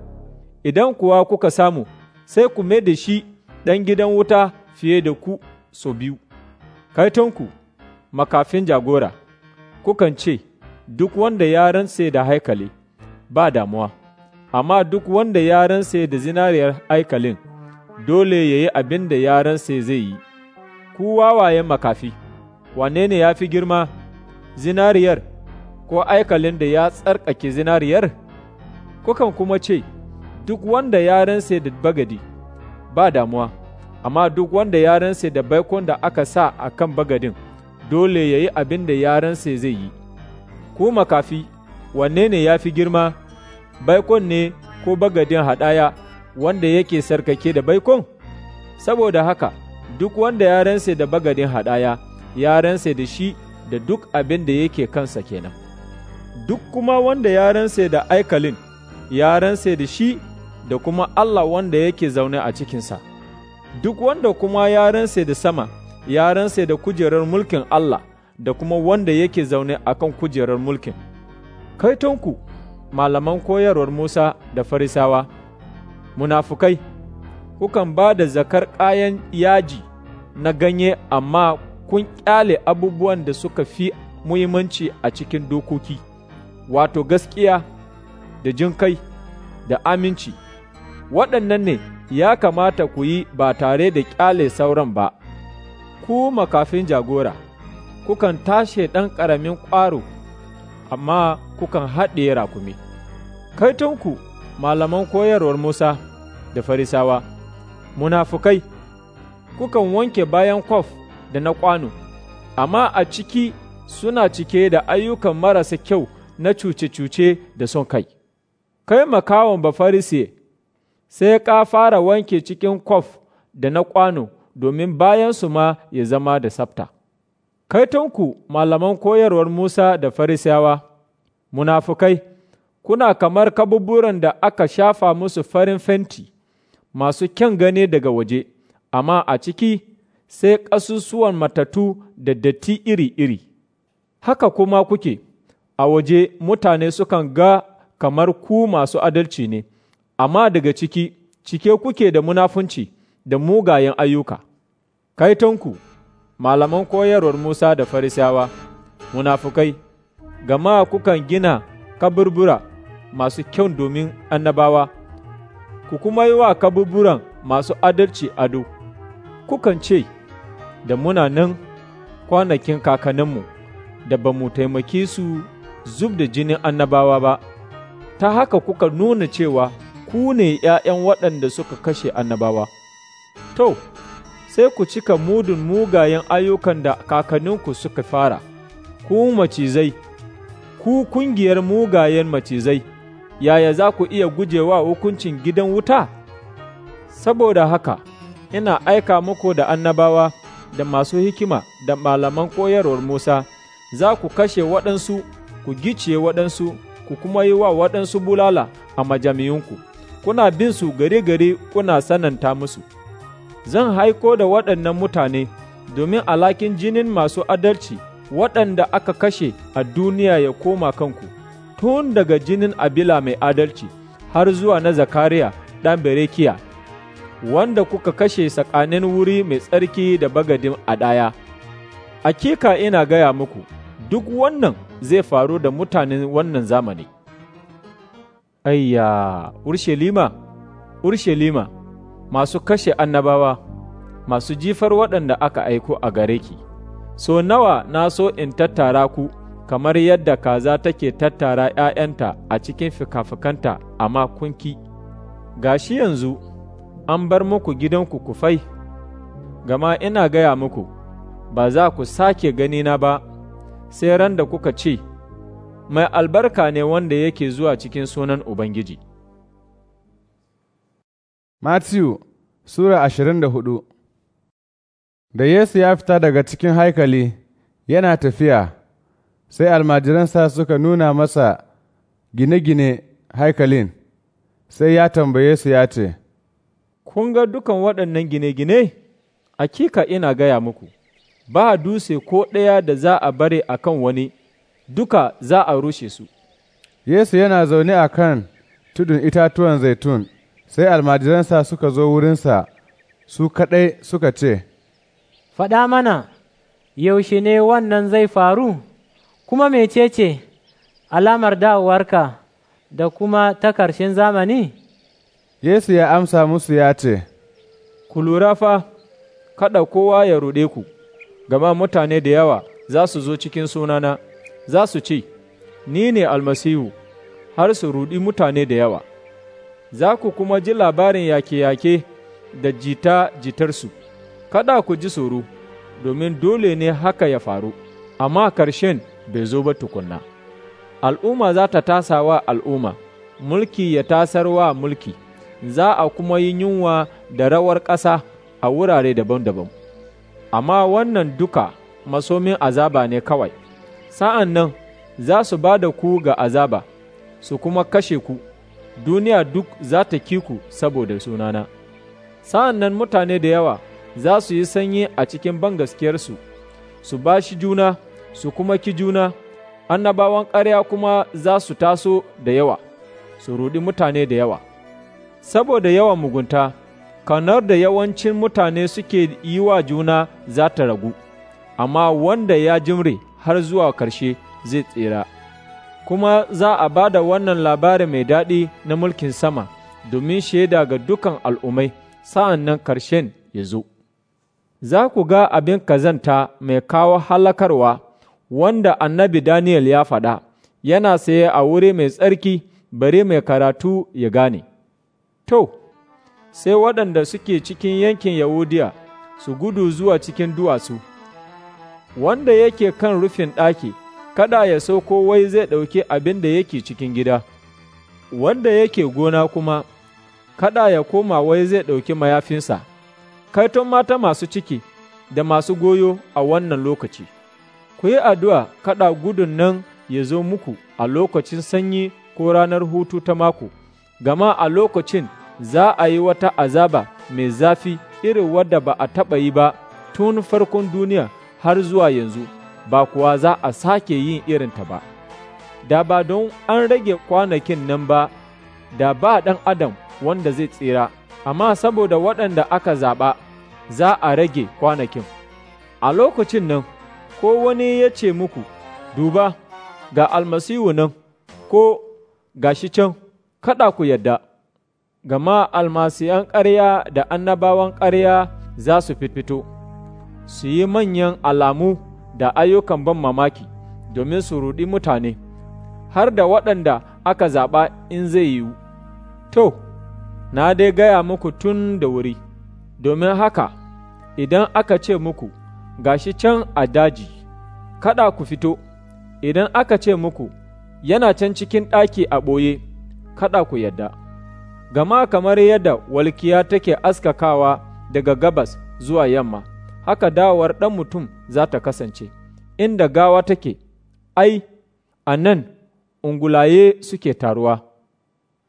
idan kuwa kuka samu, sai ku mai da shi ɗan gidan wuta fiye da ku so biyu. Kaitonku, makafin jagora, kukan ce, Duk wanda ya sai da haikali, ba damuwa, amma duk wanda yaran sai da zinariyar haikalin, dole ya yi abin da sai zai yi. ku wawayen makafi, wanne ne ya fi girma, zinariyar, ko aikalin da ya tsarkake zinariyar? Kukan kuma ce, Duk wanda ya da bagadi, ba damuwa, amma duk wanda ya da baikon da aka sa a kan bagadin, dole ya yi abin da ya zai yi. Ku makafi, wanne ne ya fi girma, baikon ne ko bagadin hadaya wanda yake sarkake da baikon? Saboda haka, duk wanda ya ranse da bagadin hadaya ya ranse da shi da duk abin da yake kansa kenan duk kuma wanda ya ranse da aikalin ya ranse da shi da kuma Allah wanda yake zaune a cikinsa duk wanda kuma ya ranse da sama ya ranse da kujerar mulkin Allah da kuma wanda yake zaune a kan kujerar mulkin kaitonku malaman koyarwar Musa da Farisawa munafukai kukan ba da zakar kayan yaji na ganye amma kun ƙyale abubuwan da suka fi muhimmanci a cikin dokoki, wato gaskiya da jin kai da aminci, waɗannan ne ya kamata ku yi ba tare da ƙyale sauran ba, ku makafin jagora, kukan tashe ɗan ƙaramin ƙwaro, amma kukan haɗe rakumi. Kaitonku, malaman koyarwar Musa da Farisawa, munafukai. kukan wanke bayan kwaf da na kwano, amma a ciki suna cike da ayyukan marasa kyau na cuce-cuce da son kai. Kai makawan bafarise sai ka fara wanke cikin kwaf da na kwano domin bayan su ma ya zama da tsafta. Kaitonku malaman koyarwar Musa da Farisiyawa, munafukai, kuna kamar kabuburan da aka shafa musu farin fenti masu kyan gane daga waje. amma a ciki sai ƙasusuwan matatu da datti iri-iri. Haka kuma kuke, a waje mutane sukan ga kamar ku masu adalci ne, amma daga ciki, cike kuke da munafunci da mugayen ayyuka. Kaitonku, malaman koyarwar Musa da Farisawa, munafukai, gama kukan gina kaburbura masu kyau domin annabawa, ku kuma yi wa kaburburan masu adalci ado. kukan ce, da muna nan kwanakin kakaninmu da ba mu taimaki su zub da jinin annabawa ba, ta haka kuka nuna cewa ku ne ’ya'yan waɗanda suka kashe annabawa. To, sai ku cika mudun mugayen ayyukan da kakanninku suka fara, ku macizai, ku kungiyar mugayen macizai, yaya za ku iya gujewa hukuncin gidan wuta? Saboda haka, ina aika muku da annabawa da masu hikima da malaman koyarwar Musa, za ku kashe waɗansu, ku gice waɗansu, ku kuma yi wa waɗansu bulala a majami'unku, kuna bin su gari-gari kuna sananta musu. Zan haiko da waɗannan mutane domin alakin jinin masu adalci waɗanda aka kashe a duniya ya koma kanku, tun daga jinin abila mai adalci har zuwa na Zakariya ɗan Berekiya. wanda kuka kashe tsakanin wuri mai tsarki da bagadin a ɗaya. Akika ina gaya muku, duk wannan zai faru da mutanen wannan zamani. Ayya, Urshelima, Urshelima, masu kashe annabawa, masu jifar waɗanda aka aiko a gare ki, so nawa na so in tattara ku kamar yadda kaza take tattara ‘ya'yanta a cikin fikafikanta amma kunki, gashi yanzu. an bar muku gidanku kufai, gama ina gaya muku, ba za ku sake ganina ba, sai ran da kuka ce, Mai albarka ne wanda yake zuwa cikin sunan Ubangiji. Matthew Sura ashirin da hudu Da Yesu ya fita daga cikin haikali yana tafiya, sai almajiransa suka nuna masa gine-gine haikalin, sai ya tambaye su ya ce, kun ga dukan waɗannan gine-gine, akika ina gaya muku, ba dutse ko ɗaya da za a bare a kan wani, duka za a rushe su. Yesu yana zaune a kan tudun itatuwan zaitun, sai almajiransa suka zo wurinsa, su kaɗai suka ce, Faɗa mana, yaushe ne wannan zai faru, kuma mecece alamar dawowarka da kuma ta ƙarshen zamani?’ Yesu ya amsa musu ya ce, Ku lura fa, kada kowa ya ruɗe ku, gama mutane da yawa za su zo cikin sunana, za su ce, Ni ne almasihu, har su ruɗi mutane da yawa. Za ku kuma ji labarin yake-yake da jita-jitarsu, kada ku ji tsoro, domin dole ne haka ya faru, amma ƙarshen bai zo ba tukunna. Al'umma za ta wa al'umma, mulki ya tasar wa mulki. za a kuma yi yunwa da rawar ƙasa a wurare daban-daban. Amma wannan duka masomin azaba ne kawai, sa'an nan za su ba da ku ga azaba, su kuma kashe ku, duniya duk za ta ku saboda sunana. Sa'an nan mutane da yawa za su yi sanyi a cikin bangaskiyarsu, su ba shi juna, su kuma ki juna, annabawan ƙarya kuma za su taso da yawa, su rudi mutane da yawa. saboda yawan mugunta, kanar da yawancin mutane suke yi wa juna za ta ragu, amma wanda ya jimre har zuwa karshe zai tsira. Kuma za a ba da wannan labari mai daɗi na mulkin sama domin shaida ga dukan al'ummai, sa'an nan ƙarshen ya zo. Za ku ga abin kazanta mai kawo halakarwa wanda annabi Daniel ya faɗa, yana saye a wuri mai tsarki, bare mai karatu ya gane. To, sai waɗanda suke cikin yankin Yahudiya su gudu zuwa cikin duwatsu, wanda yake kan rufin ɗaki, kada ya sauko wai zai ɗauki abin da yake cikin gida, wanda yake gona kuma, kada ya koma wai zai ɗauki mayafinsa, kaiton mata masu ciki da masu goyo a wannan lokaci. Ku yi addu'a kada gudun nan ya zo muku a lokacin sanyi ko ranar hutu ta mako, gama a lokacin za a yi wata azaba mai zafi irin wadda ba a taɓa yi ba tun farkon duniya har zuwa yanzu, ba kuwa za a sake yin ta ba. Da ba don an rage kwanakin nan ba, da ba ɗan adam wanda zai tsira, amma saboda waɗanda aka zaɓa za a rage kwanakin. A lokacin nan, ko wani ya ce muku, Duba, ga almasihu nan, ko ga shi can, kada ku yadda. gama almasiyan ƙarya da annabawan ƙarya za su fito su yi manyan alamu da ayyukan ban mamaki domin su ruɗi mutane, har da waɗanda aka zaɓa in zai yiwu. To, na dai gaya muku tun da wuri, domin haka idan aka ce muku ga shi can a daji, kada ku fito, idan aka ce muku yana can cikin ɗaki a ɓoye, kada ku yadda. gama kamar yadda walkiya take askakawa daga gabas zuwa yamma, haka dawar ɗan mutum za ta kasance, inda gawa take, ai, a nan ungulaye suke taruwa.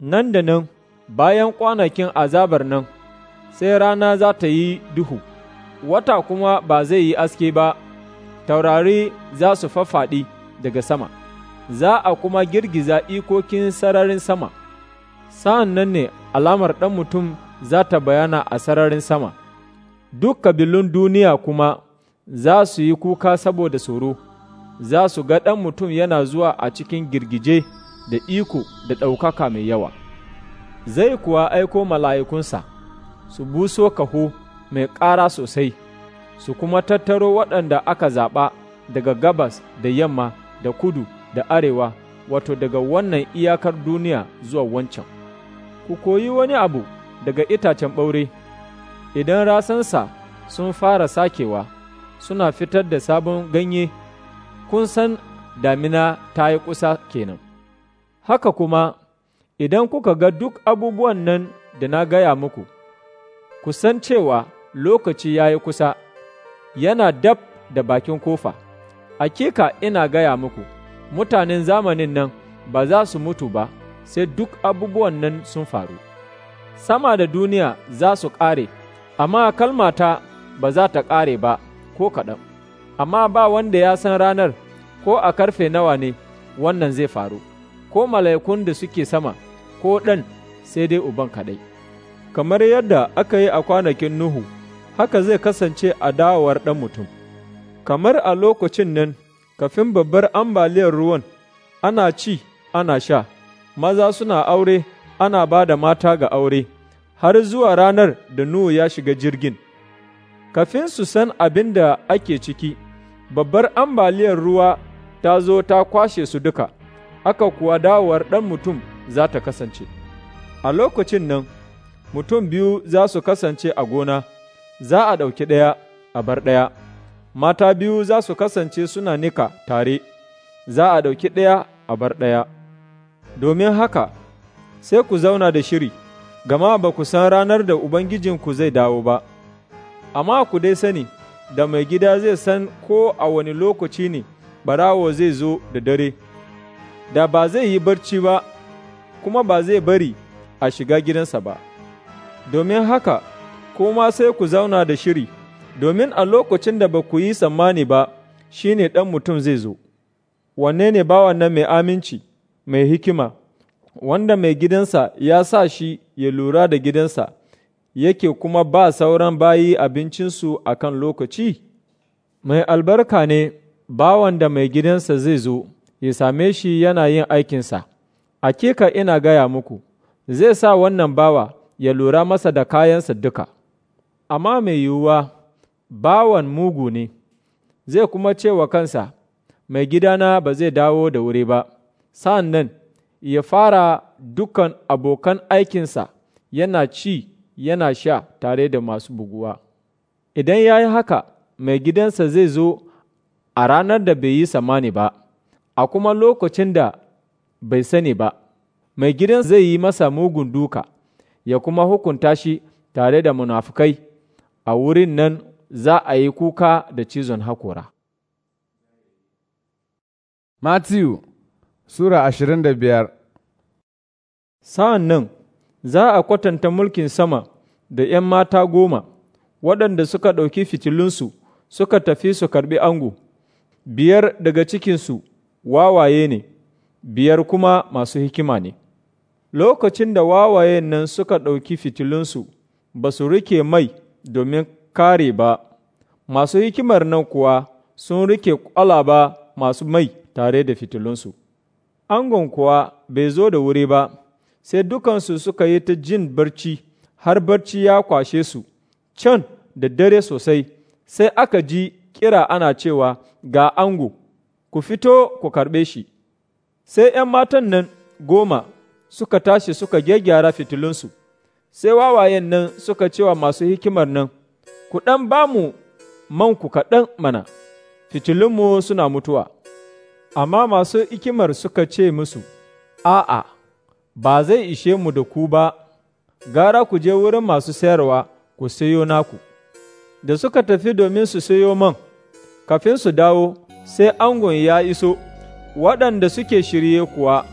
Nan da nan, bayan kwanakin azabar nan, sai rana za ta yi duhu, wata kuma ba zai yi aske ba, taurari za su faffaɗi daga sama, za a kuma girgiza ikokin sararin sama. sa'an nan ne alamar ɗan mutum za ta bayana a sararin sama, duk kabilun duniya kuma za su yi kuka saboda tsoro, za su ga ɗan mutum yana zuwa a cikin girgije da iko da ɗaukaka mai yawa. Zai kuwa aiko mala'ikunsa su buso kaho mai ƙara sosai, su kuma tattaro waɗanda aka zaɓa daga gabas da yamma da kudu da arewa, wato daga wannan iyakar duniya zuwa wancan. ku koyi wani abu daga itacen ɓaure, idan rasansa sun fara sakewa, suna fitar da sabon ganye, kun san damina ta yi kusa kenan. Haka kuma, idan kuka ga duk abubuwan nan da na gaya muku, ku san cewa lokaci ya yi kusa, yana dab da bakin kofa. Akika ina gaya muku, mutanen zamanin nan ba za su mutu ba. sai duk abubuwan nan sun faru. Sama da duniya za su ƙare, amma kalmata ba za ta ƙare ba ko kaɗan, amma ba wanda ya san ranar ko a karfe nawa ne wannan zai faru, ko mala'ikun da suke sama ko ɗan sai dai uban kaɗai. Kamar yadda aka yi a kwanakin Nuhu, haka zai kasance a dawowar ɗan mutum. Kamar a lokacin nan, kafin babbar ambaliyar ruwan, ana ci, ana sha. maza suna aure ana ba da mata ga aure, har zuwa ranar da Nuhu ya shiga jirgin. Kafin su san abin da ake ciki, babbar ambaliyar ruwa ta zo ta kwashe su duka, aka kuwa dawowar ɗan mutum za ta kasance. A lokacin nan, mutum biyu za su kasance a gona, za a ɗauki ɗaya a bar ɗaya, mata biyu za su kasance suna nika tare, za a ɗauki ɗaya a bar ɗaya. domin haka sai ku zauna da shiri, gama ba ku san ranar da Ubangijinku zai dawo ba, amma ku dai sani da mai gida zai san ko a wani lokaci ne barawo zai zo da dare, da ba zai yi barci ba, kuma ba zai bari a shiga gidansa ba, domin haka kuma sai ku zauna da shiri, domin a lokacin da ba ku yi tsammani ba, shi ne ɗan mutum zai zo, wanne ne bawan nan mai aminci? mai hikima, wanda mai gidansa ya sa shi ya lura da gidansa, yake kuma ba sauran bayi abincinsu a kan lokaci? Mai albarka ne bawan da mai gidansa zai zo, ya same shi yana yin aikinsa, akika ina gaya muku, zai sa wannan bawa ya lura masa da kayansa duka. Amma mai yiwuwa, bawan mugu ne, zai kuma ce wa kansa, Mai gidana ba zai dawo da wuri ba. sa'an nan ya fara dukan abokan aikinsa yana ci yana sha tare da masu buguwa. Idan ya yi haka, mai gidansa zai zo a ranar da bai yi samani ba, a kuma lokacin da bai sani ba, mai gidan zai yi masa mugun duka, ya kuma hukunta shi tare da munafukai, a wurin nan za a yi kuka da cizon hakora. Matthew Sura ashirin da biyar Sa'an nan za a kwatanta mulkin sama da ’yan mata goma, waɗanda suka ɗauki fitilunsu suka tafi su karɓi ango, biyar daga cikinsu wawaye ne, biyar kuma masu hikima ne. Lokacin da wawayen nan suka ɗauki fitilunsu ba su rike mai domin kare ba, masu hikimar nan kuwa sun rike ƙwalaba masu mai tare da fitilunsu. angon kuwa bai zo da wuri ba, sai dukansu suka yi ta jin barci, har barci ya kwashe su, can da dare sosai, sai aka ji kira ana cewa ga ango, ku fito ku karɓe shi. Sai ’yan matan nan goma suka tashi suka gyaggyara fitilunsu, sai wawayen nan suka cewa masu hikimar nan, ku ɗan ba mu manku kaɗan mana, fitilunmu suna mutuwa. Amma masu ikimar suka ce musu, A'a, ba zai ishe mu da ku ba, gara ku je wurin masu sayarwa ku sayo naku. Da suka tafi domin su sayo man, kafin su dawo, sai angon ya iso, waɗanda suke shirye kuwa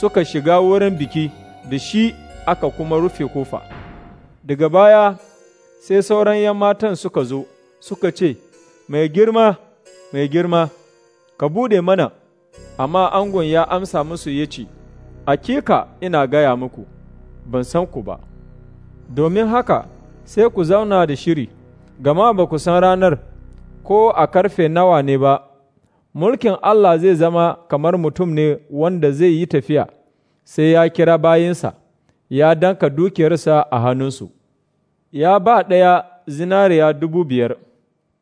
suka shiga wurin biki da shi aka kuma rufe kofa. Daga baya, sai sauran ‘yan matan suka zo, suka ce, Mai girma, mai girma. ka bude mana, amma angon ya amsa musu ya ce, Akika ina gaya muku, ban san ku ba, domin haka sai ku zauna da shiri, gama ba ku san ranar ko a karfe nawa ne ba, mulkin Allah zai zama kamar mutum ne wanda zai yi tafiya, sai ya kira bayinsa, ya danka dukiyarsa a hannunsu, ya ba ɗaya zinariya dubu biyar,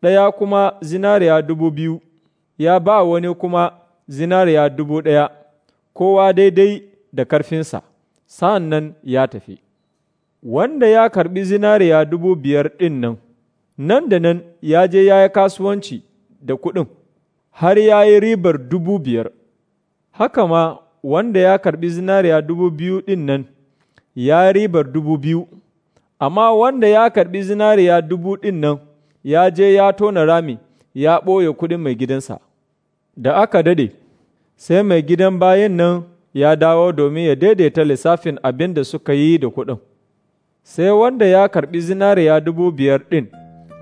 ɗaya kuma zinariya dubu biyu. ya ba wani kuma zinariya dubu ɗaya, kowa daidai da ƙarfinsa, sa'an nan ya tafi. Wanda ya karɓi zinariya dubu biyar ɗin nan, nan da nan ya je ya yi kasuwanci da kuɗin, har ya yi ribar dubu biyar. Haka ma wanda ya karɓi zinariya dubu biyu ɗin nan, ya yi ribar dubu biyu, amma wanda ya karɓi zinariya dubu ɗin nan, ya je ya tona rami, ya ɓoye kuɗin mai gidansa. da aka dade, sai mai gidan bayan nan ya dawo domin ya daidaita lissafin abin da suka yi da kuɗin. Sai wanda ya karɓi zinariya dubu biyar ɗin,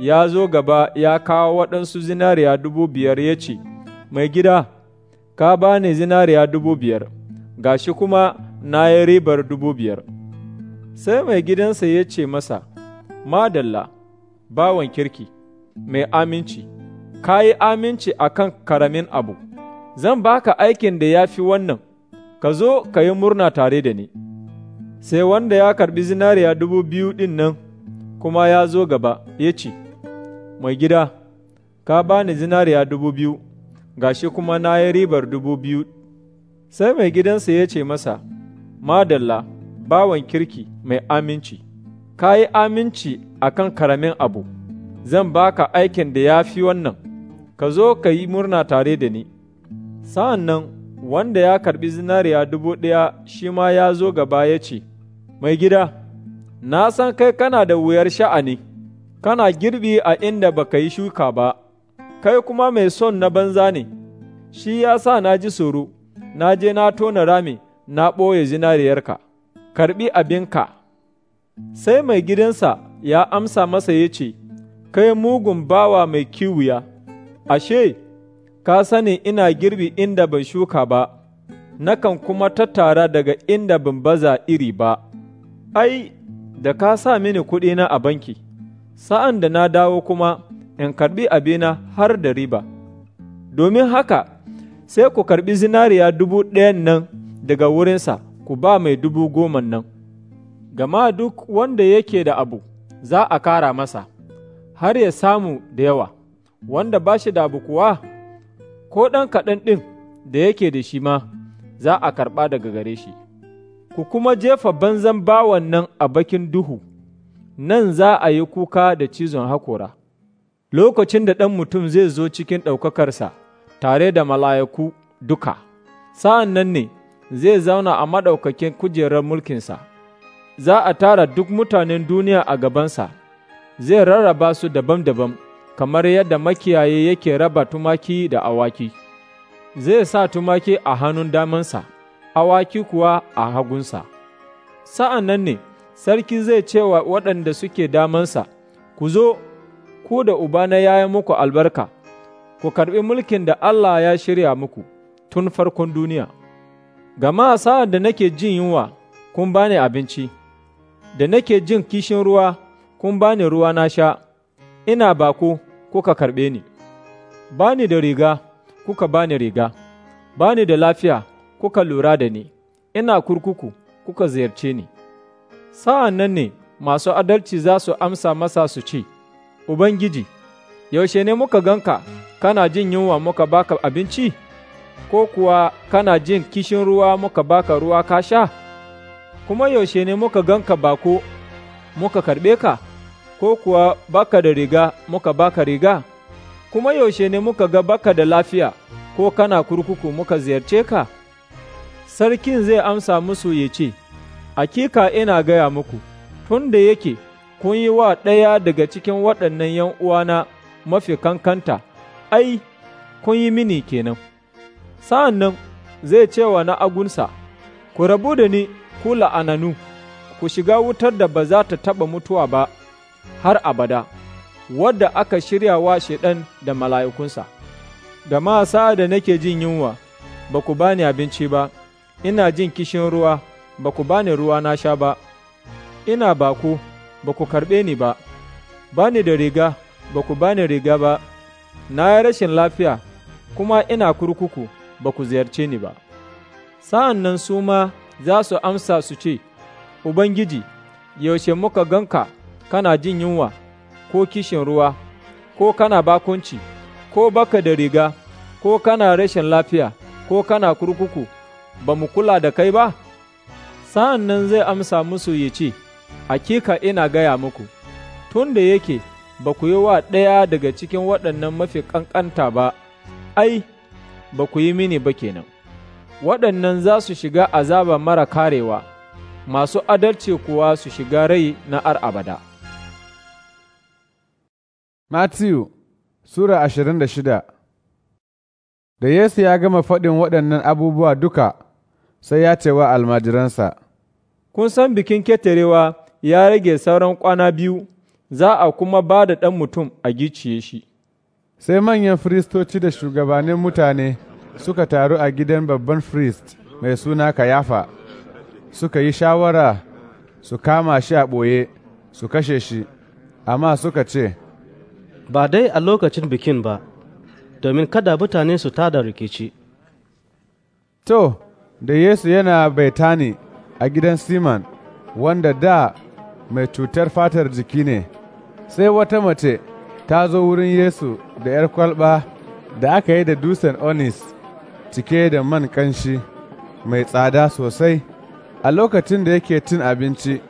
ya zo gaba ya kawo waɗansu zinariya dubu biyar ya ce, Mai gida, ka ba ni zinariya dubu biyar, gashi kuma na yi ribar dubu biyar. Sai mai gidansa ya ce masa, Madalla, bawan kirki, mai aminci. ka yi aminci a kan karamin abu, zan baka aikin da ya fi wannan, ka zo ka yi murna tare da ni. Sai wanda ya karbi zinariya dubu biyu ɗin nan kuma ya zo gaba, ya ce, Mai gida, ka ba ni zinariya dubu biyu, gashi kuma na yi ribar dubu biyu. Sai mai gidansa ya ce masa, Madalla, bawan kirki mai aminci, ka yi aminci a kan karamin abu, zan baka aikin da ya fi wannan. ka zo ka yi murna tare da ni. Sa'an nan wanda ya karbi zinariya dubu ɗaya shi ma ya zo gaba ya ce, Mai gida, na san kai kana da wuyar sha'ani, kana girbi a inda baka yi shuka ba, kai kuma mai son na banza ne, shi ya sa na ji tsoro, na je na tona rami, na ɓoye zinariyarka, karbi abinka. Sai mai gidansa ya amsa masa ya ce, Kai mugun bawa mai kiwuya. Ashe, ka sani ina girbi inda ban shuka ba, nakan kuma tattara daga inda ban baza iri ba, ai, da ka sa mini kuɗina a banki, sa'an da na dawo kuma in karɓi abina har da riba. Domin haka, sai ku karɓi zinariya dubu ɗayan nan daga wurinsa, ku ba mai dubu goman nan. Gama duk wanda yake da abu, za a kara masa, har ya samu da yawa. wanda ba shi da abu kuwa, ko ɗan kaɗan ɗin da yake da shi ma za a karɓa daga gare shi, ku kuma jefa banzan bawan nan a bakin duhu, nan za a yi kuka da cizon hakora. Lokacin da ɗan mutum zai zo cikin ɗaukakarsa tare da mala'iku duka, sa'an nan ne zai zauna a maɗaukakin kujerar mulkinsa, za a tara duk mutanen duniya a gabansa, zai rarraba su daban-daban. kamar yadda makiyayi yake raba tumaki da awaki, zai sa tumaki a hannun damansa, awaki kuwa a hagunsa. Sa'an nan ne, sarki zai ce waɗanda suke damansa, Ku zo, ku da Ubana ya yi muku albarka, ku karɓi mulkin da Allah ya shirya muku tun farkon duniya. Gama sa'ad da nake jin yunwa, kun bani abinci, da nake jin kishin ruwa, kun bani ruwa na sha, ina bako, kuka karɓe ni, ba ni da riga kuka ba ni riga, ba ni da lafiya kuka lura da ni, ina kurkuku kuka ziyarce ni. Sa'an nan ne masu adalci za su amsa masa su ce, Ubangiji, yaushe ne muka ganka kana jin yunwa muka baka abinci, ko kuwa kana jin kishin ruwa muka baka ruwa ka sha, kuma yaushe ne muka ganka ko muka karɓe ka?’ ko kuwa baka da riga muka baka riga? Kuma yaushe ne muka ga baka da lafiya ko kana kurkuku muka ziyarce ka? Sarkin zai amsa musu ya ce, Akika ina gaya muku, tun da yake kun yi wa ɗaya daga cikin waɗannan ’yan uwana mafi kankanta, ai, kun yi mini kenan. Sa'an nan zai ce wa na agunsa, Ku rabu da ni, ku la'ananu, ku shiga wutar da ba za ta taɓa mutuwa ba. har abada, wadda aka shirya wa shaɗan da mala'ikunsa. Gama sa'ad da nake jin yunwa, ba ku bani abinci ba, ina jin kishin ruwa, ba ku bani ruwa na sha ba, ina baku, ba ku karɓe ni ba, bani da riga, ba ku bani riga ba, na yi rashin lafiya, kuma ina kurkuku, ba ku ziyarce ni ba. Sa'an nan su ma za su amsa su ce, Ubangiji, yaushe muka ganka kana jin yunwa, ko kishin ruwa, ko kana bakunci, ko baka da riga, ko kana rashin lafiya, ko kana kurkuku, ba mu kula da kai ba? Sa'an nan zai amsa musu ya ce, Hakika ina gaya muku, tun da yake ba ku yi wa ɗaya daga cikin waɗannan mafi ƙanƙanta ba, ai, ba ku yi mini ba kenan. Waɗannan za su shiga azaba mara karewa, masu adalci kuwa su shiga rai na ar abada. Matthew, Sura ashirin da shida Da Yesu ya gama faɗin waɗannan abubuwa duka, sai ya ce wa almajiransa, Kun san bikin ketarewa ya rage sauran kwana biyu, za a kuma ba da ɗan mutum a giciye shi. Sai manyan firistoci da shugabannin mutane suka taru a gidan babban firist mai suna Kayafa, suka yi shawara su kama shi a ɓoye, su kashe shi, amma suka ce, ba dai a lokacin bikin ba, domin kada mutane su tada rikici. To, da Yesu yana Baitani a gidan Siman, wanda da mai cutar fatar jiki ne, sai wata mace ta zo wurin Yesu da ‘yar kwalba da aka yi da dusan onis cike da man kanshi mai tsada sosai, a lokacin da yake cin abinci,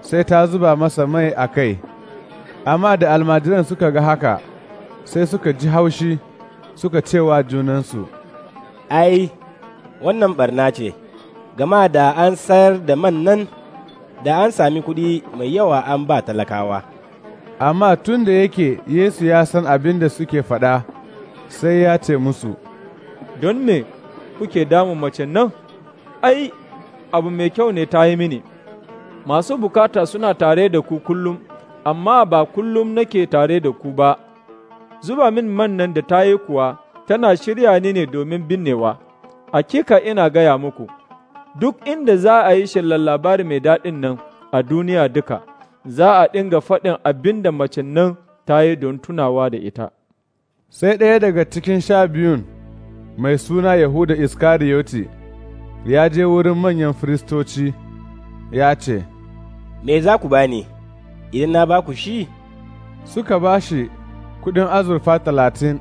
sai ta zuba masa mai a kai. Amma da almajiran suka ga haka, sai suka ji haushi suka cewa junansu, Ai, wannan barna ce, gama da an sayar da man nan, da an sami kuɗi mai yawa an ba talakawa. Amma tun da yake Yesu ya san abin da suke faɗa, sai ya ce musu, Don me kuke damun mace nan? Ai, abu mai kyau ne ta yi mini, masu bukata suna tare da ku kullum. amma ba kullum nake tare da ku ba, zuba min man nan da ta yi kuwa tana shirya ni ne domin binnewa, akika ina gaya muku, duk inda za a yi shallan labari mai daɗin nan a duniya duka, za a ɗinga faɗin abin da nan ta yi don tunawa da ita. Sai ɗaya daga cikin sha biyun mai suna Yahuda Iskariyoti ya je wurin manyan firistoci ya ce, Me za ku bani? idan na ba ku shi? Suka ba shi kuɗin azurfa talatin,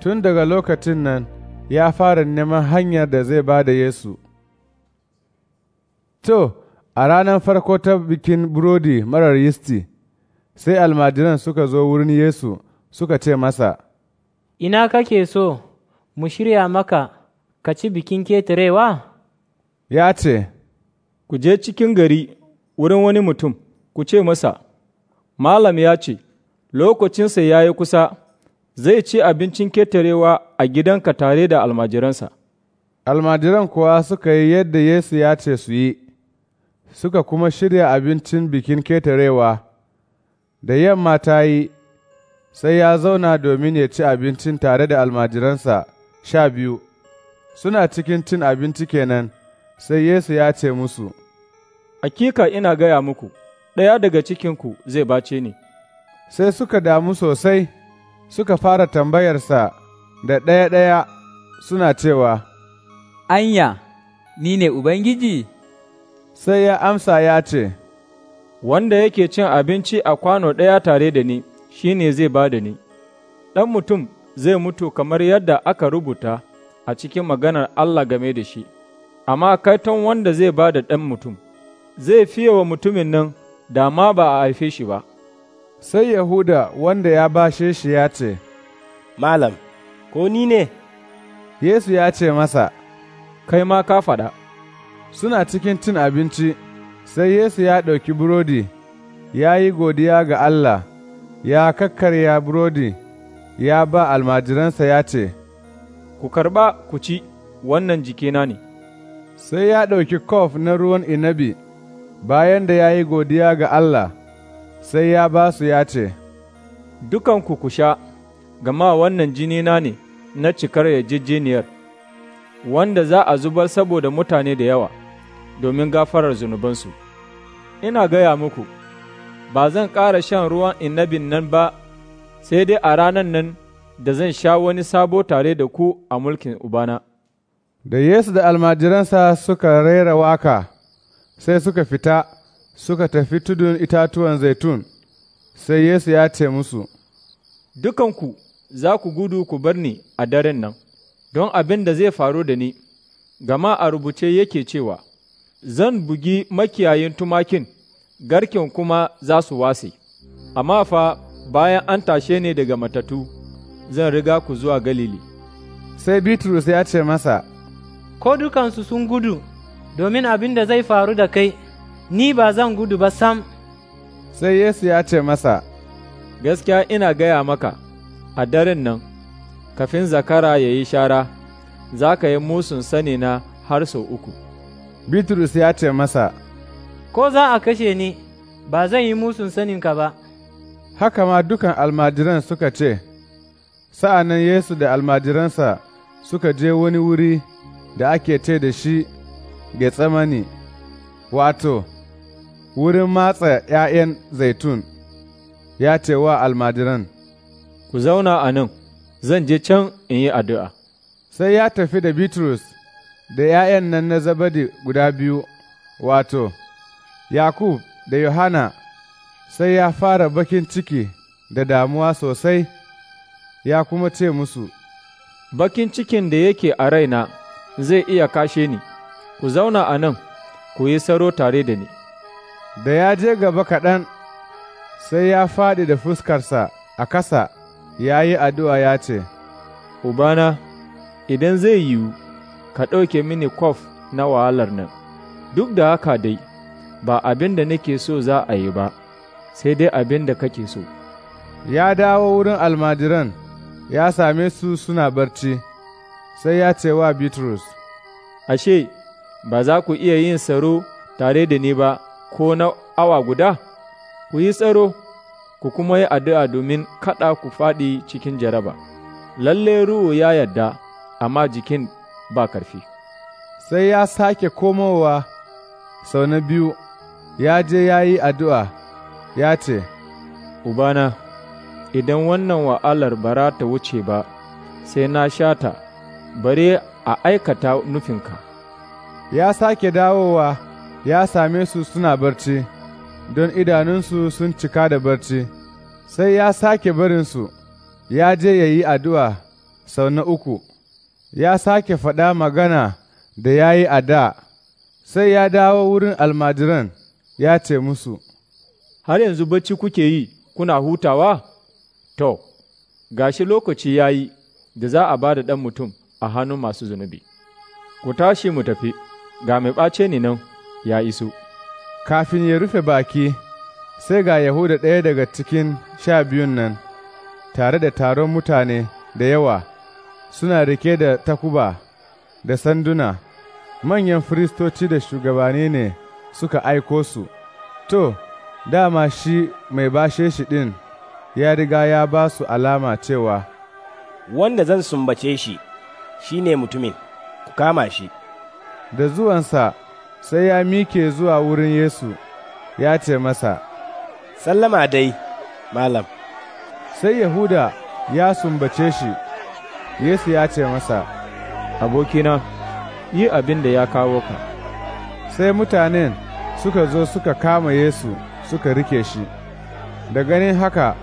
tun daga lokacin nan ya fara neman hanyar da zai ba da Yesu. To, a ranar farko ta bikin burodi marar yisti, sai almajiran suka zo wurin Yesu suka ce masa, Ina kake so, mu shirya maka, ka ci bikin ketarewa? Ya ce, Ku je cikin gari wurin wani mutum. ku ce masa, Malam ya ce, Lokacinsa ya yi kusa, zai ci abincin ketarewa a gidanka tare da almajiransa. Almajiran kuwa suka yi yadda Yesu ya ce su yi, suka kuma shirya abincin bikin ketarewa, da yamma ta yi, sai ya zauna domin ya ci abincin tare da almajiransa sha biyu. Suna cikin cin abinci kenan, sai Yesu ya ce musu, Hakika ina gaya muku. ɗaya daga cikinku zai bace ni. Sai suka damu sosai, suka fara tambayarsa da ɗaya-ɗaya suna cewa, Anya, ni ne Ubangiji? Sai ya amsa ya ce, Wanda yake cin abinci a kwano ɗaya tare da ni, shi ne zai ba da ni. Ɗan mutum zai mutu kamar yadda aka rubuta a cikin maganar Allah game da shi, amma kaiton wanda zai ba da ɗan mutum, zai fiye wa mutumin nan da ma ba a haife shi ba. Sai Yahuda wanda ya bashe shi ya ce, Malam, ko ni ne? Yesu ya ce masa, Kai ma ka faɗa. Suna cikin cin abinci, sai Yesu ya ɗauki burodi, ya yi godiya ga Allah, ya kakkarya burodi, ya ba almajiransa ya ce, Ku karɓa ku ci, wannan jikina ne. Sai ya ɗauki kof na ruwan inabi. bayan da ya yi godiya ga Allah, sai ya ba su ya ce, Dukanku ku sha, gama wannan jinina ne na cikar yarjejeniyar, wanda za a zubar saboda mutane da yawa, domin gafarar zunubansu. Ina gaya muku, ba zan ƙara shan ruwan inabin nan ba, sai dai a ranan nan da zan sha wani sabo tare da ku a mulkin Ubana. Da Yesu da almajiransa suka rera waka. sai suka fita suka tafi tudun itatuwan zaitun, sai Yesu ya ce musu, Dukanku za ku gudu ku bar ni a daren nan, don abin da zai faru da ni, gama a rubuce yake cewa, Zan bugi makiyayin tumakin, garken kuma za su wase, amma fa bayan an tashe ne daga matatu, zan riga ku zuwa Galili. Sai Bitrus ya ce masa, Ko dukansu sun gudu. domin abin da zai faru da kai, ni ba zan gudu ba sam. Sai Yesu ya ce masa, Gaskiya ina gaya maka, a daren nan, kafin zakara ya yi shara, za ka yi musun sani na har sau uku. Bitrus ya ce masa, Ko za a kashe ni, ba zan yi musun saninka ba. Haka ma dukan almajiran suka ce, Sa'an nan Yesu da almajiransa suka je wani wuri da ake ce da shi Getsemani, wato, wurin matsa ’ya'yan zaitun, ya ce wa almajiran, Ku zauna a nan, zan je can in yi addu'a. Sai ya tafi da Bitrus da ’ya'yan nan na zabadi guda biyu, wato, Yakub da Yohana, sai ya fara bakin ciki da damuwa sosai, ya kuma ce musu, Bakin cikin da yake a raina zai iya kashe ni. ku zauna a nan, ku yi saro tare da ni. Da ya je gaba kaɗan, sai ya faɗi da fuskarsa a ƙasa, ya yi addu'a ya ce, Ubana, idan zai yiwu, ka ɗauke mini kwaf na wahalar nan, duk da haka dai, ba abin da nake so za a yi ba, sai dai abin da kake so. Ya dawo wurin almajiran, ya same su suna barci, sai ya ce wa Bitrus, Ashe, ba za ku iya yin tsaro tare da ni ba ko na awa guda? Ku yi tsaro, ku kuma yi addu'a domin kaɗa ku faɗi cikin jaraba. Lalle ruhu ya yarda, amma jikin ba ƙarfi. Sai ya sake komowa sau na biyu, ya je ya yi addu'a, ya ce, Ubana, idan wannan wa'alar bara ta wuce ba, sai na sha ta, bare a aikata nufinka. ya sake dawowa ya same su suna barci, don idanunsu sun cika da barci, sai ya sake barinsu, ya je ya yi addu'a sau na uku, ya sake faɗa magana da ya yi a da, sai ya dawo wurin almajiran ya ce musu, Har yanzu bacci kuke yi, kuna hutawa? To, gashi lokaci ya yi da za a ba da ɗan mutum a hannun masu zunubi. Ku tashi mu tafi. ga mai ɓace ni nan ya iso. Kafin ya rufe baki, sai ga Yahuda ɗaya daga cikin sha biyun nan, tare da taron mutane da yawa, suna rike da takuba da sanduna, manyan firistoci da shugabani ne suka aiko su. To, dama shi mai bashe shi ɗin ya riga ya ba su alama cewa, Wanda zan sumbace shi, shi ne mutumin, ku kama shi. da zuwansa sai ya mike zuwa wurin Yesu ya ce masa, Sallama dai, Malam. Sai Yahuda ya sumbace shi, Yesu ya ce masa, Abokina, yi abin da ya kawo ka. Sai mutanen suka zo suka kama Yesu suka rike shi, da ganin haka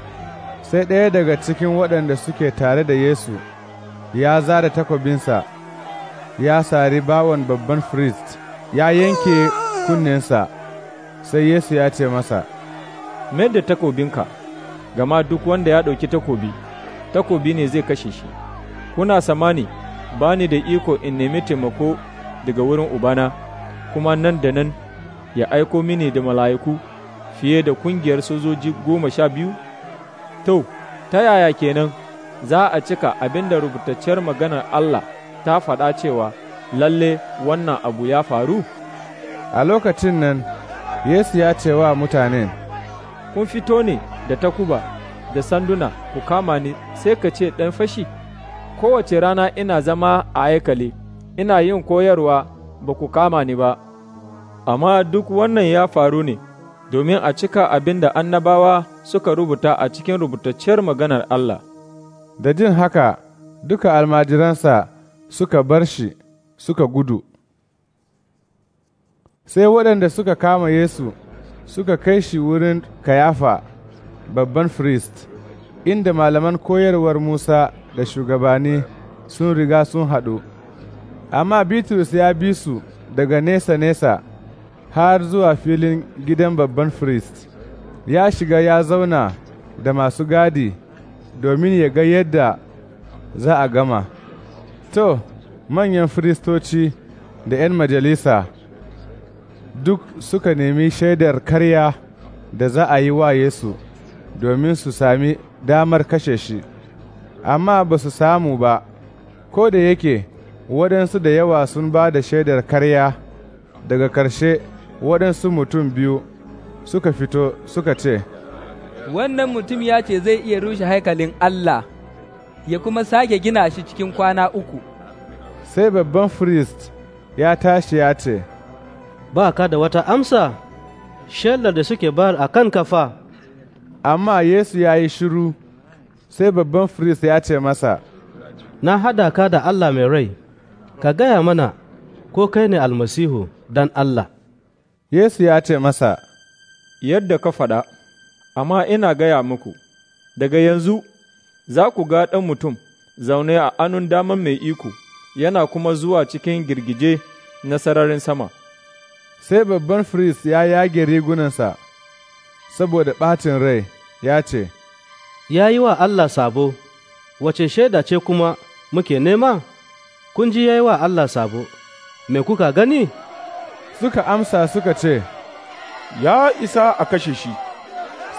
sai ɗaya daga cikin waɗanda suke tare da Yesu ya zara takobinsa ya sari bawon babban firist ya yanke kunnensa sai Yesu ya ce masa, Mayar da takobinka, gama duk wanda ya ɗauki takobi, takobi ne zai kashe shi. Kuna samani, ba ni da iko in nemi taimako daga wurin Ubana, kuma nan da nan ya aiko mini da mala'iku fiye da kungiyar sojoji goma sha biyu? To, ta yaya kenan za a cika abin da rubutacciyar maganar Allah ta faɗa cewa lalle wannan abu ya faru? A lokacin nan, Yesu ya ce wa mutanen, Kun fito ne da takuba da sanduna ku kama ni sai ka ce ɗan fashi, kowace rana ina zama a aikali, ina yin koyarwa ba ku kama ni ba, amma duk wannan ya faru ne. domin a cika abin da annabawa suka rubuta a cikin rubutacciyar maganar Allah. Da jin haka, duka almajiransa suka bar shi suka gudu. Sai waɗanda suka kama Yesu suka kai shi wurin kayafa babban firist, inda malaman koyarwar Musa da shugabani sun riga sun haɗu. Amma Bitrus ya bi su daga nesa-nesa har zuwa filin gidan babban firist. Ya shiga ya zauna da masu gadi domin ya ga yadda za a gama. To, manyan firistoci da ’yan majalisa duk suka nemi shaidar karya da za a yi wa Yesu domin su sami damar kashe shi, amma ba su samu ba, ko da yake waɗansu da yawa sun ba da shaidar karya daga karshe waɗansu mutum biyu suka fito suka ce, Wannan mutum ya ce zai iya rushe haikalin Allah. ya kuma sake gina shi cikin kwana uku. Sai babban firist ya tashi ya ce, Ba ka da wata amsa, shellar da suke bar a kan kafa. Amma Yesu ya yi shiru, sai babban firist ya ce masa, Na hada ka da Allah mai rai, ka gaya mana ko kai ne almasihu dan Allah. Yesu ya ce masa, Yadda ka faɗa, amma ina gaya muku, daga yanzu za ku ga ɗan mutum zaune a anun daman mai iko, yana kuma zuwa cikin girgije na sararin sama. Sai babban fris ya yage rigunansa saboda ɓatin rai ya ce, Ya yi wa Allah sabo, wace shaida ce kuma muke nema? Kun ji ya yi wa Allah sabo, me kuka gani? Suka amsa suka ce, Ya isa a kashe shi,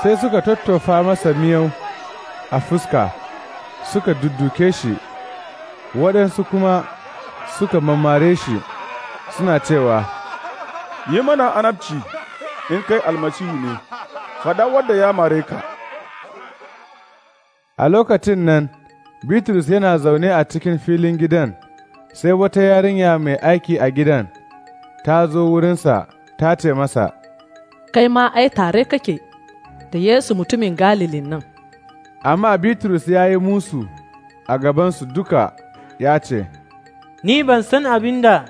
sai suka tattofa masa miyau. a fuska suka dudduke shi waɗansu kuma suka mamare shi suna cewa yi mana anabci in kai almasihu ne faɗa wadda ya mare ka a lokacin nan bitrus yana zaune a cikin filin gidan sai wata yarinya mai aiki a gidan ta zo wurinsa ta ce masa kai ma ai tare kake da yesu mutumin galilin nan Amma Bitrus ya yi musu a gabansu duka ya ce, Ni ban san abin da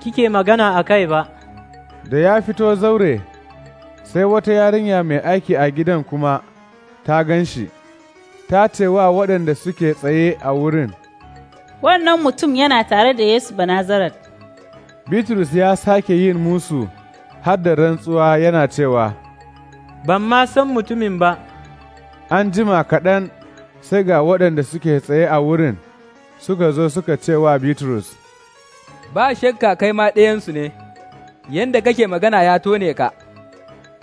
kike magana a kai ba. Da ya fito zaure, sai wata yarinya mai aiki a gidan kuma ta gan shi, ta ce wa waɗanda suke tsaye a wurin. Wannan mutum yana tare da Yesu Banazaret. Bitrus ya sake yin musu har da rantsuwa yana cewa, Ban ma san mutumin ba. An jima kaɗan sai ga waɗanda suke tsaye a wurin suka zo suka cewa wa Bitrus, Ba shakka kai ma ɗayansu ne, yadda kake magana ya tone ka.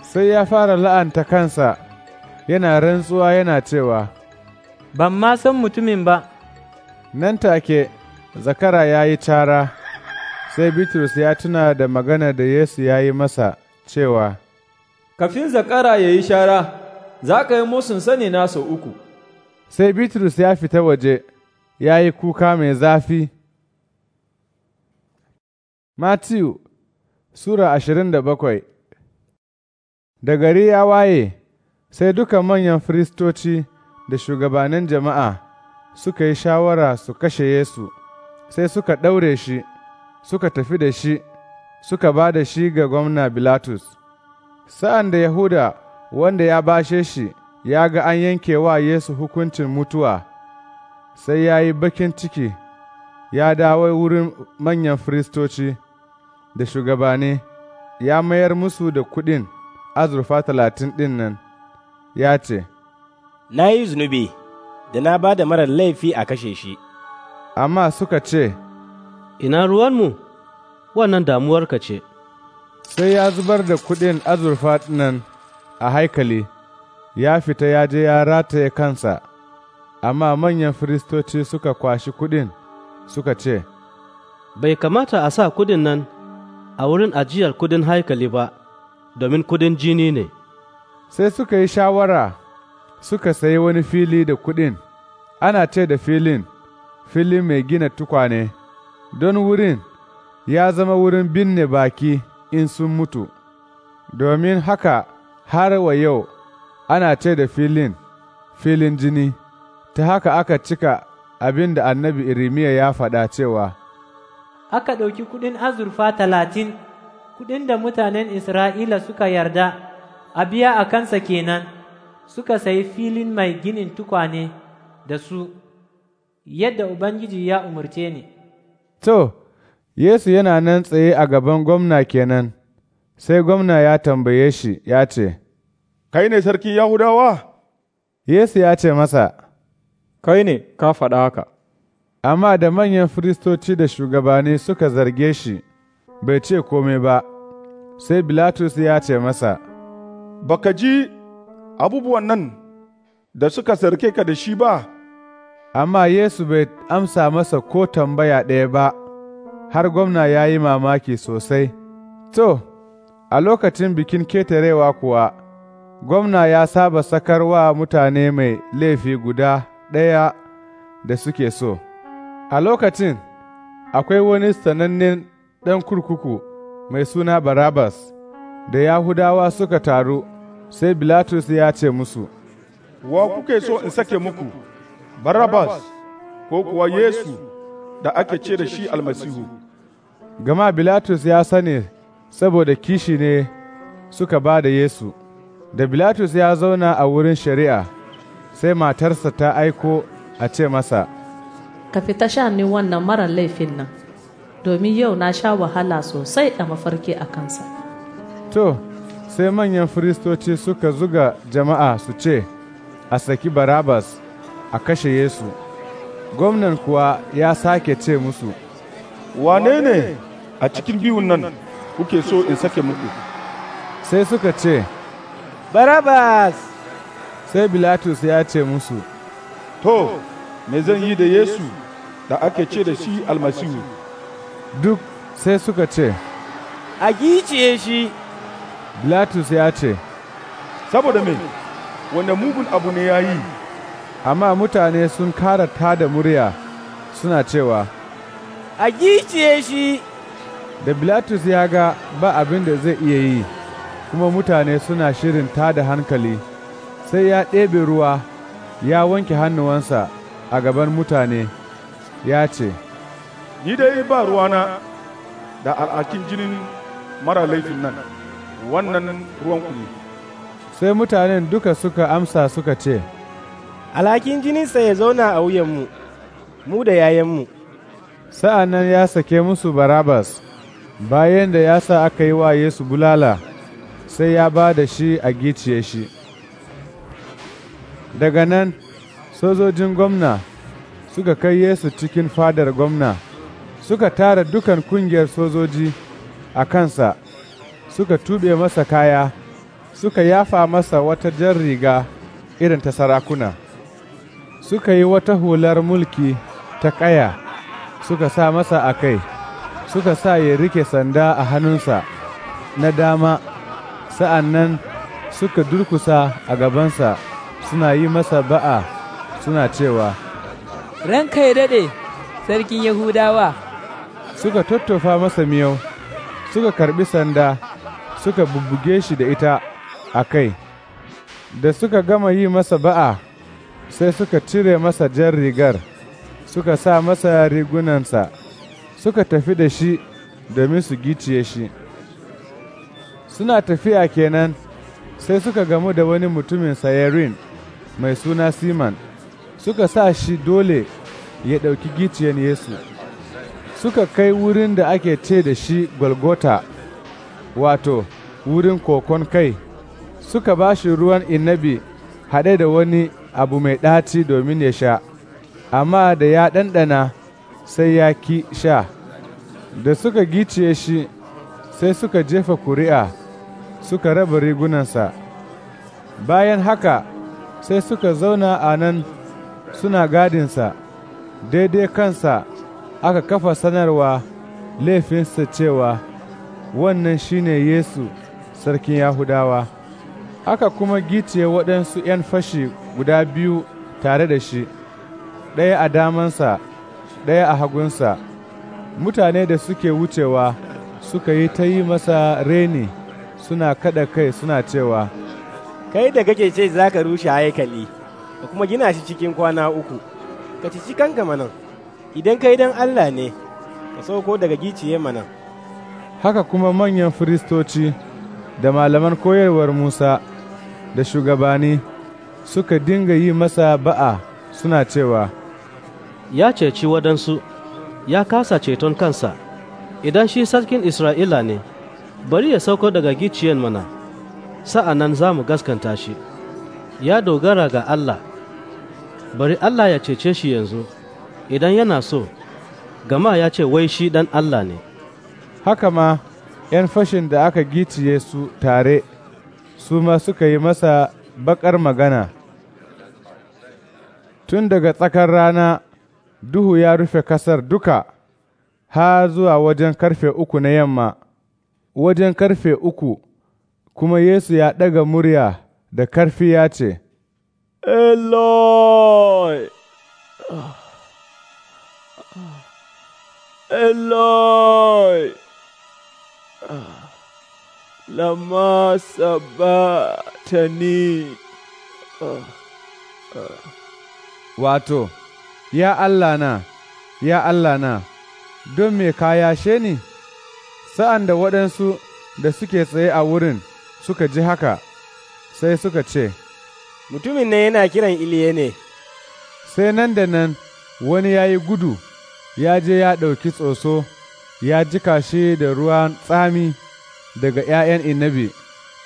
Sai ya fara la'anta kansa yana rantsuwa yana cewa, Ban ma san mutumin ba. Nan take, zakara ya yi cara, sai Bitrus ya tuna da magana da Yesu ya yi masa cewa, Kafin zakara ya yi shara. za ka yi musun sani na sau uku. Sai Bitrus ya fita waje, ya yi kuka mai zafi. Matiyu Sura ashirin da bakwai Da gari ya waye, sai duka manyan firistoci da shugabannin jama'a suka yi shawara su kashe Yesu, sai suka ɗaure shi, suka tafi da shi, suka ba da shi ga gwamna Bilatus. Sa'an da Yahuda wanda ya bashe shi ya ga an yanke wa Yesu hukuncin mutuwa, sai ya yi bakin ciki ya dawo wurin manyan firistoci da shugabane, ya mayar musu da kuɗin azurfa talatin ɗin nan, ya ce, Na yi zunubi da na ba da marar laifi a kashe shi. Amma suka ce, Ina ruwanmu, wannan damuwarka ce. Sai ya zubar da kuɗin azurfa nan. a haikali ya fita ya je ya rataye kansa, amma manyan firistoci suka kwashi kuɗin suka ce, Bai kamata a sa kuɗin nan a wurin ajiyar kudin haikali ba, domin kuɗin jini ne. Sai suka yi shawara suka sayi wani fili da kuɗin, ana ce da filin, filin mai gina tukwane, don wurin ya zama wurin binne baki in sun mutu, domin haka har wa yau ana ce da filin filin jini, ta haka aka cika abin da annabi Irimiya ya faɗa cewa, Aka ɗauki kuɗin azurfa talatin, kuɗin da mutanen Isra'ila suka yarda, a biya a kansa kenan, suka sayi filin mai ginin tukwane da su, yadda Ubangiji ya umarce ni. To, Yesu yana nan tsaye a gaban gwamna kenan. sai gwamna ya tambaye shi ya ce, Kai ne sarki Yahudawa? Yesu ya ce masa, Kai ne ka faɗa haka. Amma da manyan firistoci da shugabani suka zarge shi, bai ce kome ba, sai Bilatus ya ce masa, Baka ji abubuwan nan da suka sarke ka da shi ba? Amma Yesu bai amsa masa ko tambaya ɗaya ba, har gwamna ya yi mamaki sosai. To, A lokacin bikin ketarewa kuwa, gwamna ya saba sakar wa mutane mai laifi guda ɗaya da suke so. A lokacin, akwai wani sanannen ɗan kurkuku mai suna Barabas, da Yahudawa suka taru, sai Bilatus ya ce musu, Wa kuke so in sake muku, Barabas ko kuwa Yesu da ake ce da shi almasihu. Gama Bilatus ya sani saboda kishi ne suka ba da Yesu. Da Bilatus ya zauna a wurin shari'a, sai matarsa ta aiko a ce masa, Ka fita sha ni wannan marar laifin nan, domin yau na sha wahala sosai a mafarki a kansa. To, sai manyan firistoci suka zuga jama'a su ce, A saki Barabas, a kashe Yesu. Gwamnan kuwa ya sake ce musu, Wane ne a cikin biyun nan? kuke so in sake muku sai suka ce barabas sai bilatus ya ce musu to me zan yi da yesu da ake ce da shi almasihu duk sai suka ce a giciye shi bilatus ya ce saboda me wanda mugun abu ne ya yi amma mutane sun kara tada murya suna cewa a giciye shi da Bilatus ya ga ba abin da zai iya yi, kuma mutane suna shirin ta da hankali, sai ya ɗebe ruwa ya wanke hannuwansa a gaban mutane, ya ce, Ni dai ba ruwana da al'akin jinin mara laifin nan, wannan ruwanku ne. Sai mutanen duka suka amsa suka ce, Alhakin jininsa ya zauna a wuyanmu, mu da yayanmu. Sa'an nan ya sake musu Barabas. bayan da ya sa aka yi wa Yesu bulala sai ya ba da shi a giciye shi. Daga nan, sojojin gwamna suka kai Yesu cikin fadar gwamna, suka tara dukan kungiyar sojoji a kansa, suka tube masa kaya, suka yafa masa wata jan riga irin ta sarakuna, suka yi wata hular mulki ta ƙaya, suka sa masa a kai. suka sa ya rike sanda a hannunsa na dama sa'an nan suka durkusa a gabansa suna yi masa ba'a suna cewa ranka ya daɗe sarkin yahudawa suka tattofa masa miyau suka karbi sanda suka bubbuge shi da ita a kai da suka gama yi masa ba'a sai suka cire masa jan rigar suka sa masa rigunansa suka tafi da shi domin su giciye shi. Suna tafiya kenan sai suka gamu da wani mutumin sayarin mai suna Siman, suka sa shi dole ya ɗauki giciyen Yesu. Suka kai wurin da ake ce da shi Golgota, wato, wurin kokon kai, suka ba shi ruwan inabi haɗe da wani abu mai ɗaci domin ya sha, amma da ya ɗanɗana. sai ya ki sha da suka giciye shi sai suka jefa kuri'a suka raba rigunansa bayan haka sai suka zauna a nan suna gadinsa daidai kansa aka kafa sanarwa laifinsa cewa wannan shine yesu sarkin yahudawa aka kuma giciye waɗansu 'yan fashi guda biyu tare da shi ɗaya a damansa ɗaya a hagunsa, mutane da suke wucewa suka yi ta yi masa reni suna kada kai suna cewa, Kai da kake ce za ka rushe haikali, ka kuma gina shi cikin kwana uku, ka ci kanka manan, idan kai don Allah ne, ka sauko daga giciye mana Haka kuma manyan firistoci da malaman koyarwar Musa da shugabani suka dinga yi masa ba'a suna cewa, ya ceci waɗansu ya kasa ceton kansa idan shi sarkin isra'ila ne bari ya sauko daga giciyan mana sa'a nan za mu gaskanta shi ya dogara ga allah bari allah ya cece shi yanzu idan yana so gama ya ce wai shi dan allah ne haka ma 'yan fashin da aka giciye su tare su ma suka yi masa bakar magana tun daga tsakar rana duhu ya rufe ƙasar duka har zuwa wajen karfe uku na yamma, wajen karfe uku kuma Yesu ya ɗaga murya da karfi ya ce, Eloi! Ah. Eloi! Ah. Lama sabatani! Ah. Wato, Ya Allah na, ya Allah na, don me ka yashe ni? Sa'an da waɗansu da suke tsaye a wurin suka ji haka, sai suka ce, Mutumin nan yana kiran Iliye ne. Sai nan da nan wani ya yi gudu, ya je ya ɗauki tsoso, ya jika shi da ruwan tsami daga ’ya'yan inabi,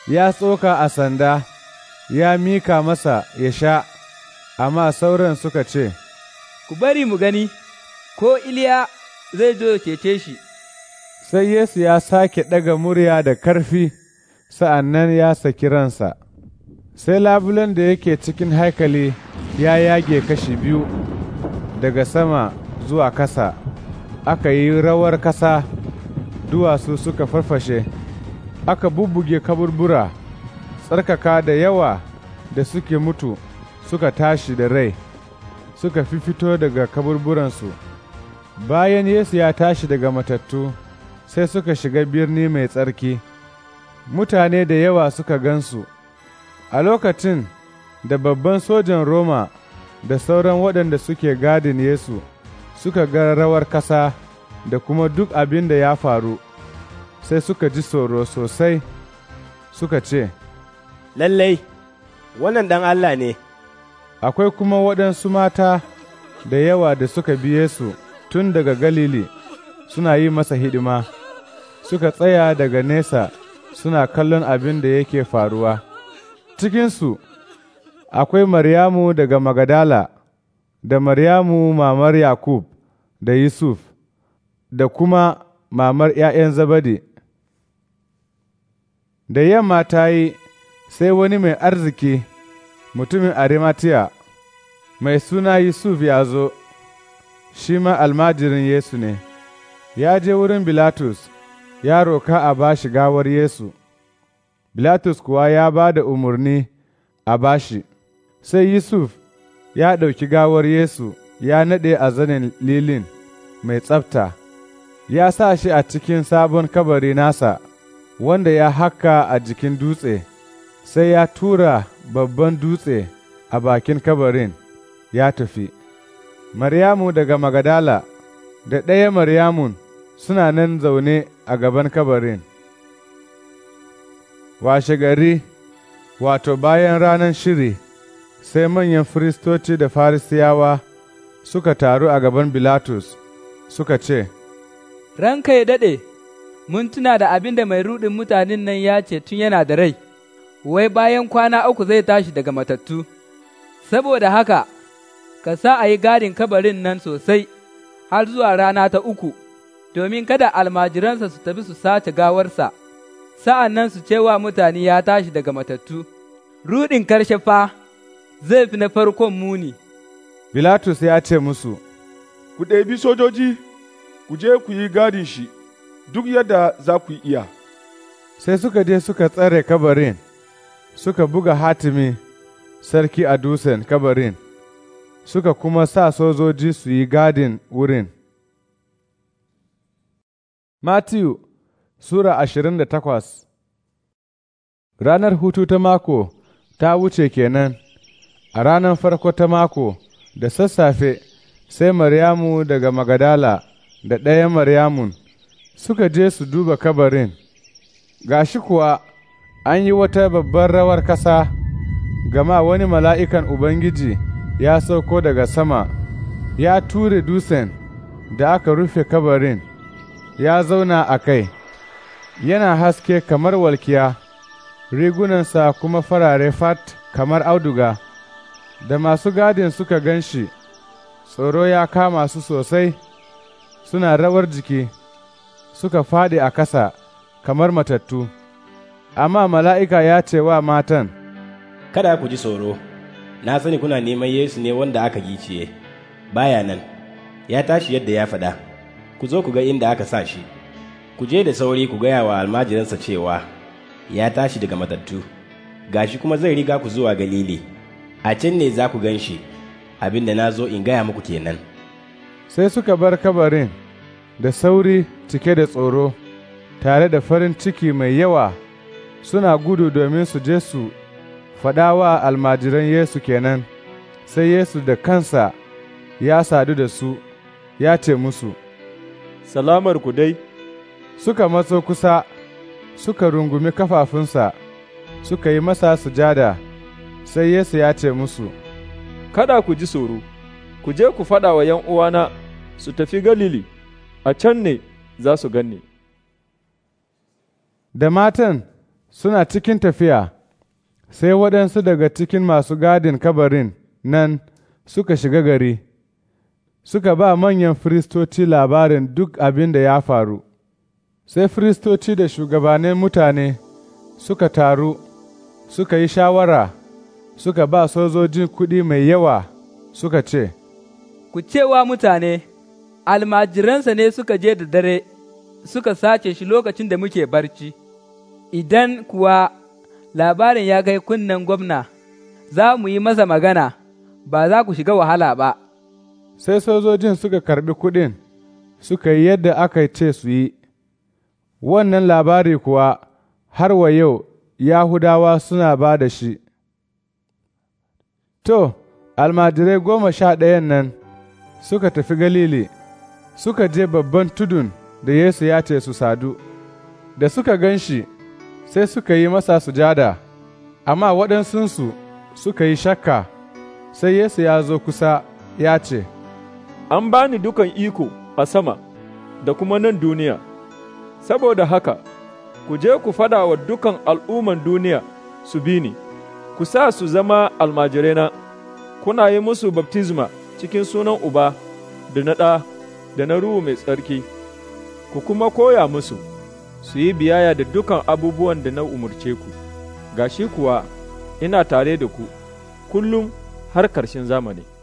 ya tsoka a sanda, ya mika masa ya sha, amma sauran suka ce, ku bari mu gani, ko Iliya zai zo ya cece shi. Sai Yesu ya sake ɗaga murya da ƙarfi, sa'an nan ya saki ransa. Sai labulen da yake cikin haikali ya yage kashi biyu daga sama zuwa ƙasa aka yi rawar ƙasa duwatsu suka farfashe, aka bubbuge kaburbura, tsarkaka da yawa da suke mutu suka tashi da rai. suka fi fito daga kaburburansu. Bayan Yesu ya tashi daga matattu, sai suka shiga birni mai tsarki, mutane da yawa suka gansu. A lokacin da babban sojan Roma da sauran waɗanda suke gadin Yesu suka ga rawar ƙasa da kuma duk abin da ya faru, sai suka ji tsoro sosai suka ce, Lallai, wannan ɗan Allah ne. akwai kuma waɗansu mata da yawa da suka biye su tun daga Galili suna yi masa hidima, suka tsaya daga nesa suna kallon abin da yake faruwa. Cikinsu akwai Maryamu daga Magadala, da Maryamu mamar Yakub da Yusuf, da kuma mamar ’ya'yan Zabadi. Da yamma ta yi sai wani mai arziki. mutumin Arimatiya mai suna Yusuf ya zo, shi ma almajirin Yesu ne, ya je wurin Bilatus ya roka a bashi gawar Yesu, Bilatus kuwa ya ba da umarni a bashi, sai Yusuf ya ɗauki gawar Yesu ya naɗe a zanen lilin mai tsafta, ya sa shi a cikin sabon kabari nasa, wanda ya haka a jikin dutse, sai ya tura babban dutse a bakin kabarin ya tafi, Maryamu daga Magadala da ɗaya Maryamun suna nan zaune a gaban kabarin. Washe gari, wato bayan ranar shiri, sai manyan firistoci da farisiyawa suka taru a gaban Bilatus suka ce, Ranka ya daɗe, mun tuna da abin da mai ruɗin mutanen nan ya ce tun yana da rai. wai bayan kwana uku zai tashi daga matattu, saboda haka ka sa a yi gadin kabarin nan sosai har zuwa rana ta uku, domin kada almajiransa su tafi su sace gawarsa, sa'an nan su cewa mutane ya tashi daga matattu, ruɗin karshe fa zai fi na farkon muni. Bilatus ya ce musu, Ku ɗebi sojoji, ku je ku yi gadin shi, duk yadda za ku iya. Sai suka je suka tsare kabarin. suka buga hatimi sarki a dutsen kabarin, suka kuma sa sojoji su yi gadin wurin. matthew Sura ashirin da takwas Ranar hutu ta mako ta wuce kenan, a ranar farko ta mako da sassafe sai Maryamu daga Magadala da ɗaya Maryamun suka je su duba kabarin, gashi kuwa an yi wata babbar rawar ƙasa, gama wani mala'ikan Ubangiji ya sauko daga sama, ya ture dusen da aka rufe kabarin, ya zauna a kai, yana haske kamar walkiya, rigunansa kuma farare fat kamar auduga, da masu gadin suka gan shi, tsoro ya kama su sosai, suna rawar jiki, suka faɗi a kasa kamar matattu. amma mala'ika ya ce wa matan, Kada ku ji tsoro, na sani kuna neman Yesu ne wanda aka giciye, baya nan, ya tashi yadda ya faɗa, ku zo ku ga inda aka sa shi, ku je da sauri ku gaya wa almajiransa cewa ya tashi daga matattu, gashi kuma zai riga ku zuwa Galili, a can ne za ku gan shi, abin da na zo in gaya muku kenan. Sai suka bar kabarin da sauri cike da tsoro, tare da farin ciki mai yawa. suna gudu domin su je su faɗa wa almajiran Yesu kenan, sai Yesu da kansa ya sadu da su, ya ce musu, Salamar ku dai, suka matso kusa, suka rungumi kafafunsa, suka yi masa sujada, sai Yesu ya ce musu, Kada ku ji tsoro, ku je ku faɗa wa ’yan uwana su tafi Galili, a can ne za su ganni. Da matan Suna cikin tafiya, sai waɗansu daga cikin masu gadin kabarin nan suka shiga gari, suka ba manyan firistoci labarin duk abin da ya faru. Sai firistoci da shugabannin mutane suka taru, suka yi shawara, suka ba sojoji kuɗi mai yawa, suka ce, Ku cewa mutane, almajiransa ne suka je da dare, suka sace shi lokacin da muke barci. idan kuwa labarin ya kai kunnen gwamna, za mu yi masa magana, ba za ku shiga wahala ba. Sai sojojin suka karɓi kuɗin, suka yi yadda aka ce su yi, wannan labari kuwa har wa yau Yahudawa suna ba da shi. To, almajirai goma sha ɗayan nan suka tafi Galili, suka je babban tudun da Yesu ya ce su sadu, da suka gan shi. sai suka yi masa sujada, amma waɗansunsu suka yi shakka, sai Yesu ya zo kusa ya ce, An ba ni dukan iko a sama da kuma nan duniya, saboda haka, ku je ku fada wa dukan al'umman duniya su bi ni, ku sa su zama almajirena, kuna yi musu baptisma cikin sunan Uba da na ɗa da na ruhu mai tsarki, ku kuma koya musu. su yi biyaya da dukan abubuwan da na umarce ku, gashi kuwa ina tare da ku, kullum har ƙarshen zamani.